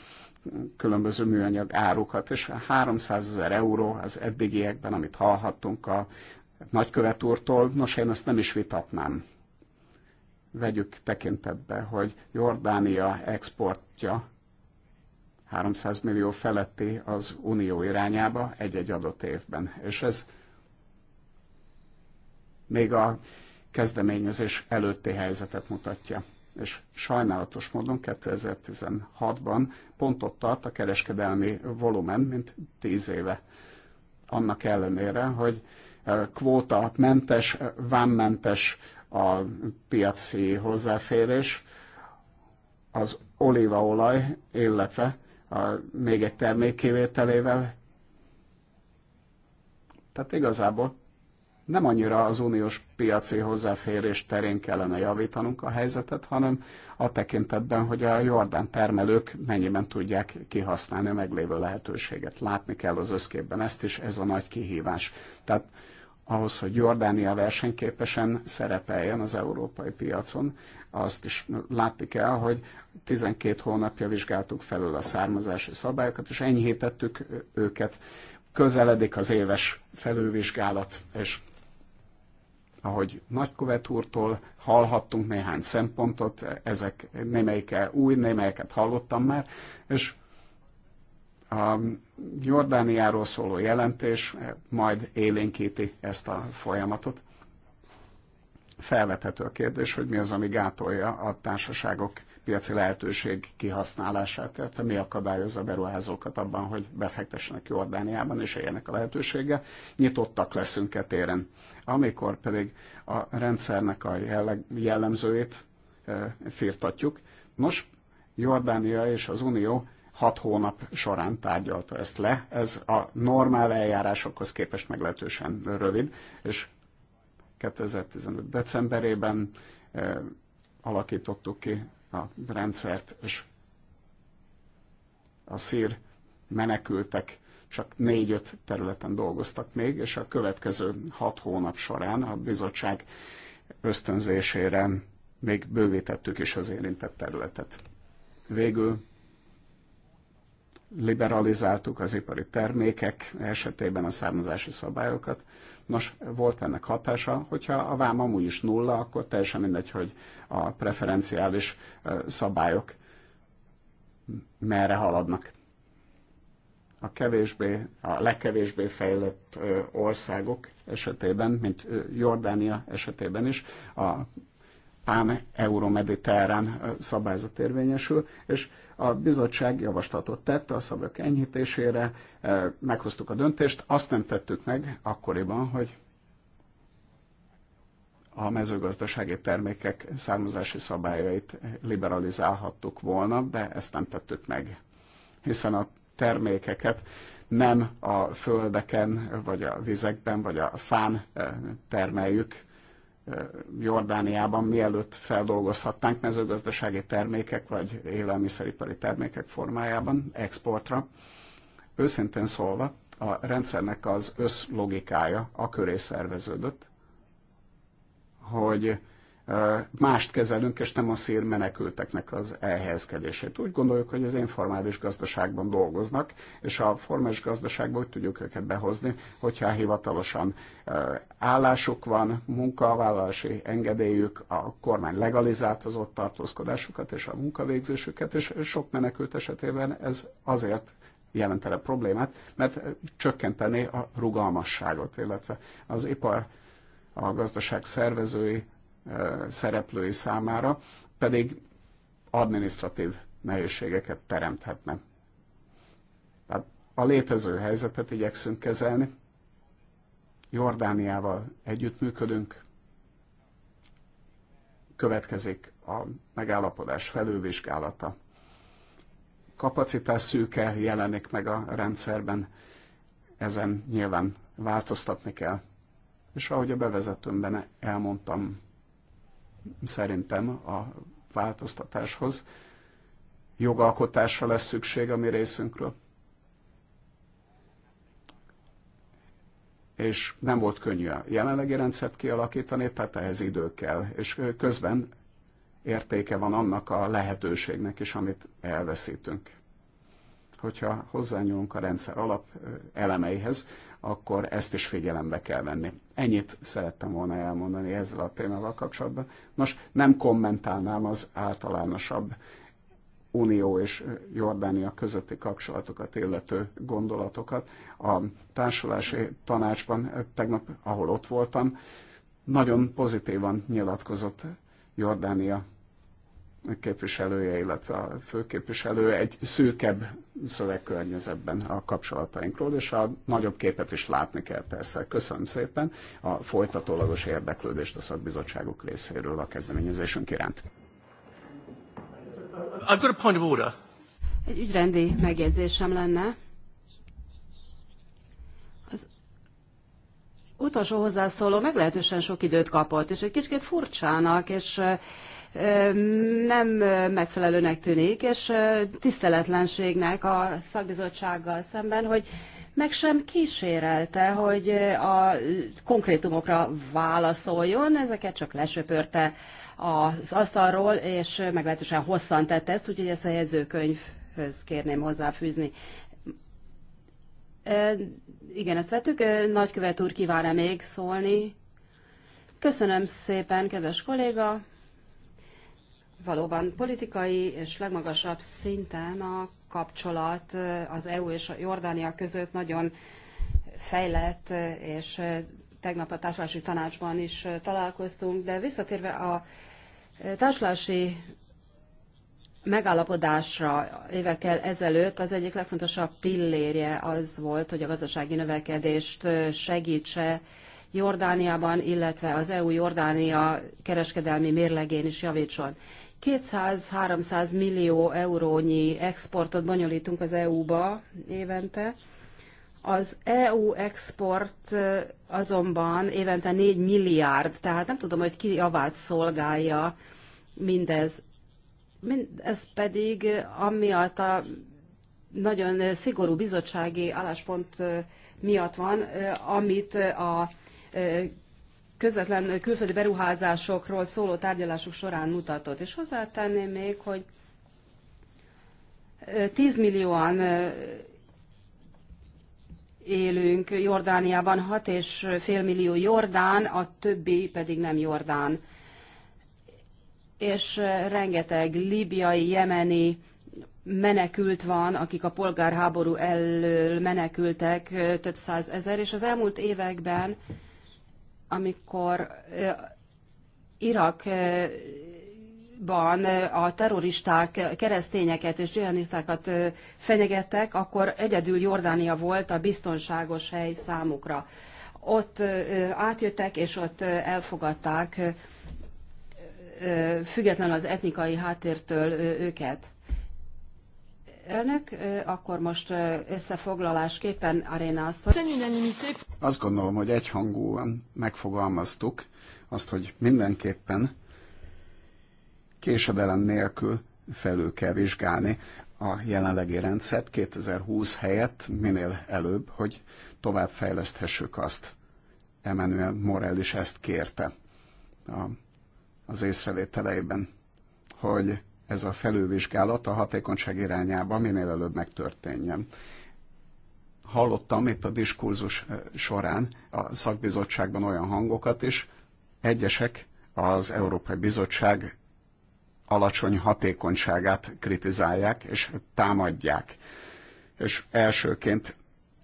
különböző műanyag árukat, és 300 ezer euró az eddigiekben, amit hallhattunk a nagykövet úrtól, nos én ezt nem is vitatnám. Vegyük tekintetbe, hogy Jordánia exportja 300 millió feletti az unió irányába egy-egy adott évben. És ez még a kezdeményezés előtti helyzetet mutatja. És sajnálatos módon 2016-ban pont ott tart a kereskedelmi volumen, mint 10 éve. Annak ellenére, hogy eh, kvóta mentes, vámmentes a piaci hozzáférés, az olívaolaj, illetve a, még egy termék kivételével. Tehát igazából nem annyira az uniós piaci hozzáférés terén kellene javítanunk a helyzetet, hanem a tekintetben, hogy a jordán termelők mennyiben tudják kihasználni a meglévő lehetőséget. Látni kell az összképben ezt is, ez a nagy kihívás. Tehát ahhoz, hogy Jordánia versenyképesen szerepeljen az európai piacon, azt is látni kell, hogy 12 hónapja vizsgáltuk felül a származási szabályokat, és enyhítettük őket. Közeledik az éves felülvizsgálat, és ahogy Nagykövet úrtól hallhattunk néhány szempontot, ezek némelyike új, némelyeket hallottam már, és a Jordániáról szóló jelentés majd élénkíti ezt a folyamatot. Felvethető a kérdés, hogy mi az, ami gátolja a társaságok piaci lehetőség kihasználását, tehát mi akadályozza a beruházókat abban, hogy befektessenek Jordániában és éljenek a lehetőséggel. Nyitottak leszünk e téren. Amikor pedig a rendszernek a jellemzőjét eh, firtatjuk, nos, Jordánia és az Unió hat hónap során tárgyalta ezt le. Ez a normál eljárásokhoz képest meglehetősen rövid, és 2015. decemberében eh, alakítottuk ki a rendszert, és a szír menekültek csak négy-öt területen dolgoztak még, és a következő hat hónap során a bizottság ösztönzésére még bővítettük is az érintett területet. Végül liberalizáltuk az ipari termékek esetében a származási szabályokat. Nos, volt ennek hatása, hogyha a vám amúgy is nulla, akkor teljesen mindegy, hogy a preferenciális szabályok merre haladnak. A kevésbé, a legkevésbé fejlett országok esetében, mint Jordánia esetében is, a pán euromediterrán szabályzat érvényesül, és a bizottság javaslatot tette a szabályok enyhítésére, eh, meghoztuk a döntést, azt nem tettük meg akkoriban, hogy a mezőgazdasági termékek származási szabályait liberalizálhattuk volna, de ezt nem tettük meg, hiszen a termékeket nem a földeken, vagy a vizekben, vagy a fán eh, termeljük, Eh, Jordániában mielőtt feldolgozhatnánk mezőgazdasági termékek vagy élelmiszeripari termékek formájában exportra. Őszintén szólva, a rendszernek az összlogikája a köré szerveződött, hogy mást kezelünk, és nem a szír menekülteknek az elhelyezkedését. Úgy gondoljuk, hogy az informális gazdaságban dolgoznak, és a formális gazdaságban úgy tudjuk őket behozni, hogyha hivatalosan állásuk van, munkavállalási engedélyük, a kormány legalizált az ott tartózkodásukat és a munkavégzésüket, és sok menekült esetében ez azért jelentene problémát, mert csökkenteni a rugalmasságot, illetve az ipar a gazdaság szervezői szereplői számára, pedig administratív nehézségeket teremthetne. Tehát a létező helyzetet igyekszünk kezelni. Jordániával együttműködünk. Következik a megállapodás felülvizsgálata. Kapacitás szűke jelenik meg a rendszerben, ezen nyilván változtatni kell. És ahogy a bevezetőmben elmondtam, szerintem a változtatáshoz jogalkotásra lesz szükség a mi részünkről. És nem volt könnyű a jelenlegi rendszert kialakítani, tehát ehhez idő kell. És közben értéke van annak a lehetőségnek is, amit elveszítünk hogyha hozzányúlunk a rendszer alap elemeihez, akkor ezt is figyelembe kell venni. Ennyit szerettem volna elmondani ezzel a témával kapcsolatban. Nos, nem kommentálnám az általánosabb Unió és Jordánia közötti kapcsolatokat illető gondolatokat. A társulási tanácsban tegnap, ahol ott voltam, nagyon pozitívan nyilatkozott Jordánia képviselője, illetve a főképviselő egy szűkebb szövegkörnyezetben a kapcsolatainkról, és a nagyobb képet is látni kell persze. Köszönöm szépen a folytatólagos érdeklődést a szakbizottságok részéről a kezdeményezésünk iránt. I've got a point of order. Egy ügyrendi megjegyzésem lenne. Az utolsó hozzászóló meglehetősen sok időt kapott, és egy kicsit furcsának, és nem megfelelőnek tűnik, és tiszteletlenségnek a szakbizottsággal szemben, hogy meg sem kísérelte, hogy a konkrétumokra válaszoljon, ezeket csak lesöpörte az asztalról, és meglehetősen hosszan tette ezt, úgyhogy ezt a jegyzőkönyvhöz kérném hozzáfűzni. Igen, ezt vettük. Nagykövet úr kíván-e még szólni? Köszönöm szépen, kedves kolléga! valóban politikai és legmagasabb szinten a kapcsolat eh, az EU és a Jordánia között nagyon fejlett, eh, és eh, tegnap a társulási tanácsban is találkoztunk, de visszatérve a társulási megállapodásra évekkel ezelőtt az egyik legfontosabb pillérje az volt, hogy a gazdasági növekedést segítse Jordániában, illetve az EU-Jordánia kereskedelmi mérlegén is javítson. 200-300 millió eurónyi exportot bonyolítunk az EU-ba évente. Az EU export azonban évente 4 milliárd, tehát nem tudom, hogy ki javát szolgálja mindez. Ez pedig amiatt a nagyon szigorú bizottsági álláspont miatt van, amit a közvetlen külföldi beruházásokról szóló tárgyalások során mutatott. És hozzátenném még, hogy 10 millióan élünk Jordániában, 6,5 millió Jordán, a többi pedig nem Jordán. És rengeteg libiai, jemeni menekült van, akik a polgárháború elől menekültek, több százezer, és az elmúlt években amikor Irakban a terroristák keresztényeket és dzsihanistákat fenyegettek, akkor egyedül Jordánia volt a biztonságos hely számukra. Ott átjöttek, és ott elfogadták független az etnikai háttértől őket. Elnök, akkor most összefoglalásképpen Aréna azt, Azt gondolom, hogy egyhangúan megfogalmaztuk azt, hogy mindenképpen késedelem nélkül felül kell vizsgálni a jelenlegi rendszert 2020 helyett minél előbb, hogy tovább fejleszthessük azt. Emmanuel Morel is ezt kérte a, az észrevételeiben, hogy ez a felülvizsgálat a hatékonyság irányába minél előbb megtörténjen. Hallottam itt a diskurzus során a szakbizottságban olyan hangokat is, egyesek az Európai Bizottság alacsony hatékonyságát kritizálják és támadják. És elsőként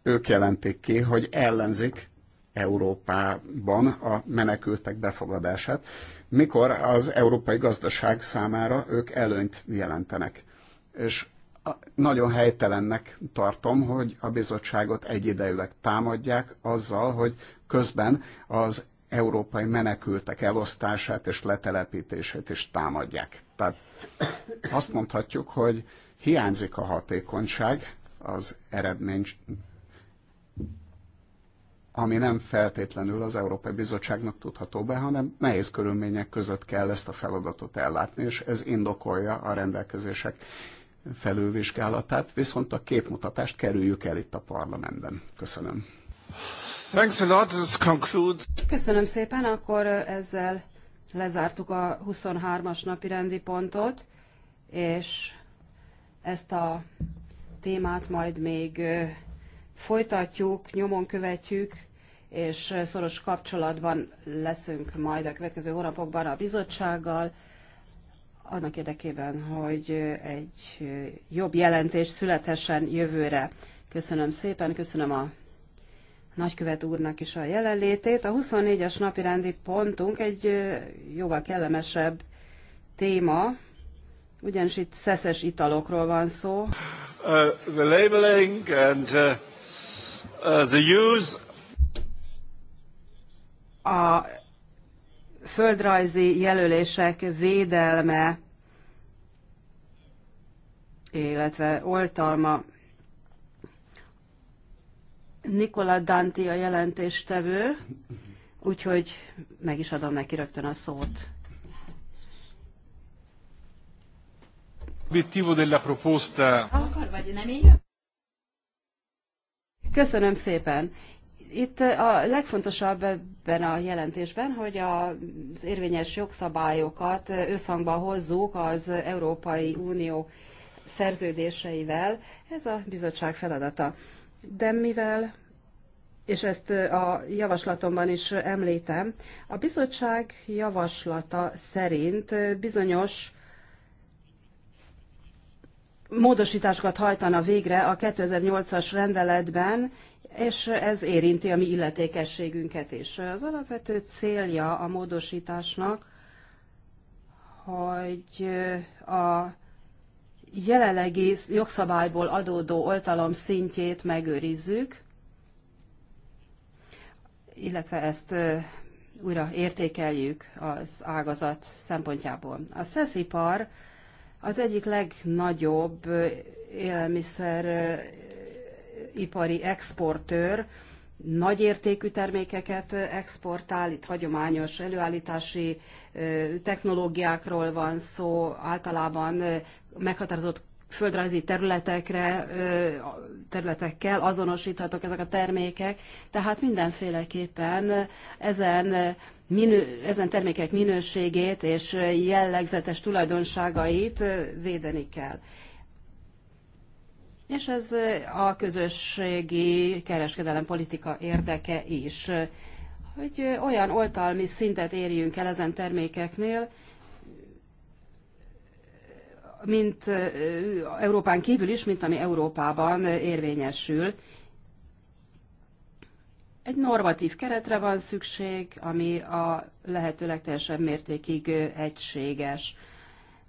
ők jelentik ki, hogy ellenzik Európában a menekültek befogadását, mikor az európai gazdaság számára ők előnyt jelentenek. És nagyon helytelennek tartom, hogy a bizottságot egyidejűleg támadják azzal, hogy közben az európai menekültek elosztását és letelepítését is támadják. Tehát azt mondhatjuk, hogy hiányzik a hatékonyság az eredmény ami nem feltétlenül az Európai Bizottságnak tudható be, hanem nehéz körülmények között kell ezt a feladatot ellátni, és ez indokolja a rendelkezések felülvizsgálatát, viszont a képmutatást kerüljük el itt a parlamentben. Köszönöm. Thanks a lot. This concludes. Köszönöm szépen, akkor ezzel lezártuk a 23-as napi rendi pontot, és ezt a témát majd még folytatjuk, nyomon követjük és szoros kapcsolatban leszünk majd a következő hónapokban a bizottsággal, annak érdekében, hogy egy jobb jelentés születhessen jövőre. Köszönöm szépen, köszönöm a nagykövet úrnak is a jelenlétét. A 24-es napi rendi pontunk egy jóval kellemesebb téma, ugyanis itt szeszes italokról van szó. Uh, the labeling and uh, uh, the use a földrajzi jelölések védelme, illetve oltalma. Nikola Danti a jelentéstevő, úgyhogy meg is adom neki rögtön a szót. Köszönöm szépen. Itt a legfontosabb ebben a jelentésben, hogy az érvényes jogszabályokat összhangba hozzuk az Európai Unió szerződéseivel. Ez a bizottság feladata. De mivel, és ezt a javaslatomban is említem, a bizottság javaslata szerint bizonyos módosításokat hajtana végre a 2008-as rendeletben, és ez érinti a mi illetékességünket is. Az alapvető célja a módosításnak, hogy a jelenlegi jogszabályból adódó oltalom szintjét megőrizzük, illetve ezt újra értékeljük az ágazat szempontjából. A szeszipar az egyik legnagyobb élelmiszer ipari exportőr, nagyértékű termékeket exportál, itt hagyományos előállítási technológiákról van szó, általában meghatározott földrajzi területekre, területekkel azonosíthatók ezek a termékek, tehát mindenféleképpen ezen, minő, ezen termékek minőségét és jellegzetes tulajdonságait védeni kell és ez a közösségi kereskedelem politika érdeke is, hogy olyan oltalmi szintet érjünk el ezen termékeknél, mint Európán kívül is, mint ami Európában érvényesül. Egy normatív keretre van szükség, ami a lehető legteljesebb mértékig egységes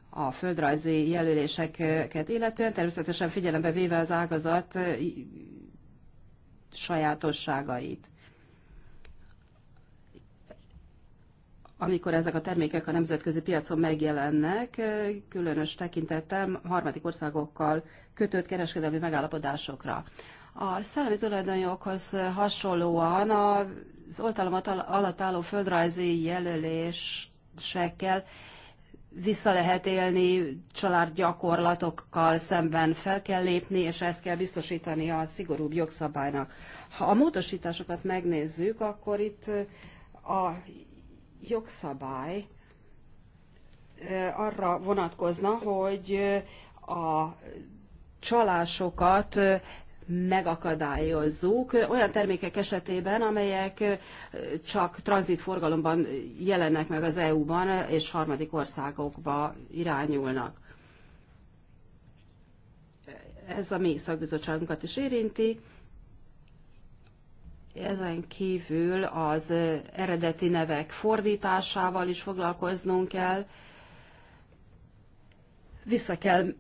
a földrajzi jelöléseket illetően, természetesen figyelembe véve az ágazat sajátosságait. Amikor ezek a termékek a nemzetközi piacon megjelennek, különös tekintettel harmadik országokkal kötött kereskedelmi megállapodásokra. A szellemi tulajdonjoghoz hasonlóan az oltalom alatt álló földrajzi jelölésekkel vissza lehet élni családgyakorlatokkal szemben fel kell lépni, és ezt kell biztosítani a szigorúbb jogszabálynak. Ha a módosításokat megnézzük, akkor itt a jogszabály arra vonatkozna, hogy a csalásokat megakadályozzuk olyan termékek esetében, amelyek csak tranzitforgalomban jelennek meg az EU-ban, és harmadik országokba irányulnak. Ez a mi szakbizottságunkat is érinti. Ezen kívül az eredeti nevek fordításával is foglalkoznunk kell. Vissza kell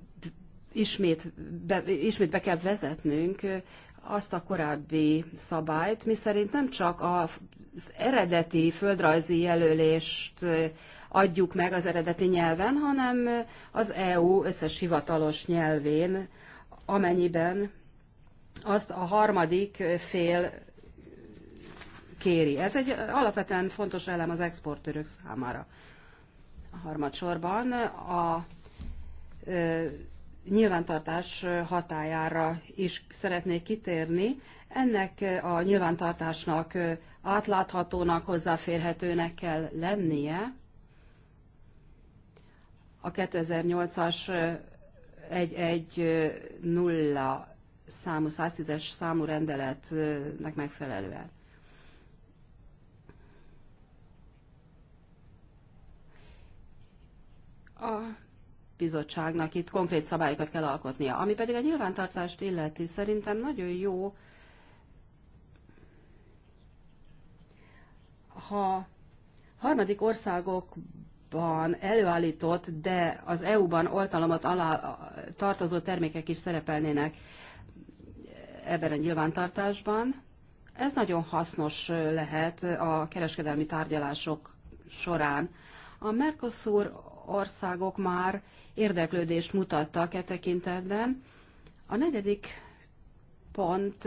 ismét be, ismét be kell vezetnünk azt a korábbi szabályt, miszerint nem csak az eredeti földrajzi jelölést adjuk meg az eredeti nyelven, hanem az EU összes hivatalos nyelvén, amennyiben azt a harmadik fél kéri. Ez egy alapvetően fontos elem az exportőrök számára. A harmadsorban a nyilvántartás hatájára is szeretnék kitérni. Ennek a nyilvántartásnak átláthatónak, hozzáférhetőnek kell lennie. A 2008-as 110 számú, 110-es számú rendeletnek megfelelően. A bizottságnak itt konkrét szabályokat kell alkotnia. Ami pedig a nyilvántartást illeti, szerintem nagyon jó, ha harmadik országokban előállított, de az EU-ban oltalomat alá tartozó termékek is szerepelnének ebben a nyilvántartásban. Ez nagyon hasznos lehet a kereskedelmi tárgyalások során. A Mercosur országok már érdeklődést mutattak e tekintetben. A negyedik pont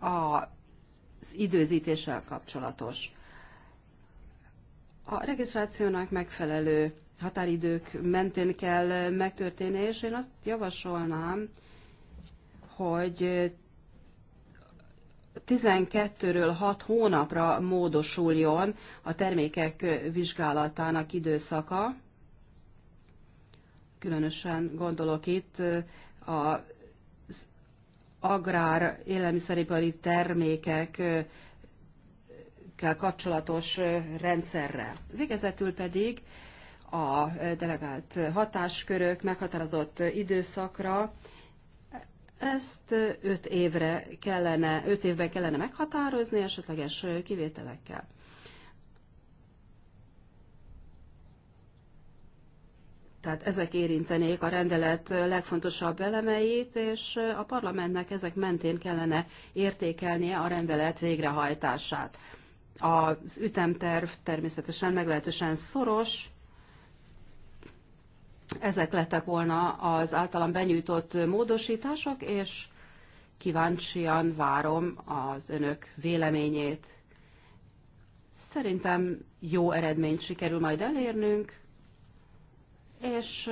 az időzítéssel kapcsolatos. A regisztrációnak megfelelő határidők mentén kell megtörténni, és én azt javasolnám, hogy 12-ről 6 hónapra módosuljon a termékek vizsgálatának időszaka, különösen gondolok itt az agrár élelmiszeripari termékekkel kapcsolatos rendszerre. Végezetül pedig a delegált hatáskörök meghatározott időszakra, ezt öt évre kellene, öt évben kellene meghatározni, esetleges kivételekkel. Tehát ezek érintenék a rendelet legfontosabb elemeit, és a parlamentnek ezek mentén kellene értékelnie a rendelet végrehajtását. Az ütemterv természetesen meglehetősen szoros, ezek lettek volna az általam benyújtott módosítások, és kíváncsian várom az önök véleményét. Szerintem jó eredményt sikerül majd elérnünk, és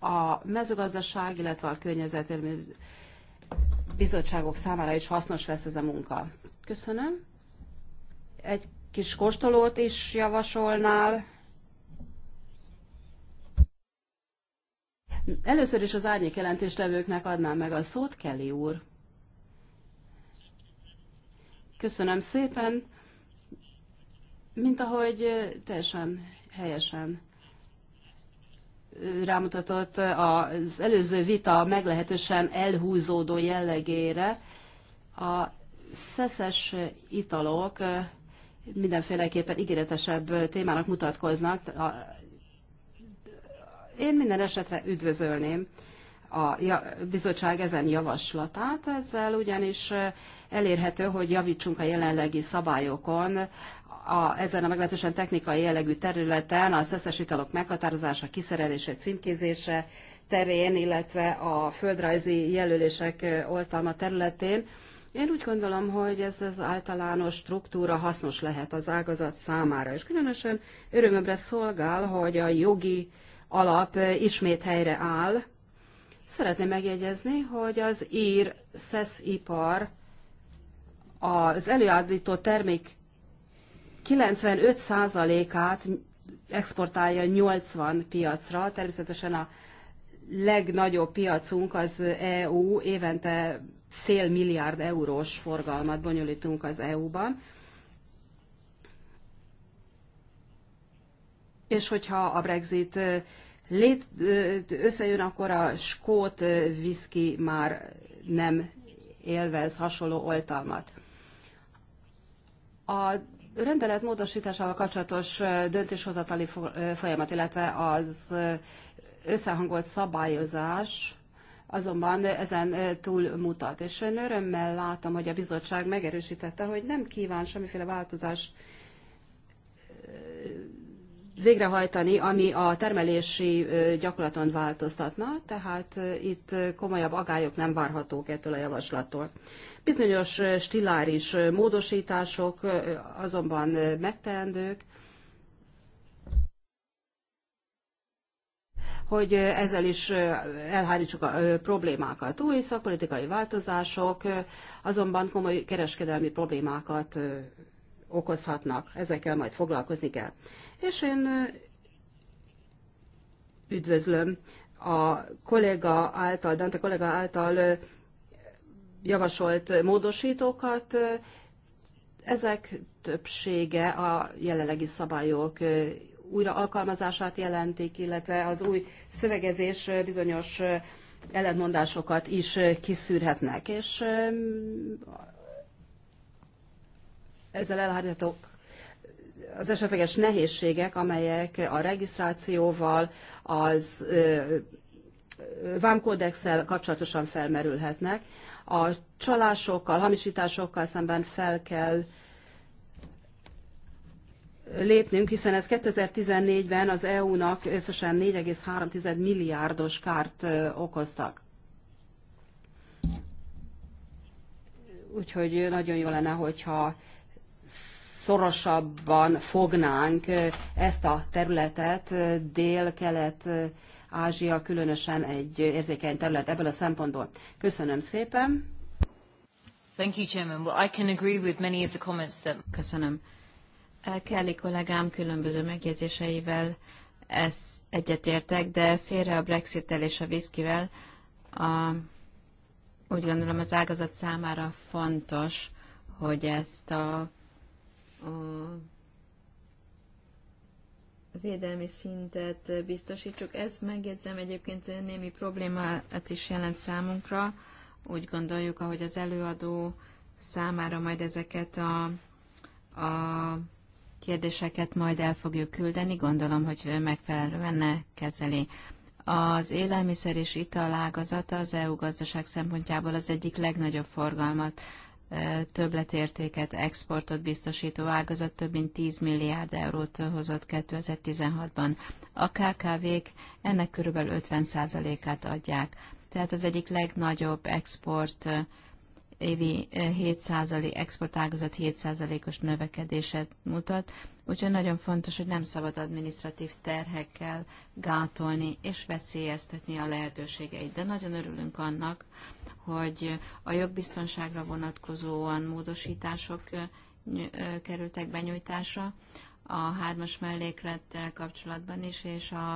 a mezőgazdaság, illetve a környezetvédelmi bizottságok számára is hasznos lesz ez a munka. Köszönöm. Egy kis kóstolót is javasolnál. Először is az árnyék jelentéstevőknek adnám meg a szót, Kelly úr. Köszönöm szépen. Mint ahogy teljesen helyesen rámutatott az előző vita meglehetősen elhúzódó jellegére. A szeszes italok mindenféleképpen ígéretesebb témának mutatkoznak. Én minden esetre üdvözölném a bizottság ezen javaslatát, ezzel ugyanis elérhető, hogy javítsunk a jelenlegi szabályokon a, ezen a meglehetősen technikai jellegű területen a szeszes italok meghatározása, kiszerelése, címkézése terén, illetve a földrajzi jelölések oltalma területén. Én úgy gondolom, hogy ez az általános struktúra hasznos lehet az ágazat számára, és különösen örömömre szolgál, hogy a jogi alap ismét helyre áll. Szeretném megjegyezni, hogy az ír szeszipar az előállított termék 95%-át exportálja 80 piacra. Természetesen a legnagyobb piacunk az EU, évente fél milliárd eurós forgalmat bonyolítunk az EU-ban. És hogyha a Brexit lét, összejön, akkor a skót viszki már nem élvez hasonló oltalmat. A rendelet módosításával kapcsolatos döntéshozatali folyamat, illetve az összehangolt szabályozás azonban ezen túl mutat És én örömmel látom, hogy a bizottság megerősítette, hogy nem kíván semmiféle változást végrehajtani, ami a termelési gyakorlaton változtatna, tehát itt komolyabb agályok nem várhatók ettől a javaslattól. Bizonyos stiláris módosítások azonban megteendők, hogy ezzel is elhárítsuk a problémákat. Új szakpolitikai változások azonban komoly kereskedelmi problémákat okozhatnak, ezekkel majd foglalkozni kell és én üdvözlöm a kollega által, Dante kollega által javasolt módosítókat, ezek többsége a jelenlegi szabályok újra alkalmazását jelentik, illetve az új szövegezés bizonyos ellentmondásokat is kiszűrhetnek, és ezzel elháríthatók az esetleges nehézségek, amelyek a regisztrációval, az vámkódexel kapcsolatosan felmerülhetnek. A csalásokkal, hamisításokkal szemben fel kell lépnünk, hiszen ez 2014-ben az EU-nak összesen 4,3 milliárdos kárt okoztak. Úgyhogy nagyon jó lenne, hogyha szorosabban fognánk ezt a területet, dél-kelet Ázsia különösen egy érzékeny terület ebből a szempontból. Köszönöm szépen. Thank you, Chairman. Well, I can agree with many of the comments that... Köszönöm. Kelly kollégám különböző megjegyzéseivel ez egyetértek, de félre a Brexit-tel és a viszkivel. A, úgy gondolom az ágazat számára fontos, hogy ezt a a védelmi szintet biztosítsuk. Ez megjegyzem egyébként némi problémát is jelent számunkra. Úgy gondoljuk, ahogy az előadó számára majd ezeket a, a kérdéseket majd el fogjuk küldeni. Gondolom, hogy ő megfelelően kezeli. Az élelmiszer és italágazata az EU gazdaság szempontjából az egyik legnagyobb forgalmat többletértéket, exportot biztosító ágazat több mint 10 milliárd eurót hozott 2016-ban. A KKV-k ennek körülbelül 50%-át adják. Tehát az egyik legnagyobb export évi 7% exportágazat 7%-os növekedéset mutat, úgyhogy nagyon fontos, hogy nem szabad administratív terhekkel gátolni és veszélyeztetni a lehetőségeit. De nagyon örülünk annak, hogy a jogbiztonságra vonatkozóan módosítások kerültek benyújtásra a hármas melléklettel kapcsolatban is, és a,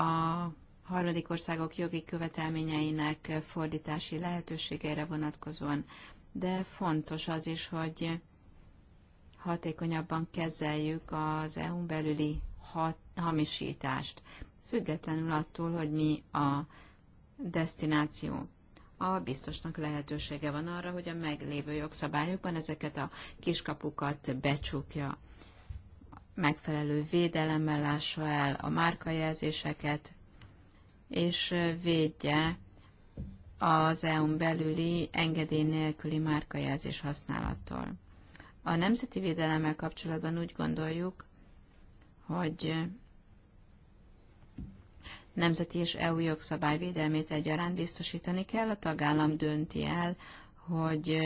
a harmadik országok jogi követelményeinek fordítási lehetőségére vonatkozóan. De fontos az is, hogy hatékonyabban kezeljük az EU-n belüli hat, hamisítást, függetlenül attól, hogy mi a destináció. A biztosnak lehetősége van arra, hogy a meglévő jogszabályokban ezeket a kiskapukat becsukja, megfelelő védelemmel lássa el a márkajelzéseket, és védje az EU-n belüli engedély nélküli márkajelzés használattól. A nemzeti védelemmel kapcsolatban úgy gondoljuk, hogy nemzeti és EU jogszabályvédelmét egyaránt biztosítani kell. A tagállam dönti el, hogy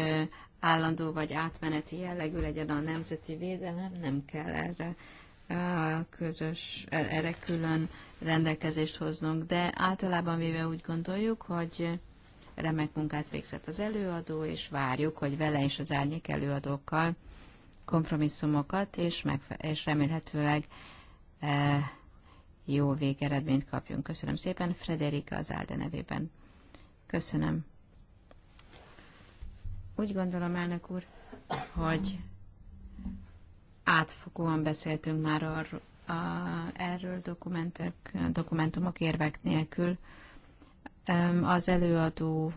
állandó vagy átmeneti jellegű legyen a nemzeti védelem, nem kell erre közös, e, erre külön rendelkezést hoznunk, de általában véve úgy gondoljuk, hogy remek munkát végzett az előadó, és várjuk, hogy vele és az árnyék előadókkal kompromisszumokat, és, megfe- és remélhetőleg e, jó végeredményt kapjunk. Köszönöm szépen, Frederika az Álde nevében. Köszönöm. Úgy gondolom, elnök úr, hogy átfogóan beszéltünk már arról, a, erről dokumentek, dokumentumok érvek nélkül. Az előadó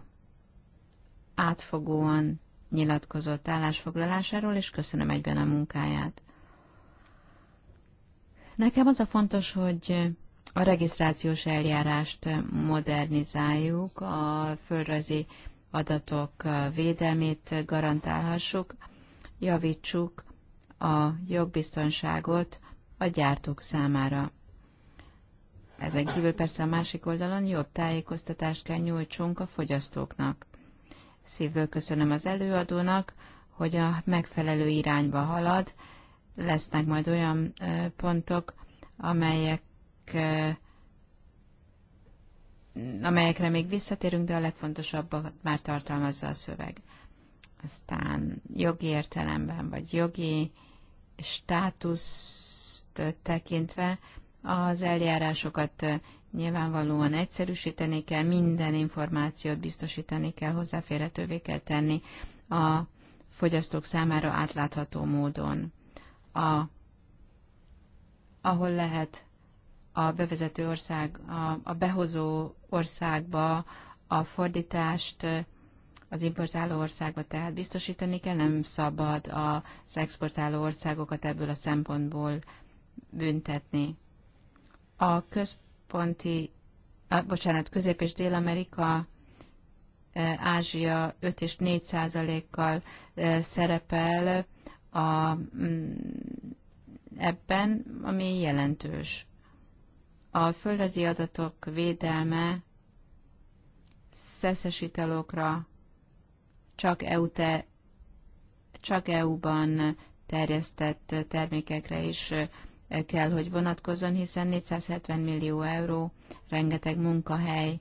átfogóan nyilatkozott állásfoglalásáról, és köszönöm egyben a munkáját. Nekem az a fontos, hogy a regisztrációs eljárást modernizáljuk, a földrajzi adatok védelmét garantálhassuk, javítsuk a jogbiztonságot a gyártók számára. Ezen kívül persze a másik oldalon jobb tájékoztatást kell nyújtsunk a fogyasztóknak. Szívből köszönöm az előadónak, hogy a megfelelő irányba halad, lesznek majd olyan pontok, amelyek amelyekre még visszatérünk, de a legfontosabb már tartalmazza a szöveg. Aztán jogi értelemben, vagy jogi státuszt tekintve az eljárásokat nyilvánvalóan egyszerűsíteni kell, minden információt biztosítani kell, hozzáférhetővé kell tenni a fogyasztók számára átlátható módon a, ahol lehet a bevezető ország, a, a behozó országba a fordítást az importáló országba tehát biztosítani kell, nem szabad az exportáló országokat ebből a szempontból büntetni. A központi, a, bocsánat, Közép- és Dél-Amerika, e, Ázsia 5 és 4 százalékkal e, szerepel a, mm, ebben, ami jelentős. A földrajzi adatok védelme szeszes csak, EU te, csak EU-ban terjesztett termékekre is kell, hogy vonatkozzon, hiszen 470 millió euró, rengeteg munkahely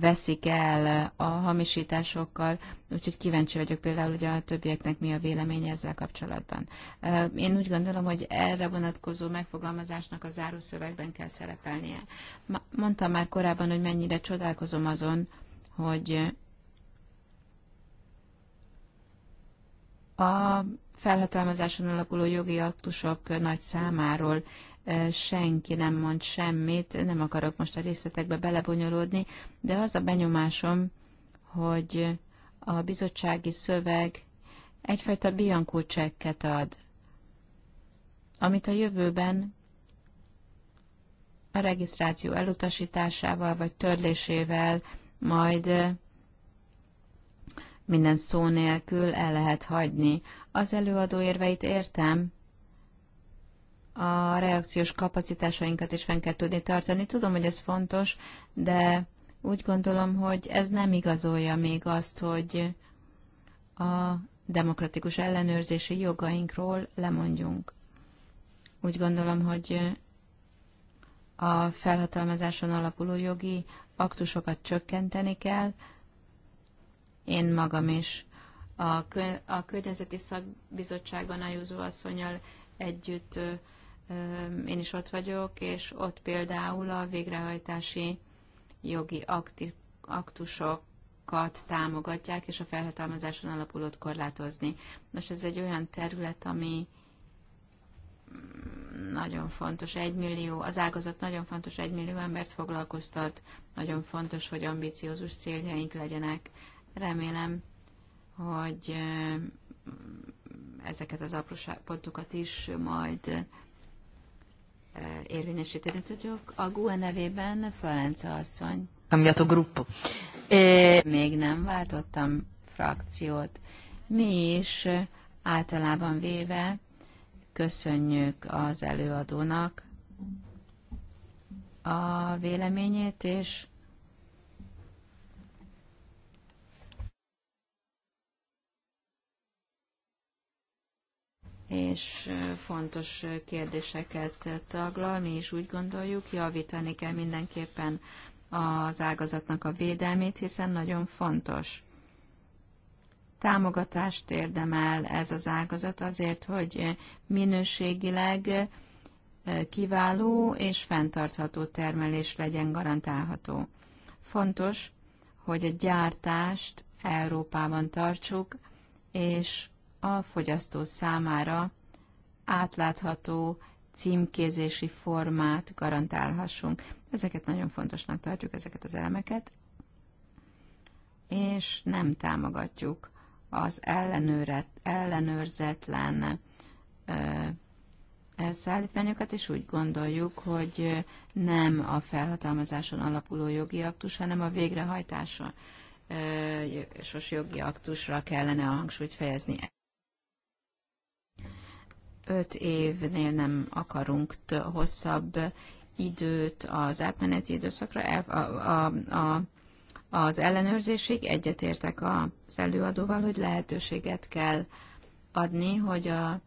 veszik el a hamisításokkal, úgyhogy kíváncsi vagyok például, hogy a többieknek mi a véleménye ezzel kapcsolatban. Én úgy gondolom, hogy erre vonatkozó megfogalmazásnak a zárószövegben kell szerepelnie. Mondtam már korábban, hogy mennyire csodálkozom azon, hogy a felhatalmazáson alapuló jogi aktusok nagy számáról senki nem mond semmit, nem akarok most a részletekbe belebonyolódni, de az a benyomásom, hogy a bizottsági szöveg egyfajta biankó csekket ad, amit a jövőben a regisztráció elutasításával vagy törlésével majd minden szó nélkül el lehet hagyni. Az előadó érveit értem, a reakciós kapacitásainkat is fenn kell tudni tartani. Tudom, hogy ez fontos, de úgy gondolom, hogy ez nem igazolja még azt, hogy a demokratikus ellenőrzési jogainkról lemondjunk. Úgy gondolom, hogy a felhatalmazáson alapuló jogi aktusokat csökkenteni kell. Én magam is a, kö- a Környezeti Szakbizottságban a Józó asszonyal együtt én is ott vagyok, és ott például a végrehajtási jogi akti, aktusokat támogatják, és a felhatalmazáson alapulót korlátozni. Nos, ez egy olyan terület, ami nagyon fontos, egy millió, az ágazat nagyon fontos, egy millió embert foglalkoztat, nagyon fontos, hogy ambiciózus céljaink legyenek. Remélem, hogy ezeket az apró pontokat is majd érvényesíteni tudjuk. A GUE nevében Ferenca asszony. Cambiato gruppo. E... Még nem váltottam frakciót. Mi is eh, általában véve köszönjük az előadónak a véleményét, és és fontos kérdéseket taglal. Mi is úgy gondoljuk, javítani kell mindenképpen az ágazatnak a védelmét, hiszen nagyon fontos. Támogatást érdemel ez az ágazat azért, hogy minőségileg kiváló és fenntartható termelés legyen garantálható. Fontos, hogy a gyártást Európában tartsuk, és a fogyasztó számára átlátható címkézési formát garantálhassunk. Ezeket nagyon fontosnak tartjuk, ezeket az elemeket, és nem támogatjuk az ellenőret, ellenőrzetlen elszállítmányokat, és úgy gondoljuk, hogy nem a felhatalmazáson alapuló jogi aktus, hanem a végrehajtáson sos jogi aktusra kellene a hangsúlyt fejezni öt évnél nem akarunk hosszabb időt az átmeneti időszakra. A, a, a, az ellenőrzésig egyetértek az előadóval, hogy lehetőséget kell adni, hogy a,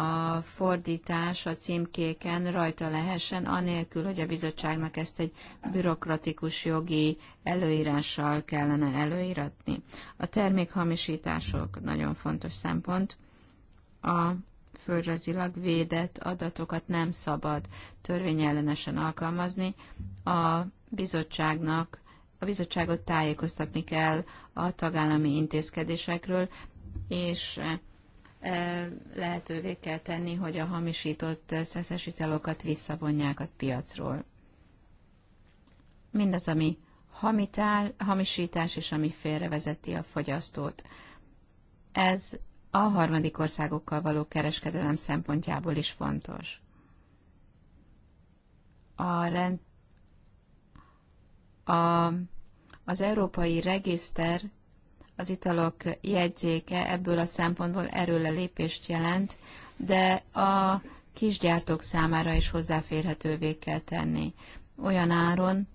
a fordítás a címkéken rajta lehessen, anélkül, hogy a bizottságnak ezt egy bürokratikus jogi előírással kellene előíratni. A termékhamisítások nagyon fontos szempont a földrajzilag védett adatokat nem szabad törvényellenesen alkalmazni. A bizottságnak a bizottságot tájékoztatni kell a tagállami intézkedésekről, és e, e, lehetővé kell tenni, hogy a hamisított szeszes italokat visszavonják a piacról. Mindaz, ami hamitál, hamisítás és ami félrevezeti a fogyasztót. Ez a harmadik országokkal való kereskedelem szempontjából is fontos. A rend, a, az európai regiszter, az italok jegyzéke ebből a szempontból erőlelépést jelent, de a kisgyártók számára is hozzáférhetővé kell tenni. Olyan áron,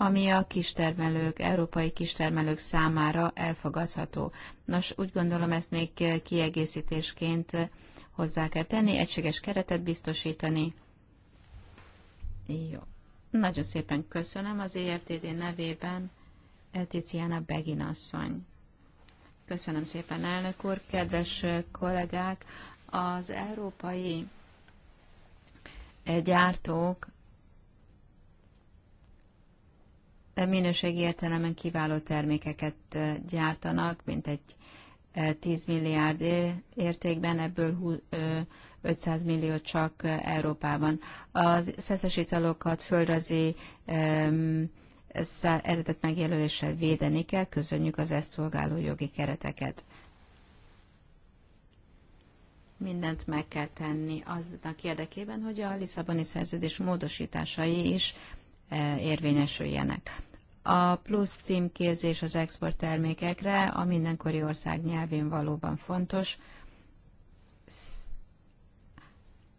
ami a kistermelők, európai kistermelők számára elfogadható. Nos, úgy gondolom ezt még kiegészítésként hozzá kell tenni, egységes keretet biztosítani. Jó. Nagyon szépen köszönöm az ERTD nevében, Eticiana eh, Begin asszony. Köszönöm szépen, elnök úr, kedves eh, kollégák! Az európai eh, gyártók minőségi értelemen kiváló termékeket gyártanak, mint egy 10 milliárd értékben, ebből 500 millió csak Európában. Az szeszes italokat földrajzi eredet megjelöléssel védeni kell, közönjük az ezt szolgáló jogi kereteket. Mindent meg kell tenni aznak érdekében, hogy a Lisszaboni szerződés módosításai is érvényesüljenek a plusz címkézés az exporttermékekre a mindenkori ország nyelvén valóban fontos.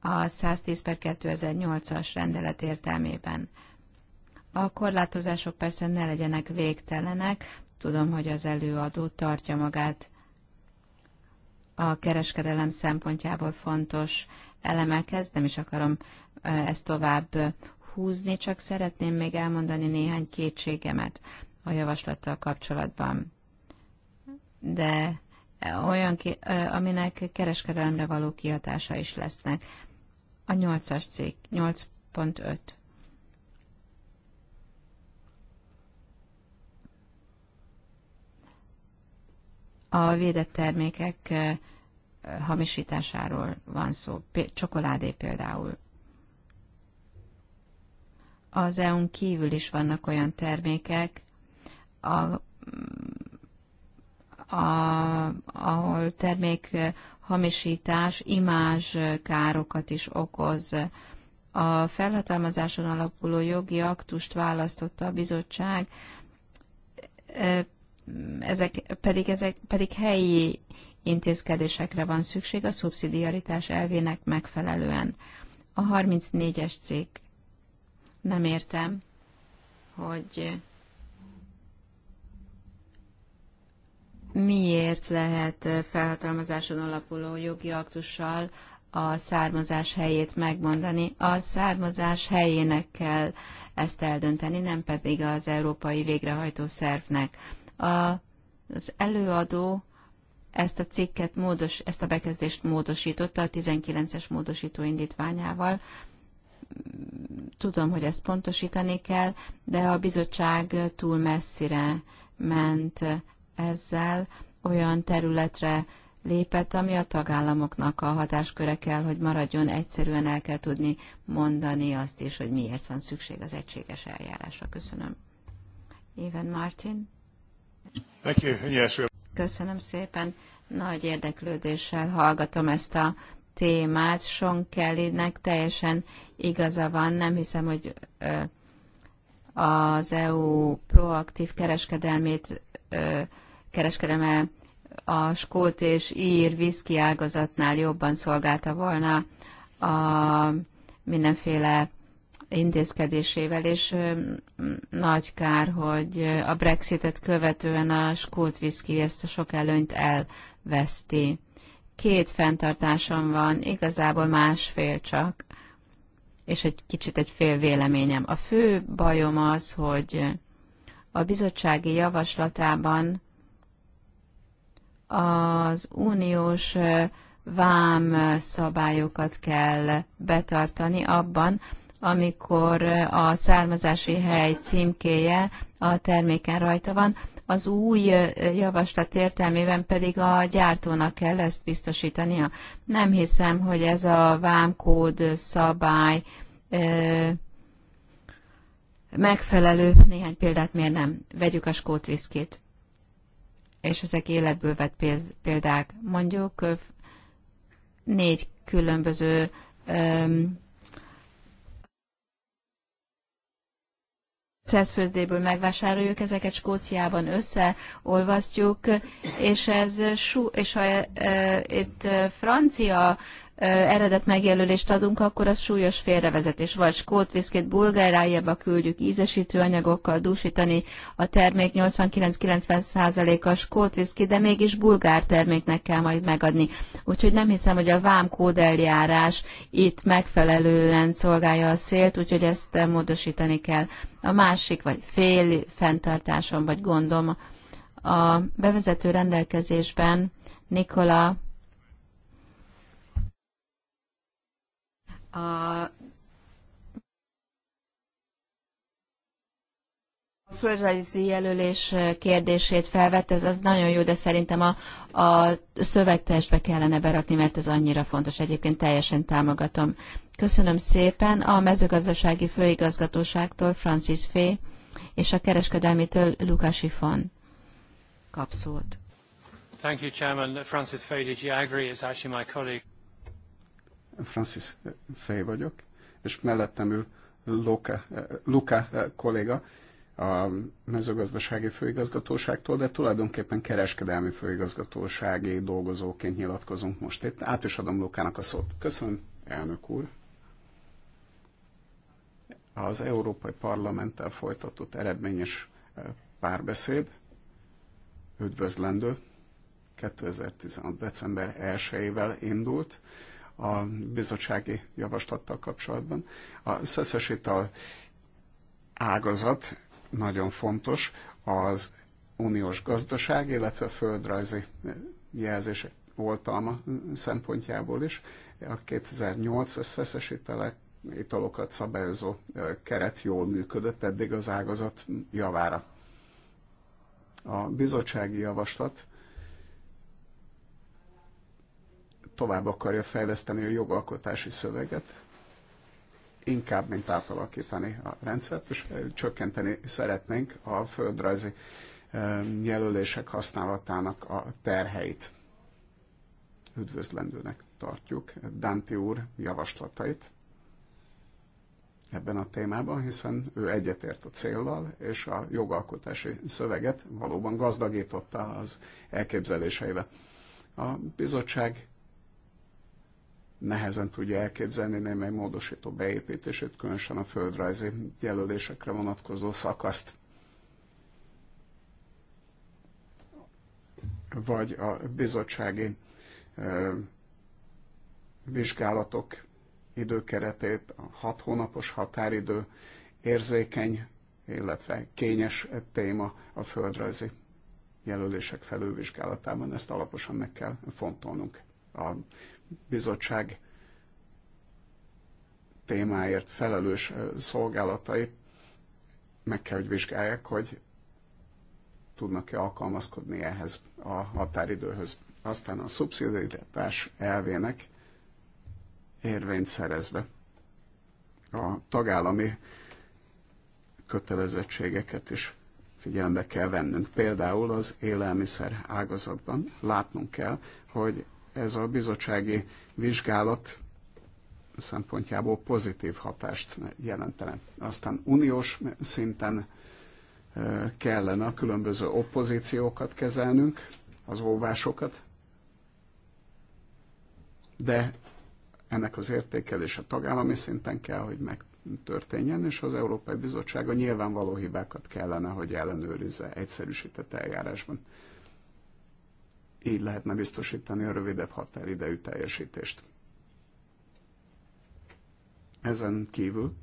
A 110 per 2008-as rendelet értelmében. A korlátozások persze ne legyenek végtelenek. Tudom, hogy az előadó tartja magát a kereskedelem szempontjából fontos elemekhez, nem is akarom ezt tovább húzni, csak szeretném még elmondani néhány kétségemet a javaslattal kapcsolatban. De olyan, aminek kereskedelemre való kihatása is lesznek. A 8-as 8.5. A védett termékek hamisításáról van szó, csokoládé például az EU-n kívül is vannak olyan termékek, a, a, ahol termék hamisítás, imázs károkat is okoz. A felhatalmazáson alapuló jogi aktust választotta a bizottság, e, ezek, pedig, ezek, pedig helyi intézkedésekre van szükség a szubszidiaritás elvének megfelelően. A 34-es cikk nem értem, hogy miért lehet felhatalmazáson alapuló jogi aktussal a származás helyét megmondani. A származás helyének kell ezt eldönteni, nem pedig az európai végrehajtó szervnek. A, az előadó ezt a cikket módos, ezt a bekezdést módosította a 19-es módosító indítványával, tudom, hogy ezt pontosítani kell, de a bizottság túl messzire ment ezzel, olyan területre lépett, ami a tagállamoknak a hatásköre kell, hogy maradjon, egyszerűen el kell tudni mondani azt is, hogy miért van szükség az egységes eljárásra. Köszönöm. Éven Martin. Thank you. Yes, Köszönöm szépen. Nagy érdeklődéssel hallgatom ezt a témát. Sean Kellynek teljesen igaza van, nem hiszem, hogy az EU proaktív kereskedelmét kereskedelme a skót és ír viszki ágazatnál jobban szolgálta volna a mindenféle intézkedésével, és nagy kár, hogy a Brexitet követően a skót viszki ezt a sok előnyt elveszti. Két fenntartásom van, igazából másfél csak, és egy kicsit egy fél véleményem. A fő bajom az, hogy a bizottsági javaslatában az uniós vám szabályokat kell betartani abban, amikor a származási hely címkéje a terméken rajta van, az új javaslat értelmében pedig a gyártónak kell ezt biztosítania. Nem hiszem, hogy ez a vámkód szabály megfelelő. Néhány példát miért nem? Vegyük a skót viszkét. És ezek életből vett példák. Mondjuk négy különböző főzdéből megvásároljuk, ezeket Skóciában összeolvasztjuk, és ez és ha e, e, itt e, francia eredet megjelölést adunk, akkor az súlyos félrevezetés. Vagy skót viszkét bulgárájába küldjük ízesítő anyagokkal dúsítani a termék 89-90%-a skót viszki, de mégis bulgár terméknek kell majd megadni. Úgyhogy nem hiszem, hogy a Vám kódeljárás itt megfelelően szolgálja a szélt, úgyhogy ezt módosítani kell. A másik, vagy fél fenntartásom, vagy gondom, a bevezető rendelkezésben Nikola a a földrajzi jelölés kérdését felvett, ez az nagyon jó, de szerintem a, a szövegtestbe kellene berakni, mert ez annyira fontos. Egyébként teljesen támogatom. Köszönöm szépen a mezőgazdasági főigazgatóságtól Francis Fé és a kereskedelmitől Lukási Fon kapszót. Thank you, Chairman. Francis Fé, DG Agri is actually my colleague. Francis Fay vagyok, és mellettem ül Luca Luca kolléga a mezőgazdasági főigazgatóságtól, de tulajdonképpen kereskedelmi főigazgatósági dolgozóként nyilatkozunk most itt. Át is adom Lukának a szót. Köszönöm, elnök úr. Az Európai Parlamenttel folytatott eredményes eh, párbeszéd üdvözlendő. 2016. december 1-ével indult a bizottsági javaslattal kapcsolatban. A szeszesítal ágazat nagyon fontos az uniós gazdaság, illetve földrajzi jelzések oltalma szempontjából is. A 2008-as szeszes italokat szabályozó keret jól működött eddig az ágazat javára. A bizottsági javaslat tovább akarja fejleszteni a jogalkotási szöveget, inkább, mint átalakítani a rendszert, és csökkenteni szeretnénk a földrajzi jelölések használatának a terheit. Üdvözlendőnek tartjuk Dante úr javaslatait ebben a témában, hiszen ő egyetért a céllal, és a jogalkotási szöveget valóban gazdagította az elképzeléseivel. A bizottság nehezen tudja elképzelni némely módosító beépítését, különösen a földrajzi jelölésekre vonatkozó szakaszt. Vagy a bizottsági vizsgálatok időkeretét, a hat hónapos határidő érzékeny, illetve kényes téma a földrajzi jelölések felülvizsgálatában. Ezt alaposan meg kell fontolnunk. A bizottság témáért felelős szolgálatai meg kell, hogy vizsgálják, hogy tudnak-e alkalmazkodni ehhez a határidőhöz. Aztán a szubszidiaritás elvének érvényt szerezve a tagállami kötelezettségeket is figyelembe kell vennünk. Például az élelmiszer ágazatban látnunk kell, hogy ez a bizottsági vizsgálat szempontjából pozitív hatást jelentene. Aztán uniós szinten kellene a különböző opozíciókat kezelnünk, az óvásokat, de ennek az értékelése tagállami szinten kell, hogy megtörténjen, és az Európai Bizottság a nyilvánvaló hibákat kellene, hogy ellenőrizze egyszerűsített eljárásban így lehetne biztosítani a rövidebb határidejű teljesítést. Ezen kívül,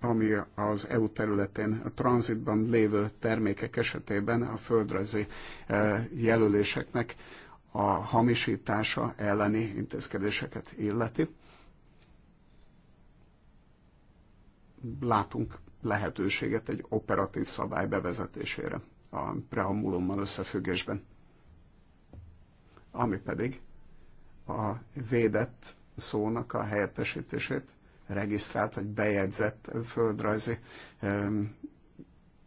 ami az EU területén a tranzitban lévő termékek esetében a földrajzi eh, jelöléseknek a hamisítása elleni intézkedéseket illeti. Látunk lehetőséget egy operatív szabály bevezetésére a preambulummal összefüggésben. Ami pedig a védett szónak a helyettesítését regisztrált vagy bejegyzett földrajzi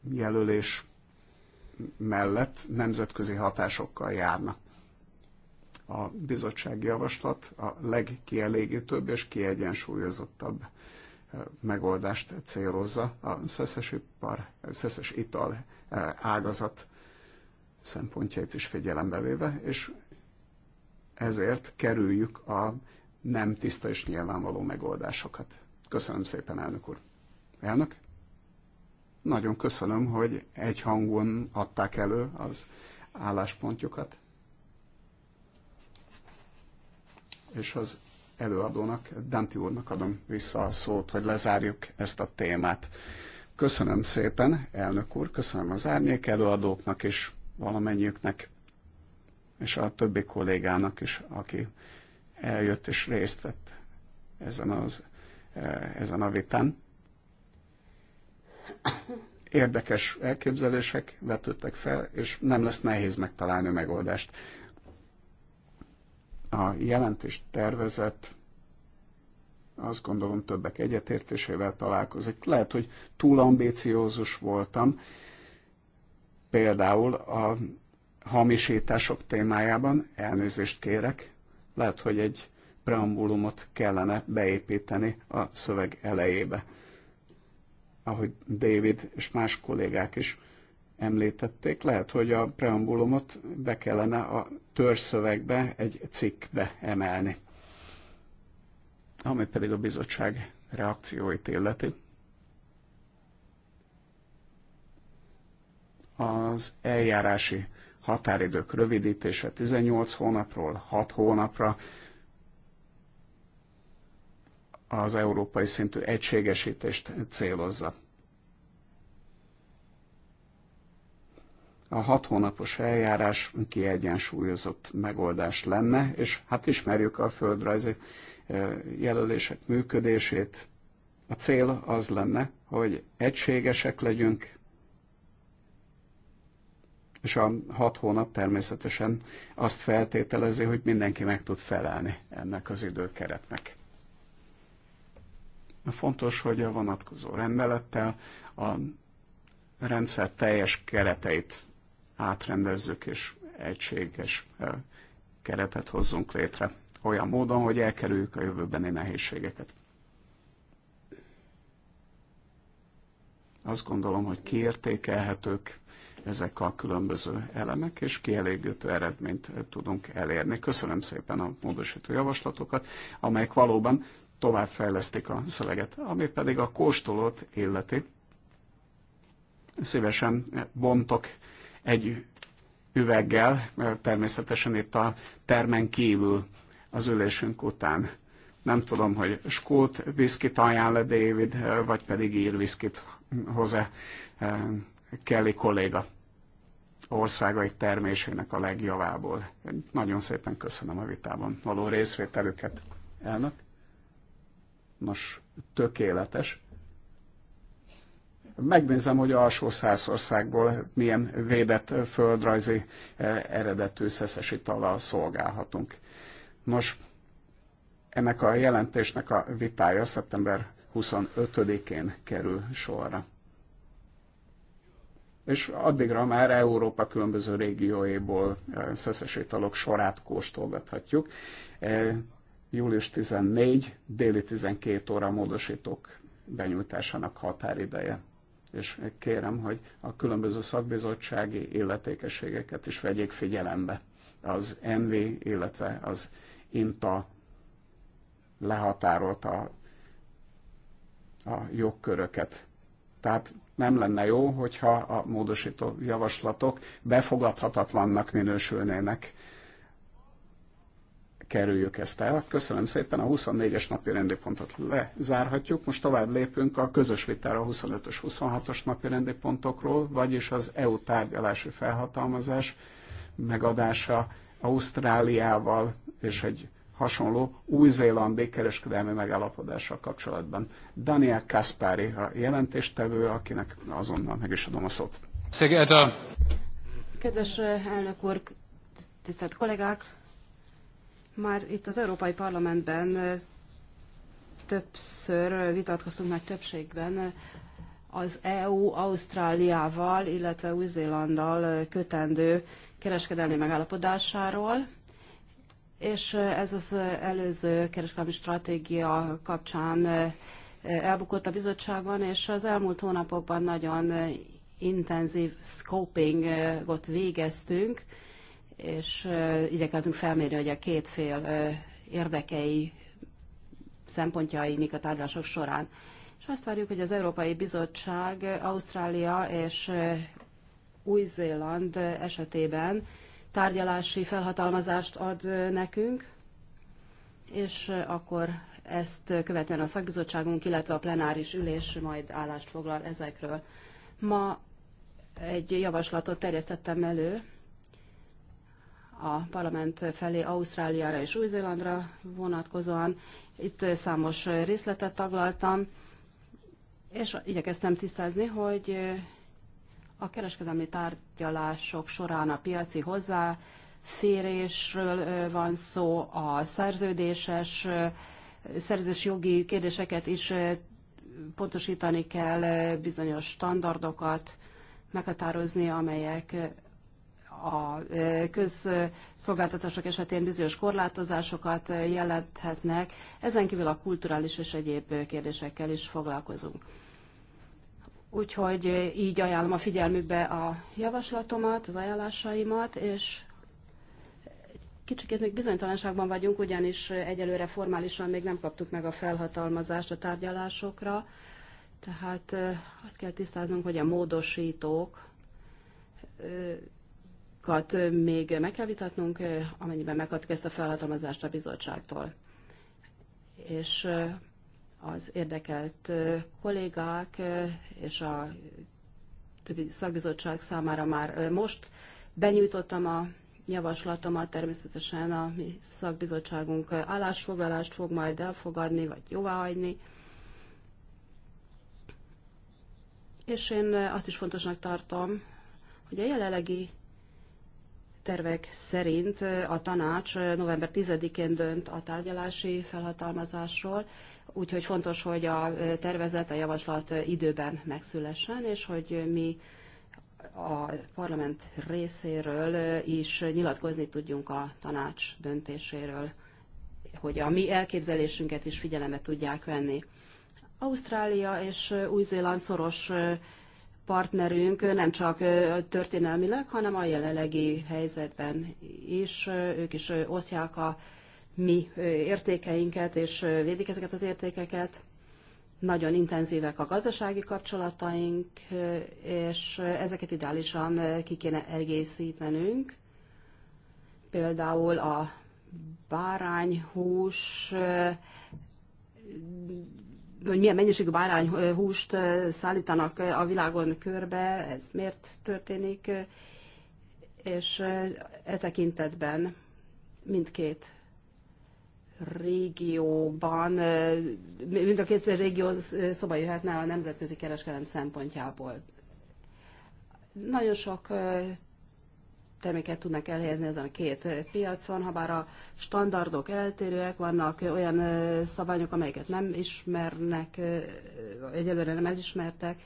jelölés mellett nemzetközi hatásokkal járna. A bizottsági javaslat a legkielégítőbb és kiegyensúlyozottabb megoldást célozza a szeszes, ipar, szeszes ital eh, ágazat szempontjait is figyelembe véve, és ezért kerüljük a nem tiszta és nyilvánvaló megoldásokat. Köszönöm szépen, elnök úr. Elnök? Nagyon köszönöm, hogy egy hangon adták elő az álláspontjukat. És az előadónak, Danti úrnak adom vissza a szót, hogy lezárjuk ezt a témát. Köszönöm szépen, elnök úr, köszönöm az árnyék előadóknak és valamennyiüknek, és a többi kollégának is, aki eljött és részt vett ezen, az, e, ezen a vitán. Érdekes elképzelések vetődtek fel, és nem lesz nehéz megtalálni megoldást. A jelentést tervezett azt gondolom többek egyetértésével találkozik. Lehet, hogy túl ambíciózus voltam, például a hamisítások témájában, elnézést kérek, lehet, hogy egy preambulumot kellene beépíteni a szöveg elejébe. Ahogy David és más kollégák is említették, lehet, hogy a preambulumot be kellene a törszövegbe, egy cikkbe emelni. Ami pedig a bizottság reakcióit illeti. Az eljárási határidők rövidítése 18 hónapról 6 hónapra, az európai szintű egységesítést célozza. a hat hónapos eljárás kiegyensúlyozott megoldás lenne, és hát ismerjük a földrajzi e, jelölések működését. A cél az lenne, hogy egységesek legyünk, és a hat hónap természetesen azt feltételezi, hogy mindenki meg tud felelni ennek az időkeretnek. Fontos, hogy a vonatkozó rendelettel a rendszer teljes kereteit átrendezzük és egységes keretet hozzunk létre. Olyan módon, hogy elkerüljük a jövőbeni nehézségeket. Azt gondolom, hogy kiértékelhetők ezek a különböző elemek, és kielégítő eredményt tudunk elérni. Köszönöm szépen a módosító javaslatokat, amelyek valóban továbbfejlesztik a szöveget, ami pedig a kóstolót illeti. Szívesen bontok egy üveggel, mert természetesen itt a termen kívül az ülésünk után. Nem tudom, hogy skót viszkit ajánl -e David, vagy pedig ír viszkit hozzá eh, Kelly kolléga országai termésének a legjavából. Nagyon szépen köszönöm a vitában való részvételüket. Elnök? Nos, tökéletes megnézem, hogy alsó száz országból milyen védett földrajzi eh, eredetű szeszesi talal szolgálhatunk. Nos, ennek a jelentésnek a vitája szeptember 25-én kerül sorra. És addigra már Európa különböző régióiból eh, szeszes italok sorát kóstolgathatjuk. Eh, július 14, déli 12 óra módosítók benyújtásának határideje és kérem, hogy a különböző szakbizottsági illetékességeket is vegyék figyelembe. Az NV, illetve az INTA lehatárolta a jogköröket. Tehát nem lenne jó, hogyha a módosító javaslatok befogadhatatlannak minősülnének kerüljük ezt el. Köszönöm szépen, a 24-es napi rendi pontot lezárhatjuk. Most tovább lépünk a közös vitára a 25-ös, 26-os napi rendi pontokról, vagyis az EU tárgyalási felhatalmazás megadása Ausztráliával és egy hasonló új-zélandi kereskedelmi megállapodással kapcsolatban. Daniel Kaspari a jelentéstevő, akinek azonnal meg is adom a szót. Kedves eh, elnök úr, tisztelt kollégák! Már itt az Európai Parlamentben többször vitatkoztunk nagy többségben az EU Ausztráliával, illetve Új-Zélanddal kötendő kereskedelmi megállapodásáról, és ez az előző kereskedelmi stratégia kapcsán elbukott a bizottságban, és az elmúlt hónapokban nagyon intenzív scopingot végeztünk, és igyekeltünk felmérni, hogy a két fél érdekei, szempontjai mik a tárgyalások során. És azt várjuk, hogy az Európai Bizottság Ausztrália és Új-Zéland esetében tárgyalási felhatalmazást ad nekünk, és akkor ezt követően a szakbizottságunk, illetve a plenáris ülés majd állást foglal ezekről. Ma egy javaslatot terjesztettem elő, a parlament felé Ausztráliára és Új-Zélandra vonatkozóan. Itt számos részletet taglaltam, és igyekeztem tisztázni, hogy a kereskedelmi tárgyalások során a piaci hozzáférésről van szó, a szerződéses, szerződés jogi kérdéseket is pontosítani kell, bizonyos standardokat meghatározni, amelyek a közszolgáltatások esetén bizonyos korlátozásokat jelenthetnek, ezen kívül a kulturális és egyéb kérdésekkel is foglalkozunk. Úgyhogy így ajánlom a figyelmükbe a javaslatomat, az ajánlásaimat, és kicsikét még bizonytalanságban vagyunk, ugyanis egyelőre formálisan még nem kaptuk meg a felhatalmazást a tárgyalásokra, tehát azt kell tisztáznunk, hogy a módosítók kat még meg kell vitatnunk, amennyiben megkapjuk ezt a felhatalmazást a bizottságtól. És eh, az érdekelt eh, kollégák eh, és a többi szakbizottság számára már most benyújtottam a javaslatomat, természetesen a mi szakbizottságunk állásfoglalást fog majd elfogadni, vagy jóváhagyni. És én azt is fontosnak tartom, hogy a jelenlegi tervek szerint a tanács november 10-én dönt a tárgyalási felhatalmazásról, úgyhogy fontos, hogy a tervezet, a javaslat időben megszülessen, és hogy mi a parlament részéről is nyilatkozni tudjunk a tanács döntéséről, hogy a mi elképzelésünket is figyelembe tudják venni. Ausztrália és Új-Zéland szoros partnerünk nem csak történelmileg, hanem a jelenlegi helyzetben is. Ők is osztják a mi értékeinket, és védik ezeket az értékeket. Nagyon intenzívek a gazdasági kapcsolataink, és ezeket ideálisan ki kéne egészítenünk. Például a bárányhús hogy milyen mennyiségű bárányhúst szállítanak a világon körbe, ez miért történik, és e tekintetben mindkét régióban, mind a két régió szoba jöhetne a nemzetközi kereskedelem szempontjából. Nagyon sok terméket tudnak elhelyezni ezen a két piacon, ha bár a standardok eltérőek, vannak olyan szabályok, amelyeket nem ismernek, egyelőre nem elismertek,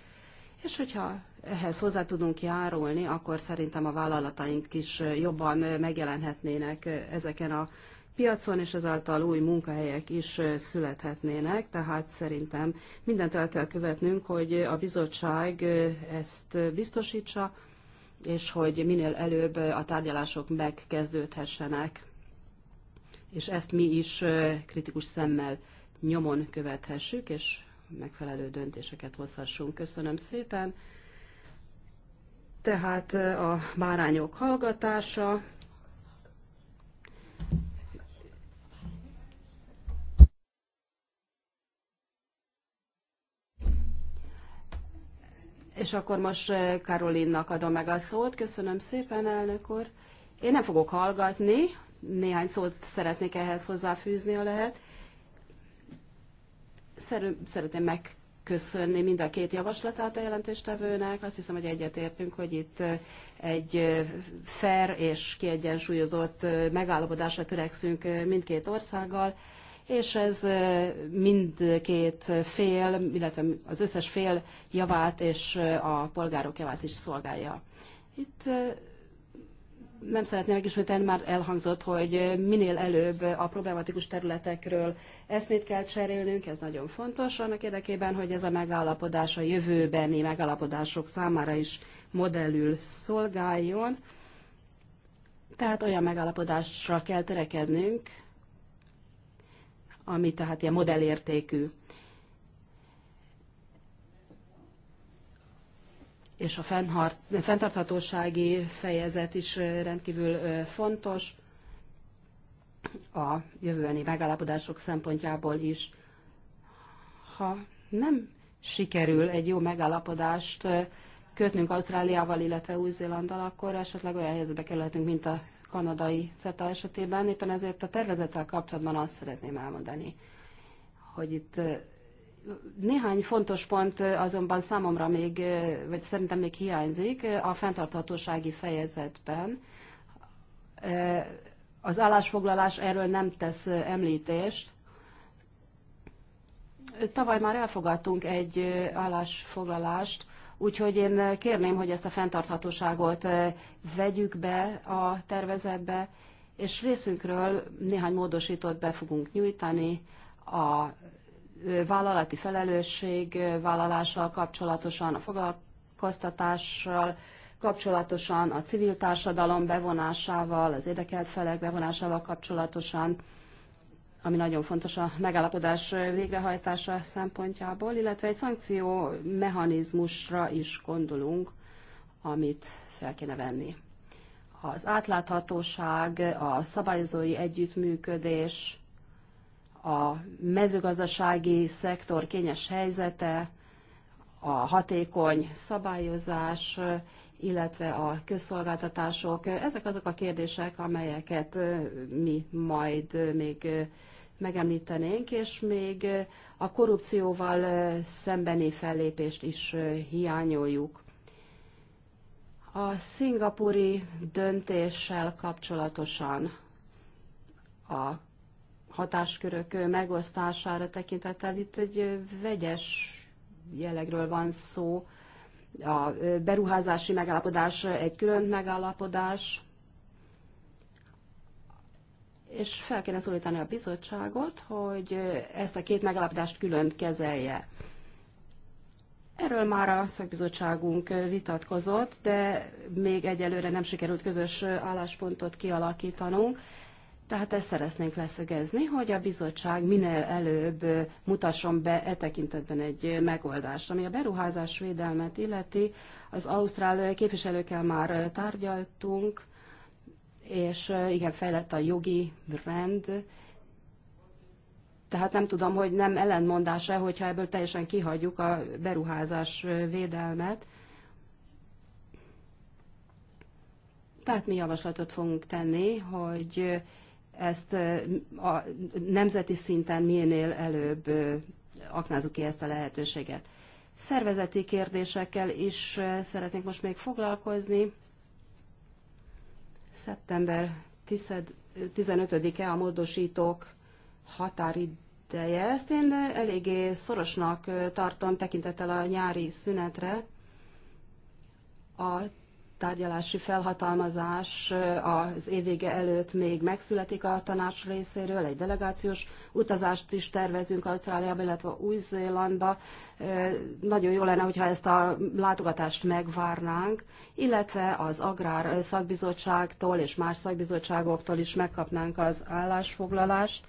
és hogyha ehhez hozzá tudunk járulni, akkor szerintem a vállalataink is jobban megjelenhetnének ezeken a piacon, és ezáltal új munkahelyek is születhetnének, tehát szerintem mindent el kell követnünk, hogy a bizottság ezt biztosítsa, és hogy minél előbb a tárgyalások megkezdődhessenek, és ezt mi is kritikus szemmel nyomon követhessük, és megfelelő döntéseket hozhassunk. Köszönöm szépen. Tehát a bárányok hallgatása, És akkor most Karolinnak eh, adom meg a szót. Köszönöm szépen, elnök úr. Én nem fogok hallgatni, néhány szót szeretnék ehhez hozzáfűzni, ha lehet. Szeretném megköszönni mind a két javaslatát a jelentéstevőnek. Azt hiszem, hogy egyetértünk, hogy itt eh, egy eh, fair és kiegyensúlyozott megállapodásra törekszünk mindkét országgal és ez mindkét fél, illetve az összes fél javát és a polgárok javát is szolgálja. Itt nem szeretném megismételni, már elhangzott, hogy minél előbb a problematikus területekről eszmét kell cserélnünk, ez nagyon fontos, annak érdekében, hogy ez a megállapodás a jövőbeni megállapodások számára is modellül szolgáljon. Tehát olyan megállapodásra kell törekednünk, ami tehát ilyen modellértékű. És a fenntarthatósági fejezet is rendkívül fontos a jövőbeni megállapodások szempontjából is. Ha nem sikerül egy jó megállapodást kötnünk Ausztráliával, illetve Új-Zélanddal, akkor esetleg olyan helyzetbe kerülhetünk, mint a kanadai CETA esetében. Éppen ezért a tervezettel kapcsolatban azt szeretném elmondani, hogy itt néhány fontos pont azonban számomra még, vagy szerintem még hiányzik a fenntarthatósági fejezetben. Az állásfoglalás erről nem tesz említést. Tavaly már elfogadtunk egy állásfoglalást, Úgyhogy én eh, kérném, hogy ezt a fenntarthatóságot eh, vegyük be a tervezetbe, és részünkről néhány módosítót be fogunk nyújtani a eh, vállalati felelősség vállalással kapcsolatosan, a foglalkoztatással kapcsolatosan, a civil társadalom bevonásával, az érdekelt felek bevonásával kapcsolatosan, ami nagyon fontos a megállapodás végrehajtása szempontjából, illetve egy szankció mechanizmusra is gondolunk, amit fel kéne venni. Az átláthatóság, a szabályozói együttműködés, a mezőgazdasági szektor kényes helyzete, a hatékony szabályozás, illetve a közszolgáltatások. Ezek azok a kérdések, amelyeket mi majd még megemlítenénk, és még a korrupcióval szembeni fellépést is hiányoljuk. A szingapúri döntéssel kapcsolatosan a hatáskörök megosztására tekintettel itt egy vegyes jellegről van szó. A beruházási megállapodás egy külön megállapodás, és fel kéne szólítani a bizottságot, hogy ezt a két megállapodást külön kezelje. Erről már a szakbizottságunk vitatkozott, de még egyelőre nem sikerült közös álláspontot kialakítanunk. Tehát ezt szeretnénk leszögezni, hogy a bizottság minél előbb mutasson be e tekintetben egy megoldást. Ami a beruházás védelmet illeti, az ausztrál képviselőkkel már tárgyaltunk, és igen, fejlett a jogi rend, tehát nem tudom, hogy nem ellenmondása, hogyha ebből teljesen kihagyjuk a beruházás védelmet. Tehát mi javaslatot fogunk tenni, hogy ezt a nemzeti szinten minél előbb aknázuk ki ezt a lehetőséget. Szervezeti kérdésekkel is szeretnénk most még foglalkozni. Szeptember 15-e a módosítók határideje. Ezt én eléggé szorosnak tartom tekintettel a nyári szünetre. A tárgyalási felhatalmazás az évvége előtt még megszületik a tanács részéről, egy delegációs utazást is tervezünk Ausztráliába, illetve Új-Zélandba. Nagyon jó lenne, hogyha ezt a látogatást megvárnánk, illetve az Agrár Szakbizottságtól és más szakbizottságoktól is megkapnánk az állásfoglalást,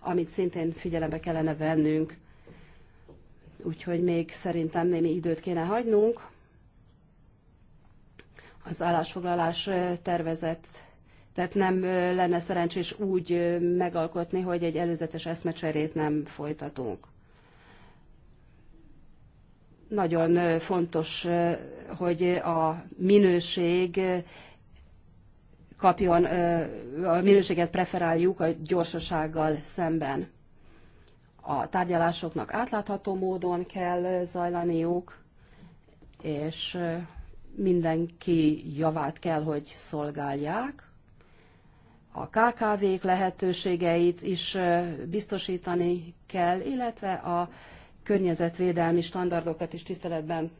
amit szintén figyelembe kellene vennünk. Úgyhogy még szerintem némi időt kéne hagynunk az állásfoglalás tervezet tehát nem lenne szerencsés úgy megalkotni, hogy egy előzetes eszmecserét nem folytatunk. Nagyon fontos, hogy a minőség kapjon, a minőséget preferáljuk a gyorsasággal szemben. A tárgyalásoknak átlátható módon kell zajlaniuk, és mindenki javát kell, hogy szolgálják. A KKV-k lehetőségeit is biztosítani kell, illetve a környezetvédelmi standardokat is tiszteletben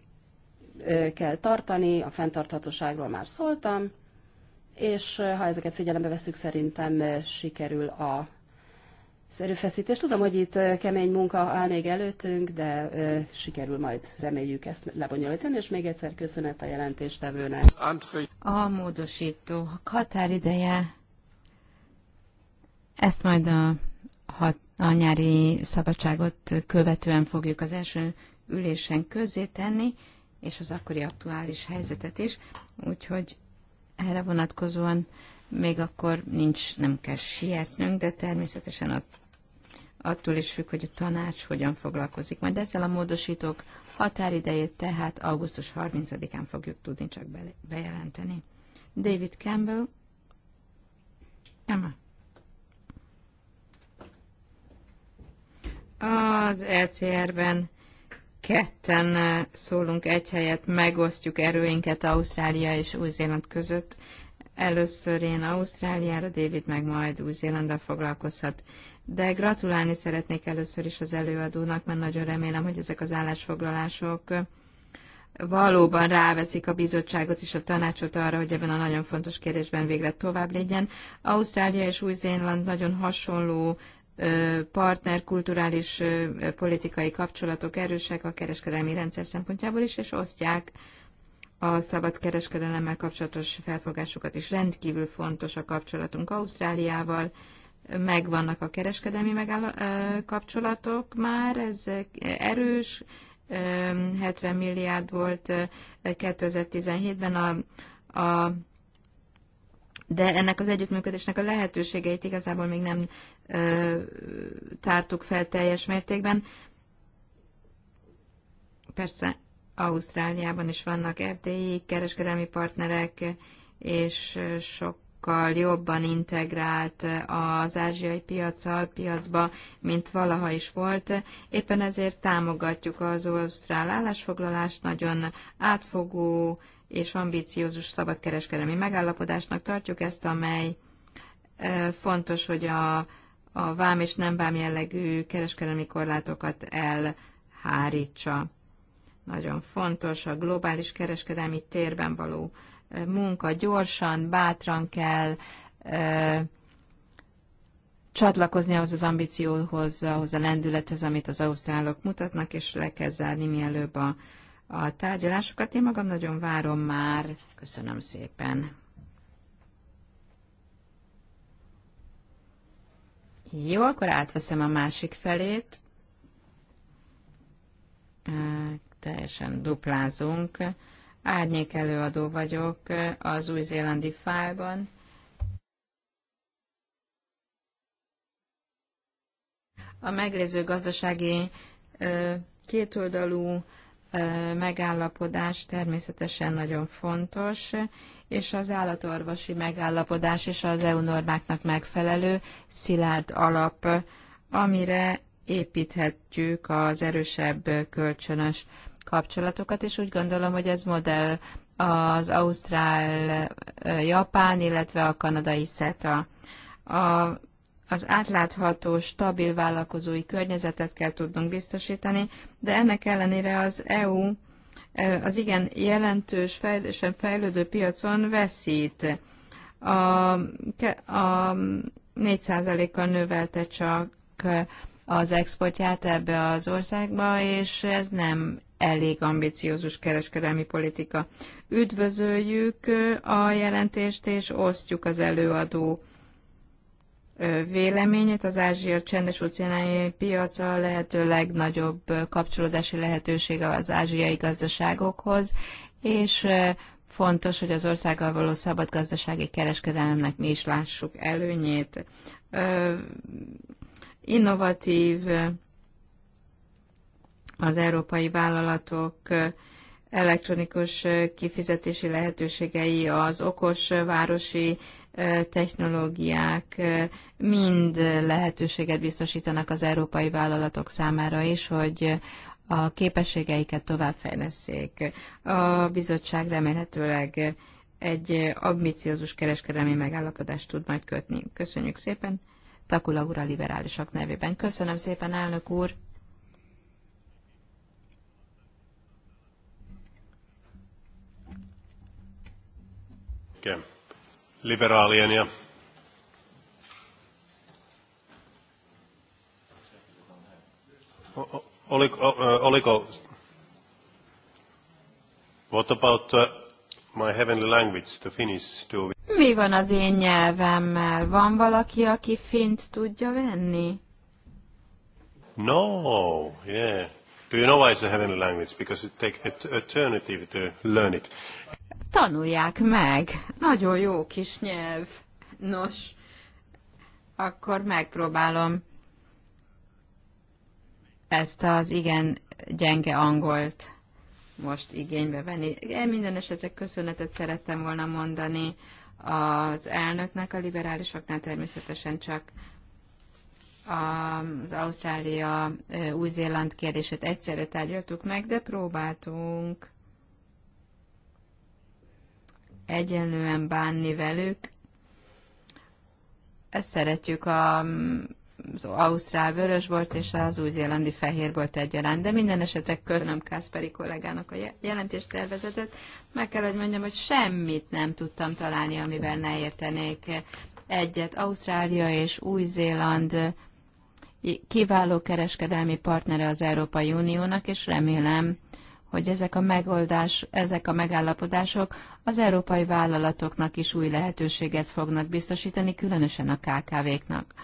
kell tartani, a fenntarthatóságról már szóltam, és ha ezeket figyelembe veszük, szerintem sikerül a Szerű feszítés. Tudom, hogy itt eh, kemény munka áll még előttünk, de eh, sikerül majd reméljük ezt lebonyolítani, és még egyszer köszönet a jelentéstevőnek. A módosító határideje, ezt majd a, hat, a nyári szabadságot követően fogjuk az első ülésen tenni, és az akkori aktuális helyzetet is, úgyhogy erre vonatkozóan még akkor nincs, nem kell sietnünk, de természetesen a, attól is függ, hogy a tanács hogyan foglalkozik. Majd ezzel a módosítók határidejét tehát augusztus 30-án fogjuk tudni csak be, bejelenteni. David Campbell, Emma. Az ECR-ben ketten eh, szólunk egy helyet, megosztjuk erőinket Ausztrália és Új-Zéland között, Először én Ausztráliára, David meg majd Új-Zélandra foglalkozhat. De gratulálni szeretnék először is az előadónak, mert nagyon remélem, hogy ezek az állásfoglalások valóban ráveszik a bizottságot és a tanácsot arra, hogy ebben a nagyon fontos kérdésben végre tovább legyen. Ausztrália és Új-Zéland nagyon hasonló partner, kulturális, politikai kapcsolatok erősek a kereskedelmi rendszer szempontjából is, és osztják a szabad kereskedelemmel kapcsolatos felfogásokat is rendkívül fontos a kapcsolatunk Ausztráliával. Megvannak a kereskedelmi megáll- kapcsolatok már, ez erős, 70 milliárd volt 2017-ben a, a de ennek az együttműködésnek a lehetőségeit igazából még nem ö, tártuk fel teljes mértékben. Persze Ausztráliában is vannak erdélyi kereskedelmi partnerek, és sokkal jobban integrált az ázsiai piacsal, piacba, mint valaha is volt. Éppen ezért támogatjuk az ausztrál állásfoglalást, nagyon átfogó és ambiciózus szabadkereskedelmi megállapodásnak tartjuk ezt, amely fontos, hogy a, a vám és nem vám jellegű kereskedelmi korlátokat elhárítsa. Nagyon fontos a globális kereskedelmi térben való munka. Gyorsan, bátran kell csatlakozni ahhoz az ambícióhoz, ahhoz a lendülethez, amit az ausztrálok mutatnak, és le kell zárni mielőbb a, a tárgyalásokat. Én magam nagyon várom már. Köszönöm szépen. Jó, akkor átveszem a másik felét teljesen duplázunk. Árnyék előadó vagyok az új-zélandi fájban. A meglező gazdasági kétoldalú megállapodás természetesen nagyon fontos, és az állatorvosi megállapodás és az EU normáknak megfelelő szilárd alap, amire építhetjük az erősebb kölcsönös kapcsolatokat, és úgy gondolom, hogy ez modell az Ausztrál-Japán, illetve a kanadai SETA. A, az átlátható, stabil vállalkozói környezetet kell tudnunk biztosítani, de ennek ellenére az EU az igen jelentős, fejlősen fejlődő piacon veszít. A, a 4%-kal növelte csak az exportját ebbe az országba, és ez nem elég ambiciózus kereskedelmi politika. Üdvözöljük a jelentést, és osztjuk az előadó véleményét. Az Ázsia csendes óceáni piaca a lehető legnagyobb kapcsolódási lehetősége az ázsiai gazdaságokhoz, és fontos, hogy az országgal való szabad gazdasági kereskedelemnek mi is lássuk előnyét. Innovatív az európai vállalatok elektronikus kifizetési lehetőségei, az okos városi technológiák mind lehetőséget biztosítanak az európai vállalatok számára is, hogy a képességeiket továbbfejleszék. A bizottság remélhetőleg egy ambiciózus kereskedelmi megállapodást tud majd kötni. Köszönjük szépen. Takula úr a liberálisok nevében. Köszönöm szépen, elnök úr. Liberaalien ja oliko, oliko what about uh, my heavenly language, the Finnish, do we... Mi van az én nyelvemmel? Van valaki, aki fint tudja venni? No, yeah. Do you know why it's a heavenly language? Because it takes eternity to learn it tanulják meg. Nagyon jó kis nyelv. Nos, akkor megpróbálom ezt az igen gyenge angolt most igénybe venni. Én e, minden esetre köszönetet szerettem volna mondani az elnöknek, a liberálisoknál természetesen csak az Ausztrália-Új-Zéland kérdését egyszerre tárgyaltuk meg, de próbáltunk egyenlően bánni velük. Ezt szeretjük a, az Ausztrál vörösbort és az új-zélandi fehérbort egyaránt. De minden esetre köszönöm Kászperi kollégának a jelentéstervezetet. Meg kell, hogy mondjam, hogy semmit nem tudtam találni, amivel ne értenék egyet. Ausztrália és Új-Zéland kiváló kereskedelmi partnere az Európai Uniónak, és remélem, hogy ezek a megoldás, ezek a megállapodások az európai vállalatoknak is új lehetőséget fognak biztosítani, különösen a KKV-knak.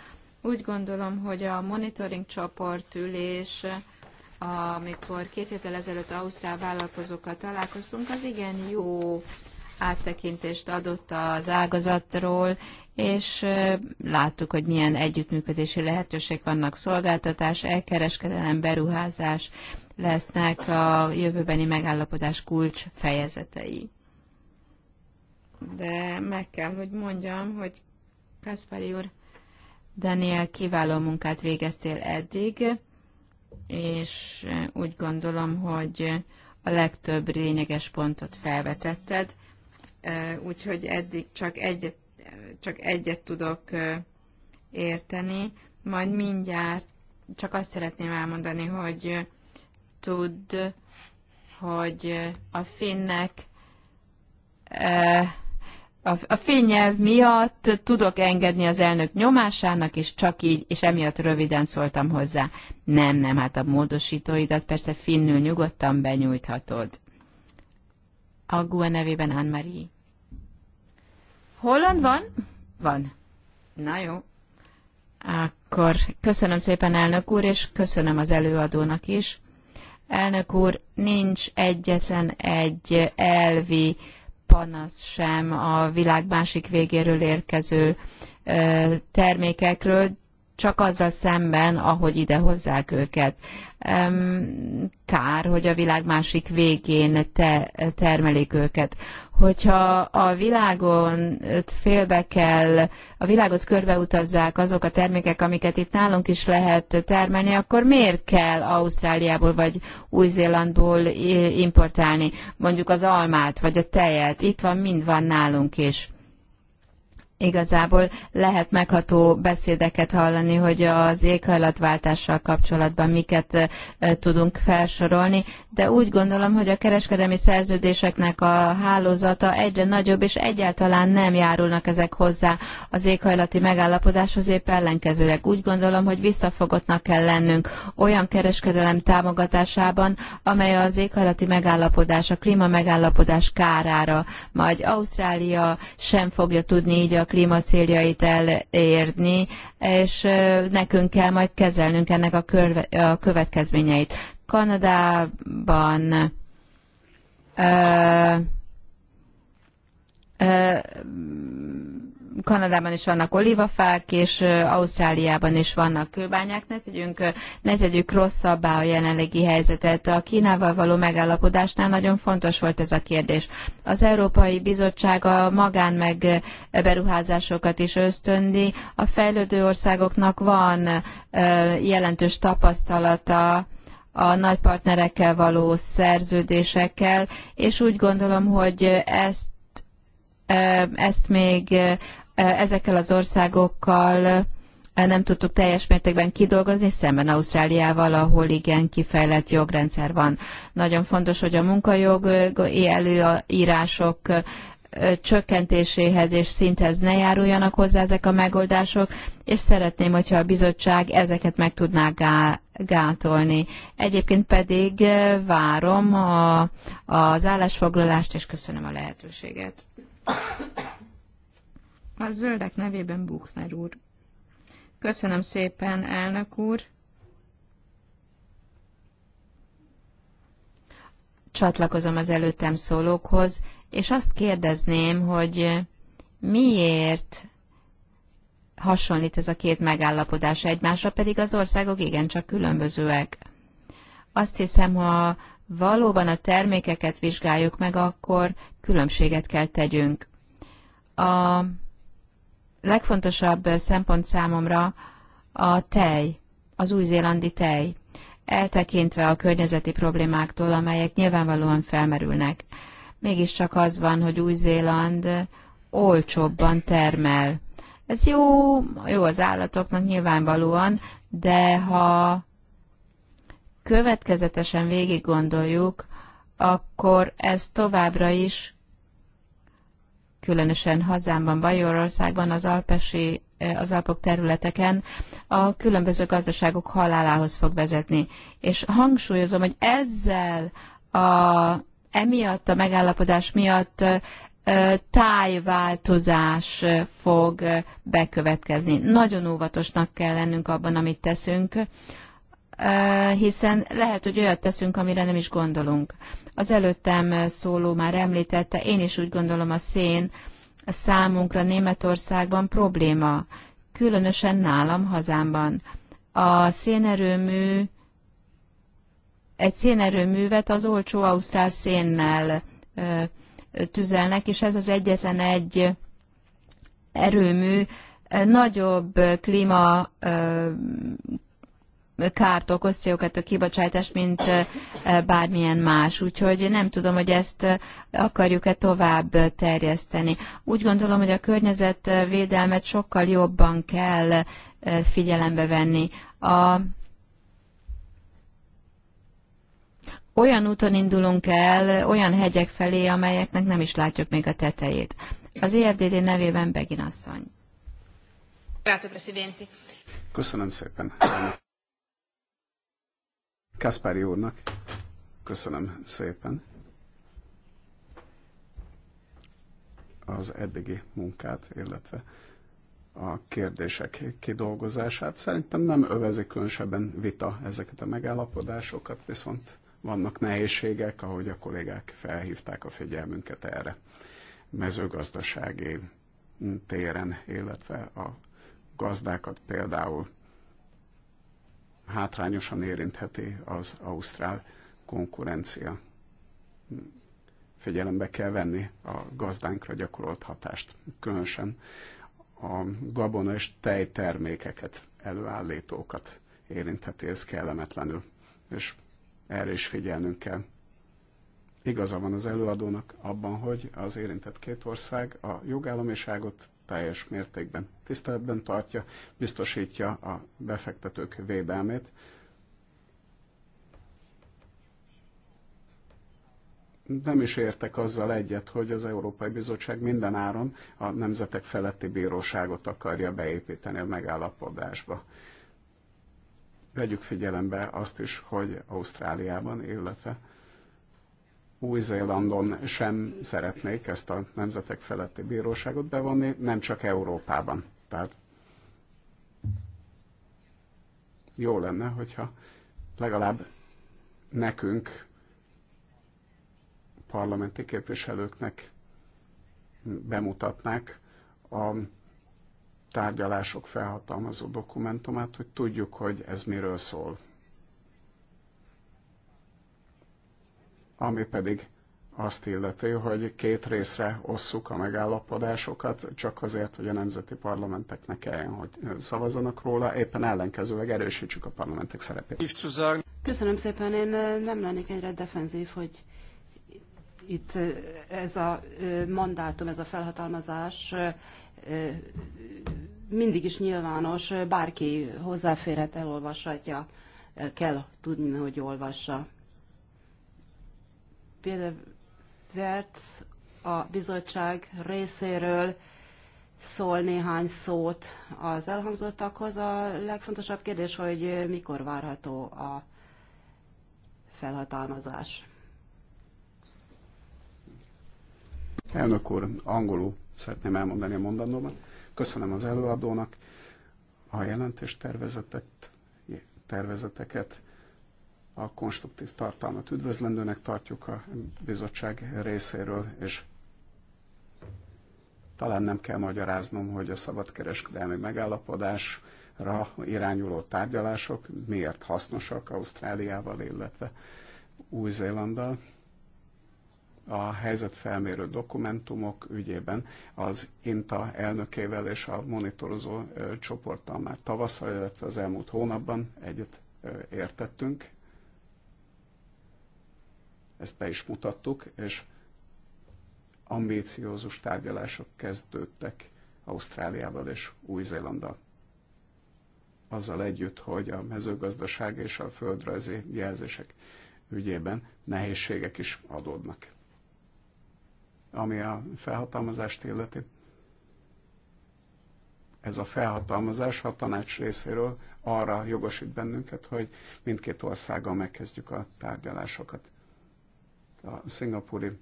Úgy gondolom, hogy a monitoring csoport ülés, amikor két héttel ezelőtt Ausztrál vállalkozókkal találkoztunk, az igen jó áttekintést adott az ágazatról, és láttuk, hogy milyen együttműködési lehetőség vannak szolgáltatás, elkereskedelem, beruházás, lesznek a jövőbeni megállapodás kulcs fejezetei. De meg kell, hogy mondjam, hogy Kaspari úr, Daniel, kiváló munkát végeztél eddig, és úgy gondolom, hogy a legtöbb lényeges pontot felvetetted, úgyhogy eddig csak egyet, csak egyet tudok érteni, majd mindjárt csak azt szeretném elmondani, hogy tud, hogy a finnek e, a finnyelv miatt tudok engedni az elnök nyomásának, és csak így, és emiatt röviden szóltam hozzá. Nem, nem, hát a módosítóidat persze finnül nyugodtan benyújthatod. A GUE nevében Anne-Marie. Holland van? Van. Na jó. Akkor köszönöm szépen elnök úr, és köszönöm az előadónak is Elnök úr, nincs egyetlen egy elvi panasz sem a világ másik végéről érkező termékekről, csak azzal szemben, ahogy ide hozzák őket. Kár, hogy a világ másik végén te termelik őket hogyha a világon félbe kell, a világot körbeutazzák azok a termékek, amiket itt nálunk is lehet termelni, akkor miért kell Ausztráliából vagy Új-Zélandból importálni mondjuk az almát vagy a tejet? Itt van, mind van nálunk is igazából lehet megható beszédeket hallani, hogy az éghajlatváltással kapcsolatban miket tudunk felsorolni, de úgy gondolom, hogy a kereskedelmi szerződéseknek a hálózata egyre nagyobb, és egyáltalán nem járulnak ezek hozzá az éghajlati megállapodáshoz, épp ellenkezőleg. Úgy gondolom, hogy visszafogottnak kell lennünk olyan kereskedelem támogatásában, amely az éghajlati megállapodás, a klíma megállapodás kárára, majd Ausztrália sem fogja tudni így a klíma céljait elérni, és nekünk kell majd kezelnünk ennek a, körve, a következményeit. Kanadában ö, Kanadában is vannak olívafák, és Ausztráliában is vannak kőbányák. Ne, tegyünk, ne tegyük rosszabbá a jelenlegi helyzetet. A Kínával való megállapodásnál nagyon fontos volt ez a kérdés. Az Európai Bizottság a magán meg beruházásokat is ösztöndi. A fejlődő országoknak van jelentős tapasztalata, a nagy partnerekkel való szerződésekkel, és úgy gondolom, hogy ezt, ezt még ezekkel az országokkal nem tudtuk teljes mértékben kidolgozni, szemben Ausztráliával, ahol igen kifejlett jogrendszer van. Nagyon fontos, hogy a munkajogi előírások csökkentéséhez és szinthez ne járuljanak hozzá ezek a megoldások, és szeretném, hogyha a bizottság ezeket meg tudná gátolni. Egyébként pedig eh, várom a, az állásfoglalást, és köszönöm a lehetőséget. A zöldek nevében Buchner úr. Köszönöm szépen, elnök úr. Csatlakozom az előttem szólókhoz, és azt kérdezném, hogy miért hasonlít ez a két megállapodás egymásra, pedig az országok igencsak különbözőek. Azt hiszem, ha valóban a termékeket vizsgáljuk meg, akkor különbséget kell tegyünk. A legfontosabb szempont számomra a tej, az új-zélandi tej, eltekintve a környezeti problémáktól, amelyek nyilvánvalóan felmerülnek. Mégiscsak az van, hogy Új-Zéland olcsóbban termel ez jó, jó az állatoknak nyilvánvalóan, de ha következetesen végig gondoljuk, akkor ez továbbra is, különösen hazámban, Bajorországban, az alpesi eh, az alpok területeken a különböző gazdaságok halálához fog vezetni. És hangsúlyozom, hogy ezzel a, emiatt a megállapodás miatt eh, tájváltozás fog bekövetkezni. Nagyon óvatosnak kell lennünk abban, amit teszünk, hiszen lehet, hogy olyat teszünk, amire nem is gondolunk. Az előttem szóló már említette, én is úgy gondolom a szén a számunkra Németországban probléma, különösen nálam, hazámban. A szénerőmű egy szénerőművet az olcsó ausztrál szénnel tüzelnek, és ez az egyetlen egy erőmű nagyobb klíma kárt okoz CO2 mint bármilyen más. Úgyhogy nem tudom, hogy ezt akarjuk-e tovább terjeszteni. Úgy gondolom, hogy a környezetvédelmet sokkal jobban kell figyelembe venni. A olyan úton indulunk el, olyan hegyek felé, amelyeknek nem is látjuk még a tetejét. Az IRDD e nevében Begin asszony. Köszönöm szépen. Kaspári úrnak köszönöm szépen az eddigi munkát, illetve a kérdések kidolgozását. Szerintem nem övezik különösebben vita ezeket a megállapodásokat, viszont vannak nehézségek, ahogy a kollégák felhívták a figyelmünket erre mezőgazdasági téren, illetve a gazdákat például hátrányosan érintheti az ausztrál konkurencia. Figyelembe kell venni a gazdánkra gyakorolt hatást, különösen a gabona és tejtermékeket előállítókat érintheti ez kellemetlenül. És erre is figyelnünk kell. Igaza van az előadónak abban, hogy az érintett két ország a jogállamiságot teljes mértékben tiszteletben tartja, biztosítja a befektetők védelmét, nem is értek azzal egyet, hogy az Európai Bizottság minden áron a Nemzetek Feletti Bíróságot akarja beépíteni a megállapodásba vegyük figyelembe azt is, hogy Ausztráliában, illetve új-Zélandon sem szeretnék ezt a nemzetek feletti bíróságot bevonni, nem csak Európában. Tehát jó lenne, hogyha legalább nekünk, parlamenti képviselőknek bemutatnák a tárgyalások felhatalmazó dokumentumát, hogy tudjuk, hogy ez miről szól. Ami pedig azt illeti, hogy két részre osszuk a megállapodásokat, csak azért, hogy a nemzeti parlamentek ne kelljen, hogy szavazzanak róla, éppen ellenkezőleg erősítsük a parlamentek szerepét. Köszönöm szépen, én nem lennék ennyire defenzív, hogy itt ez a mandátum, ez a felhatalmazás mindig is nyilvános, bárki hozzáférhet, elolvashatja, kell tudni, hogy olvassa. Például Verc a bizottság részéről szól néhány szót az elhangzottakhoz. A legfontosabb kérdés, hogy mikor várható a felhatalmazás. Elnök úr, angolul szeretném elmondani a mondandómat. Köszönöm az előadónak a jelentést tervezetet, tervezeteket, a konstruktív tartalmat üdvözlendőnek tartjuk a bizottság részéről, és talán nem kell magyaráznom, hogy a szabadkereskedelmi megállapodásra irányuló tárgyalások miért hasznosak Ausztráliával, illetve Új-Zélanddal a helyzetfelmérő dokumentumok ügyében az INTA elnökével és a monitorozó csoporttal már tavasszal, illetve az elmúlt hónapban egyet értettünk. Ezt be is mutattuk, és ambíciózus tárgyalások kezdődtek Ausztráliával és Új-Zélanddal. Azzal együtt, hogy a mezőgazdaság és a földrajzi jelzések ügyében nehézségek is adódnak ami a felhatalmazást illeti. Ez a felhatalmazás a tanács részéről arra jogosít bennünket, hogy mindkét országgal megkezdjük a tárgyalásokat. A szingapúri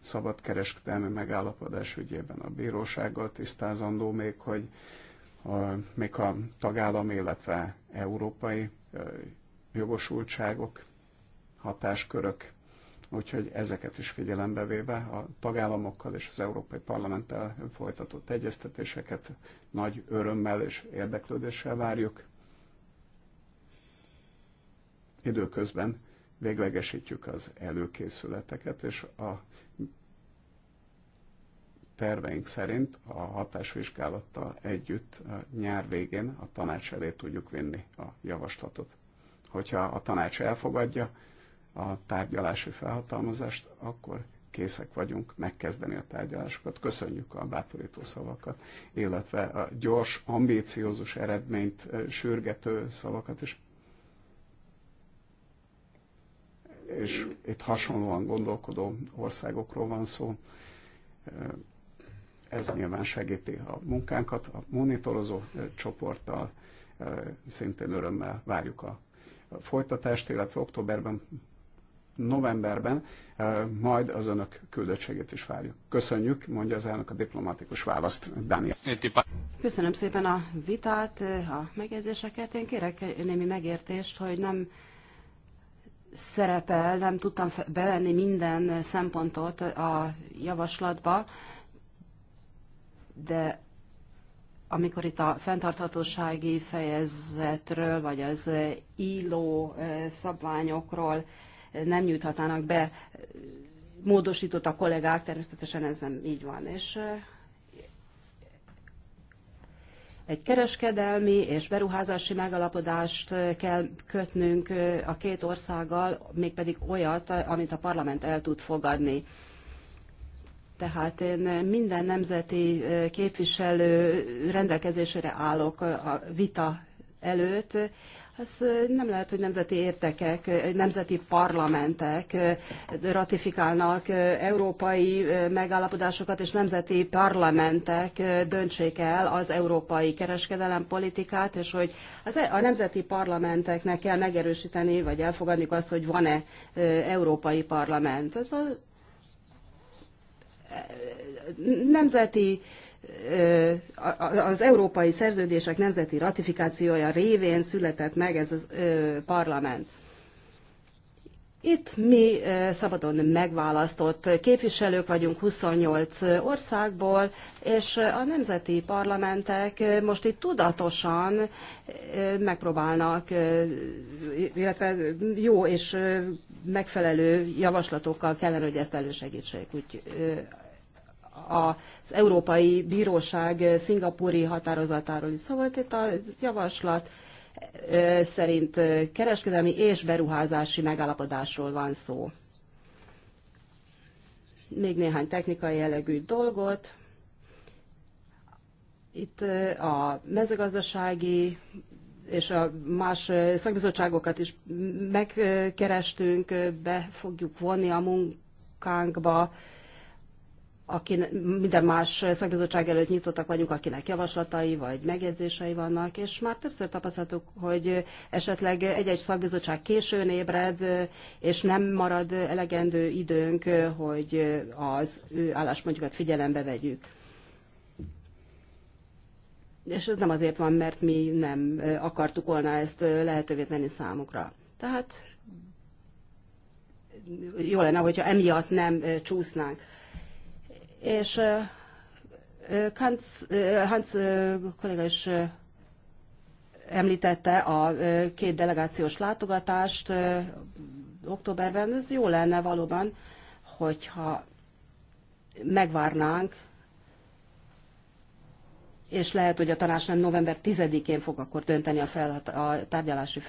szabadkereskedelmi megállapodás ügyében a bírósággal tisztázandó még, hogy a, még a tagállam, illetve európai jogosultságok, hatáskörök Úgyhogy ezeket is figyelembe véve a tagállamokkal és az Európai Parlamenttel folytatott egyeztetéseket nagy örömmel és érdeklődéssel várjuk. Időközben véglegesítjük az előkészületeket, és a terveink szerint a hatásvizsgálattal együtt a nyár végén a tanács elé tudjuk vinni a javaslatot. Hogyha a tanács elfogadja, a tárgyalási felhatalmazást, akkor készek vagyunk megkezdeni a tárgyalásokat. Köszönjük a bátorító szavakat, illetve a gyors, ambíciózus eredményt sürgető szavakat is. És itt hasonlóan gondolkodó országokról van szó. Ez nyilván segíti a munkánkat. A monitorozó csoporttal szintén örömmel várjuk a folytatást, illetve októberben novemberben eh, majd az önök küldöttségét is várjuk. Köszönjük, mondja az elnök a diplomatikus választ, Daniel. Köszönöm szépen a vitát, eh, a megjegyzéseket. Én kérek némi megértést, hogy nem szerepel, nem tudtam bevenni minden szempontot a javaslatba, de amikor itt a fenntarthatósági fejezetről, vagy az illó eh, szabványokról nem nyújthatnának be módosított a kollégák, természetesen ez nem így van. És egy kereskedelmi és beruházási megalapodást kell kötnünk a két országgal, mégpedig olyat, amit a parlament el tud fogadni. Tehát én minden nemzeti képviselő rendelkezésére állok a vita előtt, ez nem lehet, hogy nemzeti értekek, nemzeti parlamentek ratifikálnak európai megállapodásokat, és nemzeti parlamentek döntsék el az európai politikát és hogy az, e- a nemzeti parlamenteknek kell megerősíteni, vagy elfogadni azt, hogy van-e európai parlament. Ez a nemzeti az európai szerződések nemzeti ratifikációja révén született meg ez a parlament. Itt mi szabadon megválasztott képviselők vagyunk 28 országból, és a nemzeti parlamentek most itt tudatosan megpróbálnak, illetve jó és megfelelő javaslatokkal kellene, hogy ezt elősegítsék. Úgy az Európai Bíróság szingapúri határozatáról itt szóval itt a javaslat szerint kereskedelmi és beruházási megállapodásról van szó. Még néhány technikai jellegű dolgot. Itt a mezőgazdasági és a más szakbizottságokat is megkerestünk, be fogjuk vonni a munkánkba aki minden más szakbizottság előtt nyitottak vagyunk, akinek javaslatai vagy megjegyzései vannak, és már többször tapasztaltuk, hogy esetleg egy-egy szakbizottság későn ébred, és nem marad elegendő időnk, hogy az ő álláspontjukat figyelembe vegyük. És ez nem azért van, mert mi nem akartuk volna ezt lehetővé tenni számukra. Tehát jó lenne, hogyha emiatt nem csúsznánk és Hans, Hans kolléga is említette a két delegációs látogatást októberben. Ez jó lenne valóban, hogyha megvárnánk, és lehet, hogy a tanács nem november 10-én fog akkor dönteni a, felhat- a tárgyalási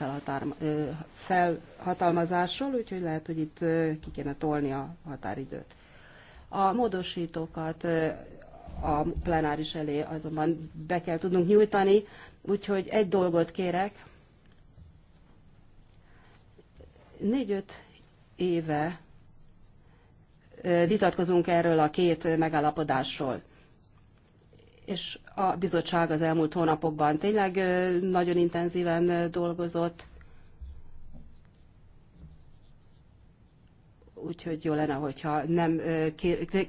felhatalmazásról, úgyhogy lehet, hogy itt ki kéne tolni a határidőt. A módosítókat a plenáris elé azonban be kell tudnunk nyújtani, úgyhogy egy dolgot kérek. Négy-öt éve vitatkozunk erről a két megállapodásról. És a bizottság az elmúlt hónapokban tényleg nagyon intenzíven dolgozott, úgyhogy jó lenne, hogyha nem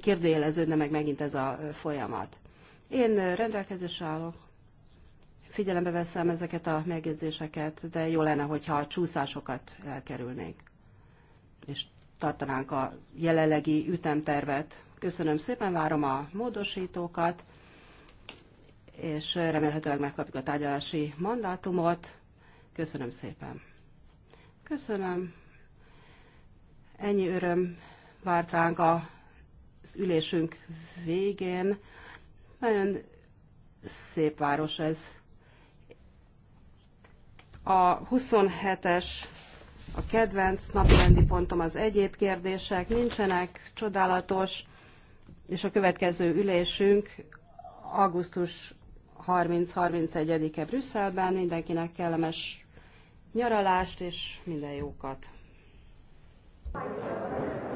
kérdőjeleződne meg megint ez a folyamat. Én rendelkezésre állok, figyelembe veszem ezeket a megjegyzéseket, de jó lenne, hogyha a csúszásokat elkerülnék, és tartanánk a jelenlegi ütemtervet. Köszönöm szépen, várom a módosítókat, és remélhetőleg megkapjuk a tárgyalási mandátumot. Köszönöm szépen. Köszönöm. Ennyi öröm várt ránk az ülésünk végén. Nagyon szép város ez. A 27-es a kedvenc napirendi pontom az egyéb kérdések, nincsenek, csodálatos, és a következő ülésünk augusztus 30-31-e Brüsszelben. Mindenkinek kellemes nyaralást, és minden jókat! Thank you.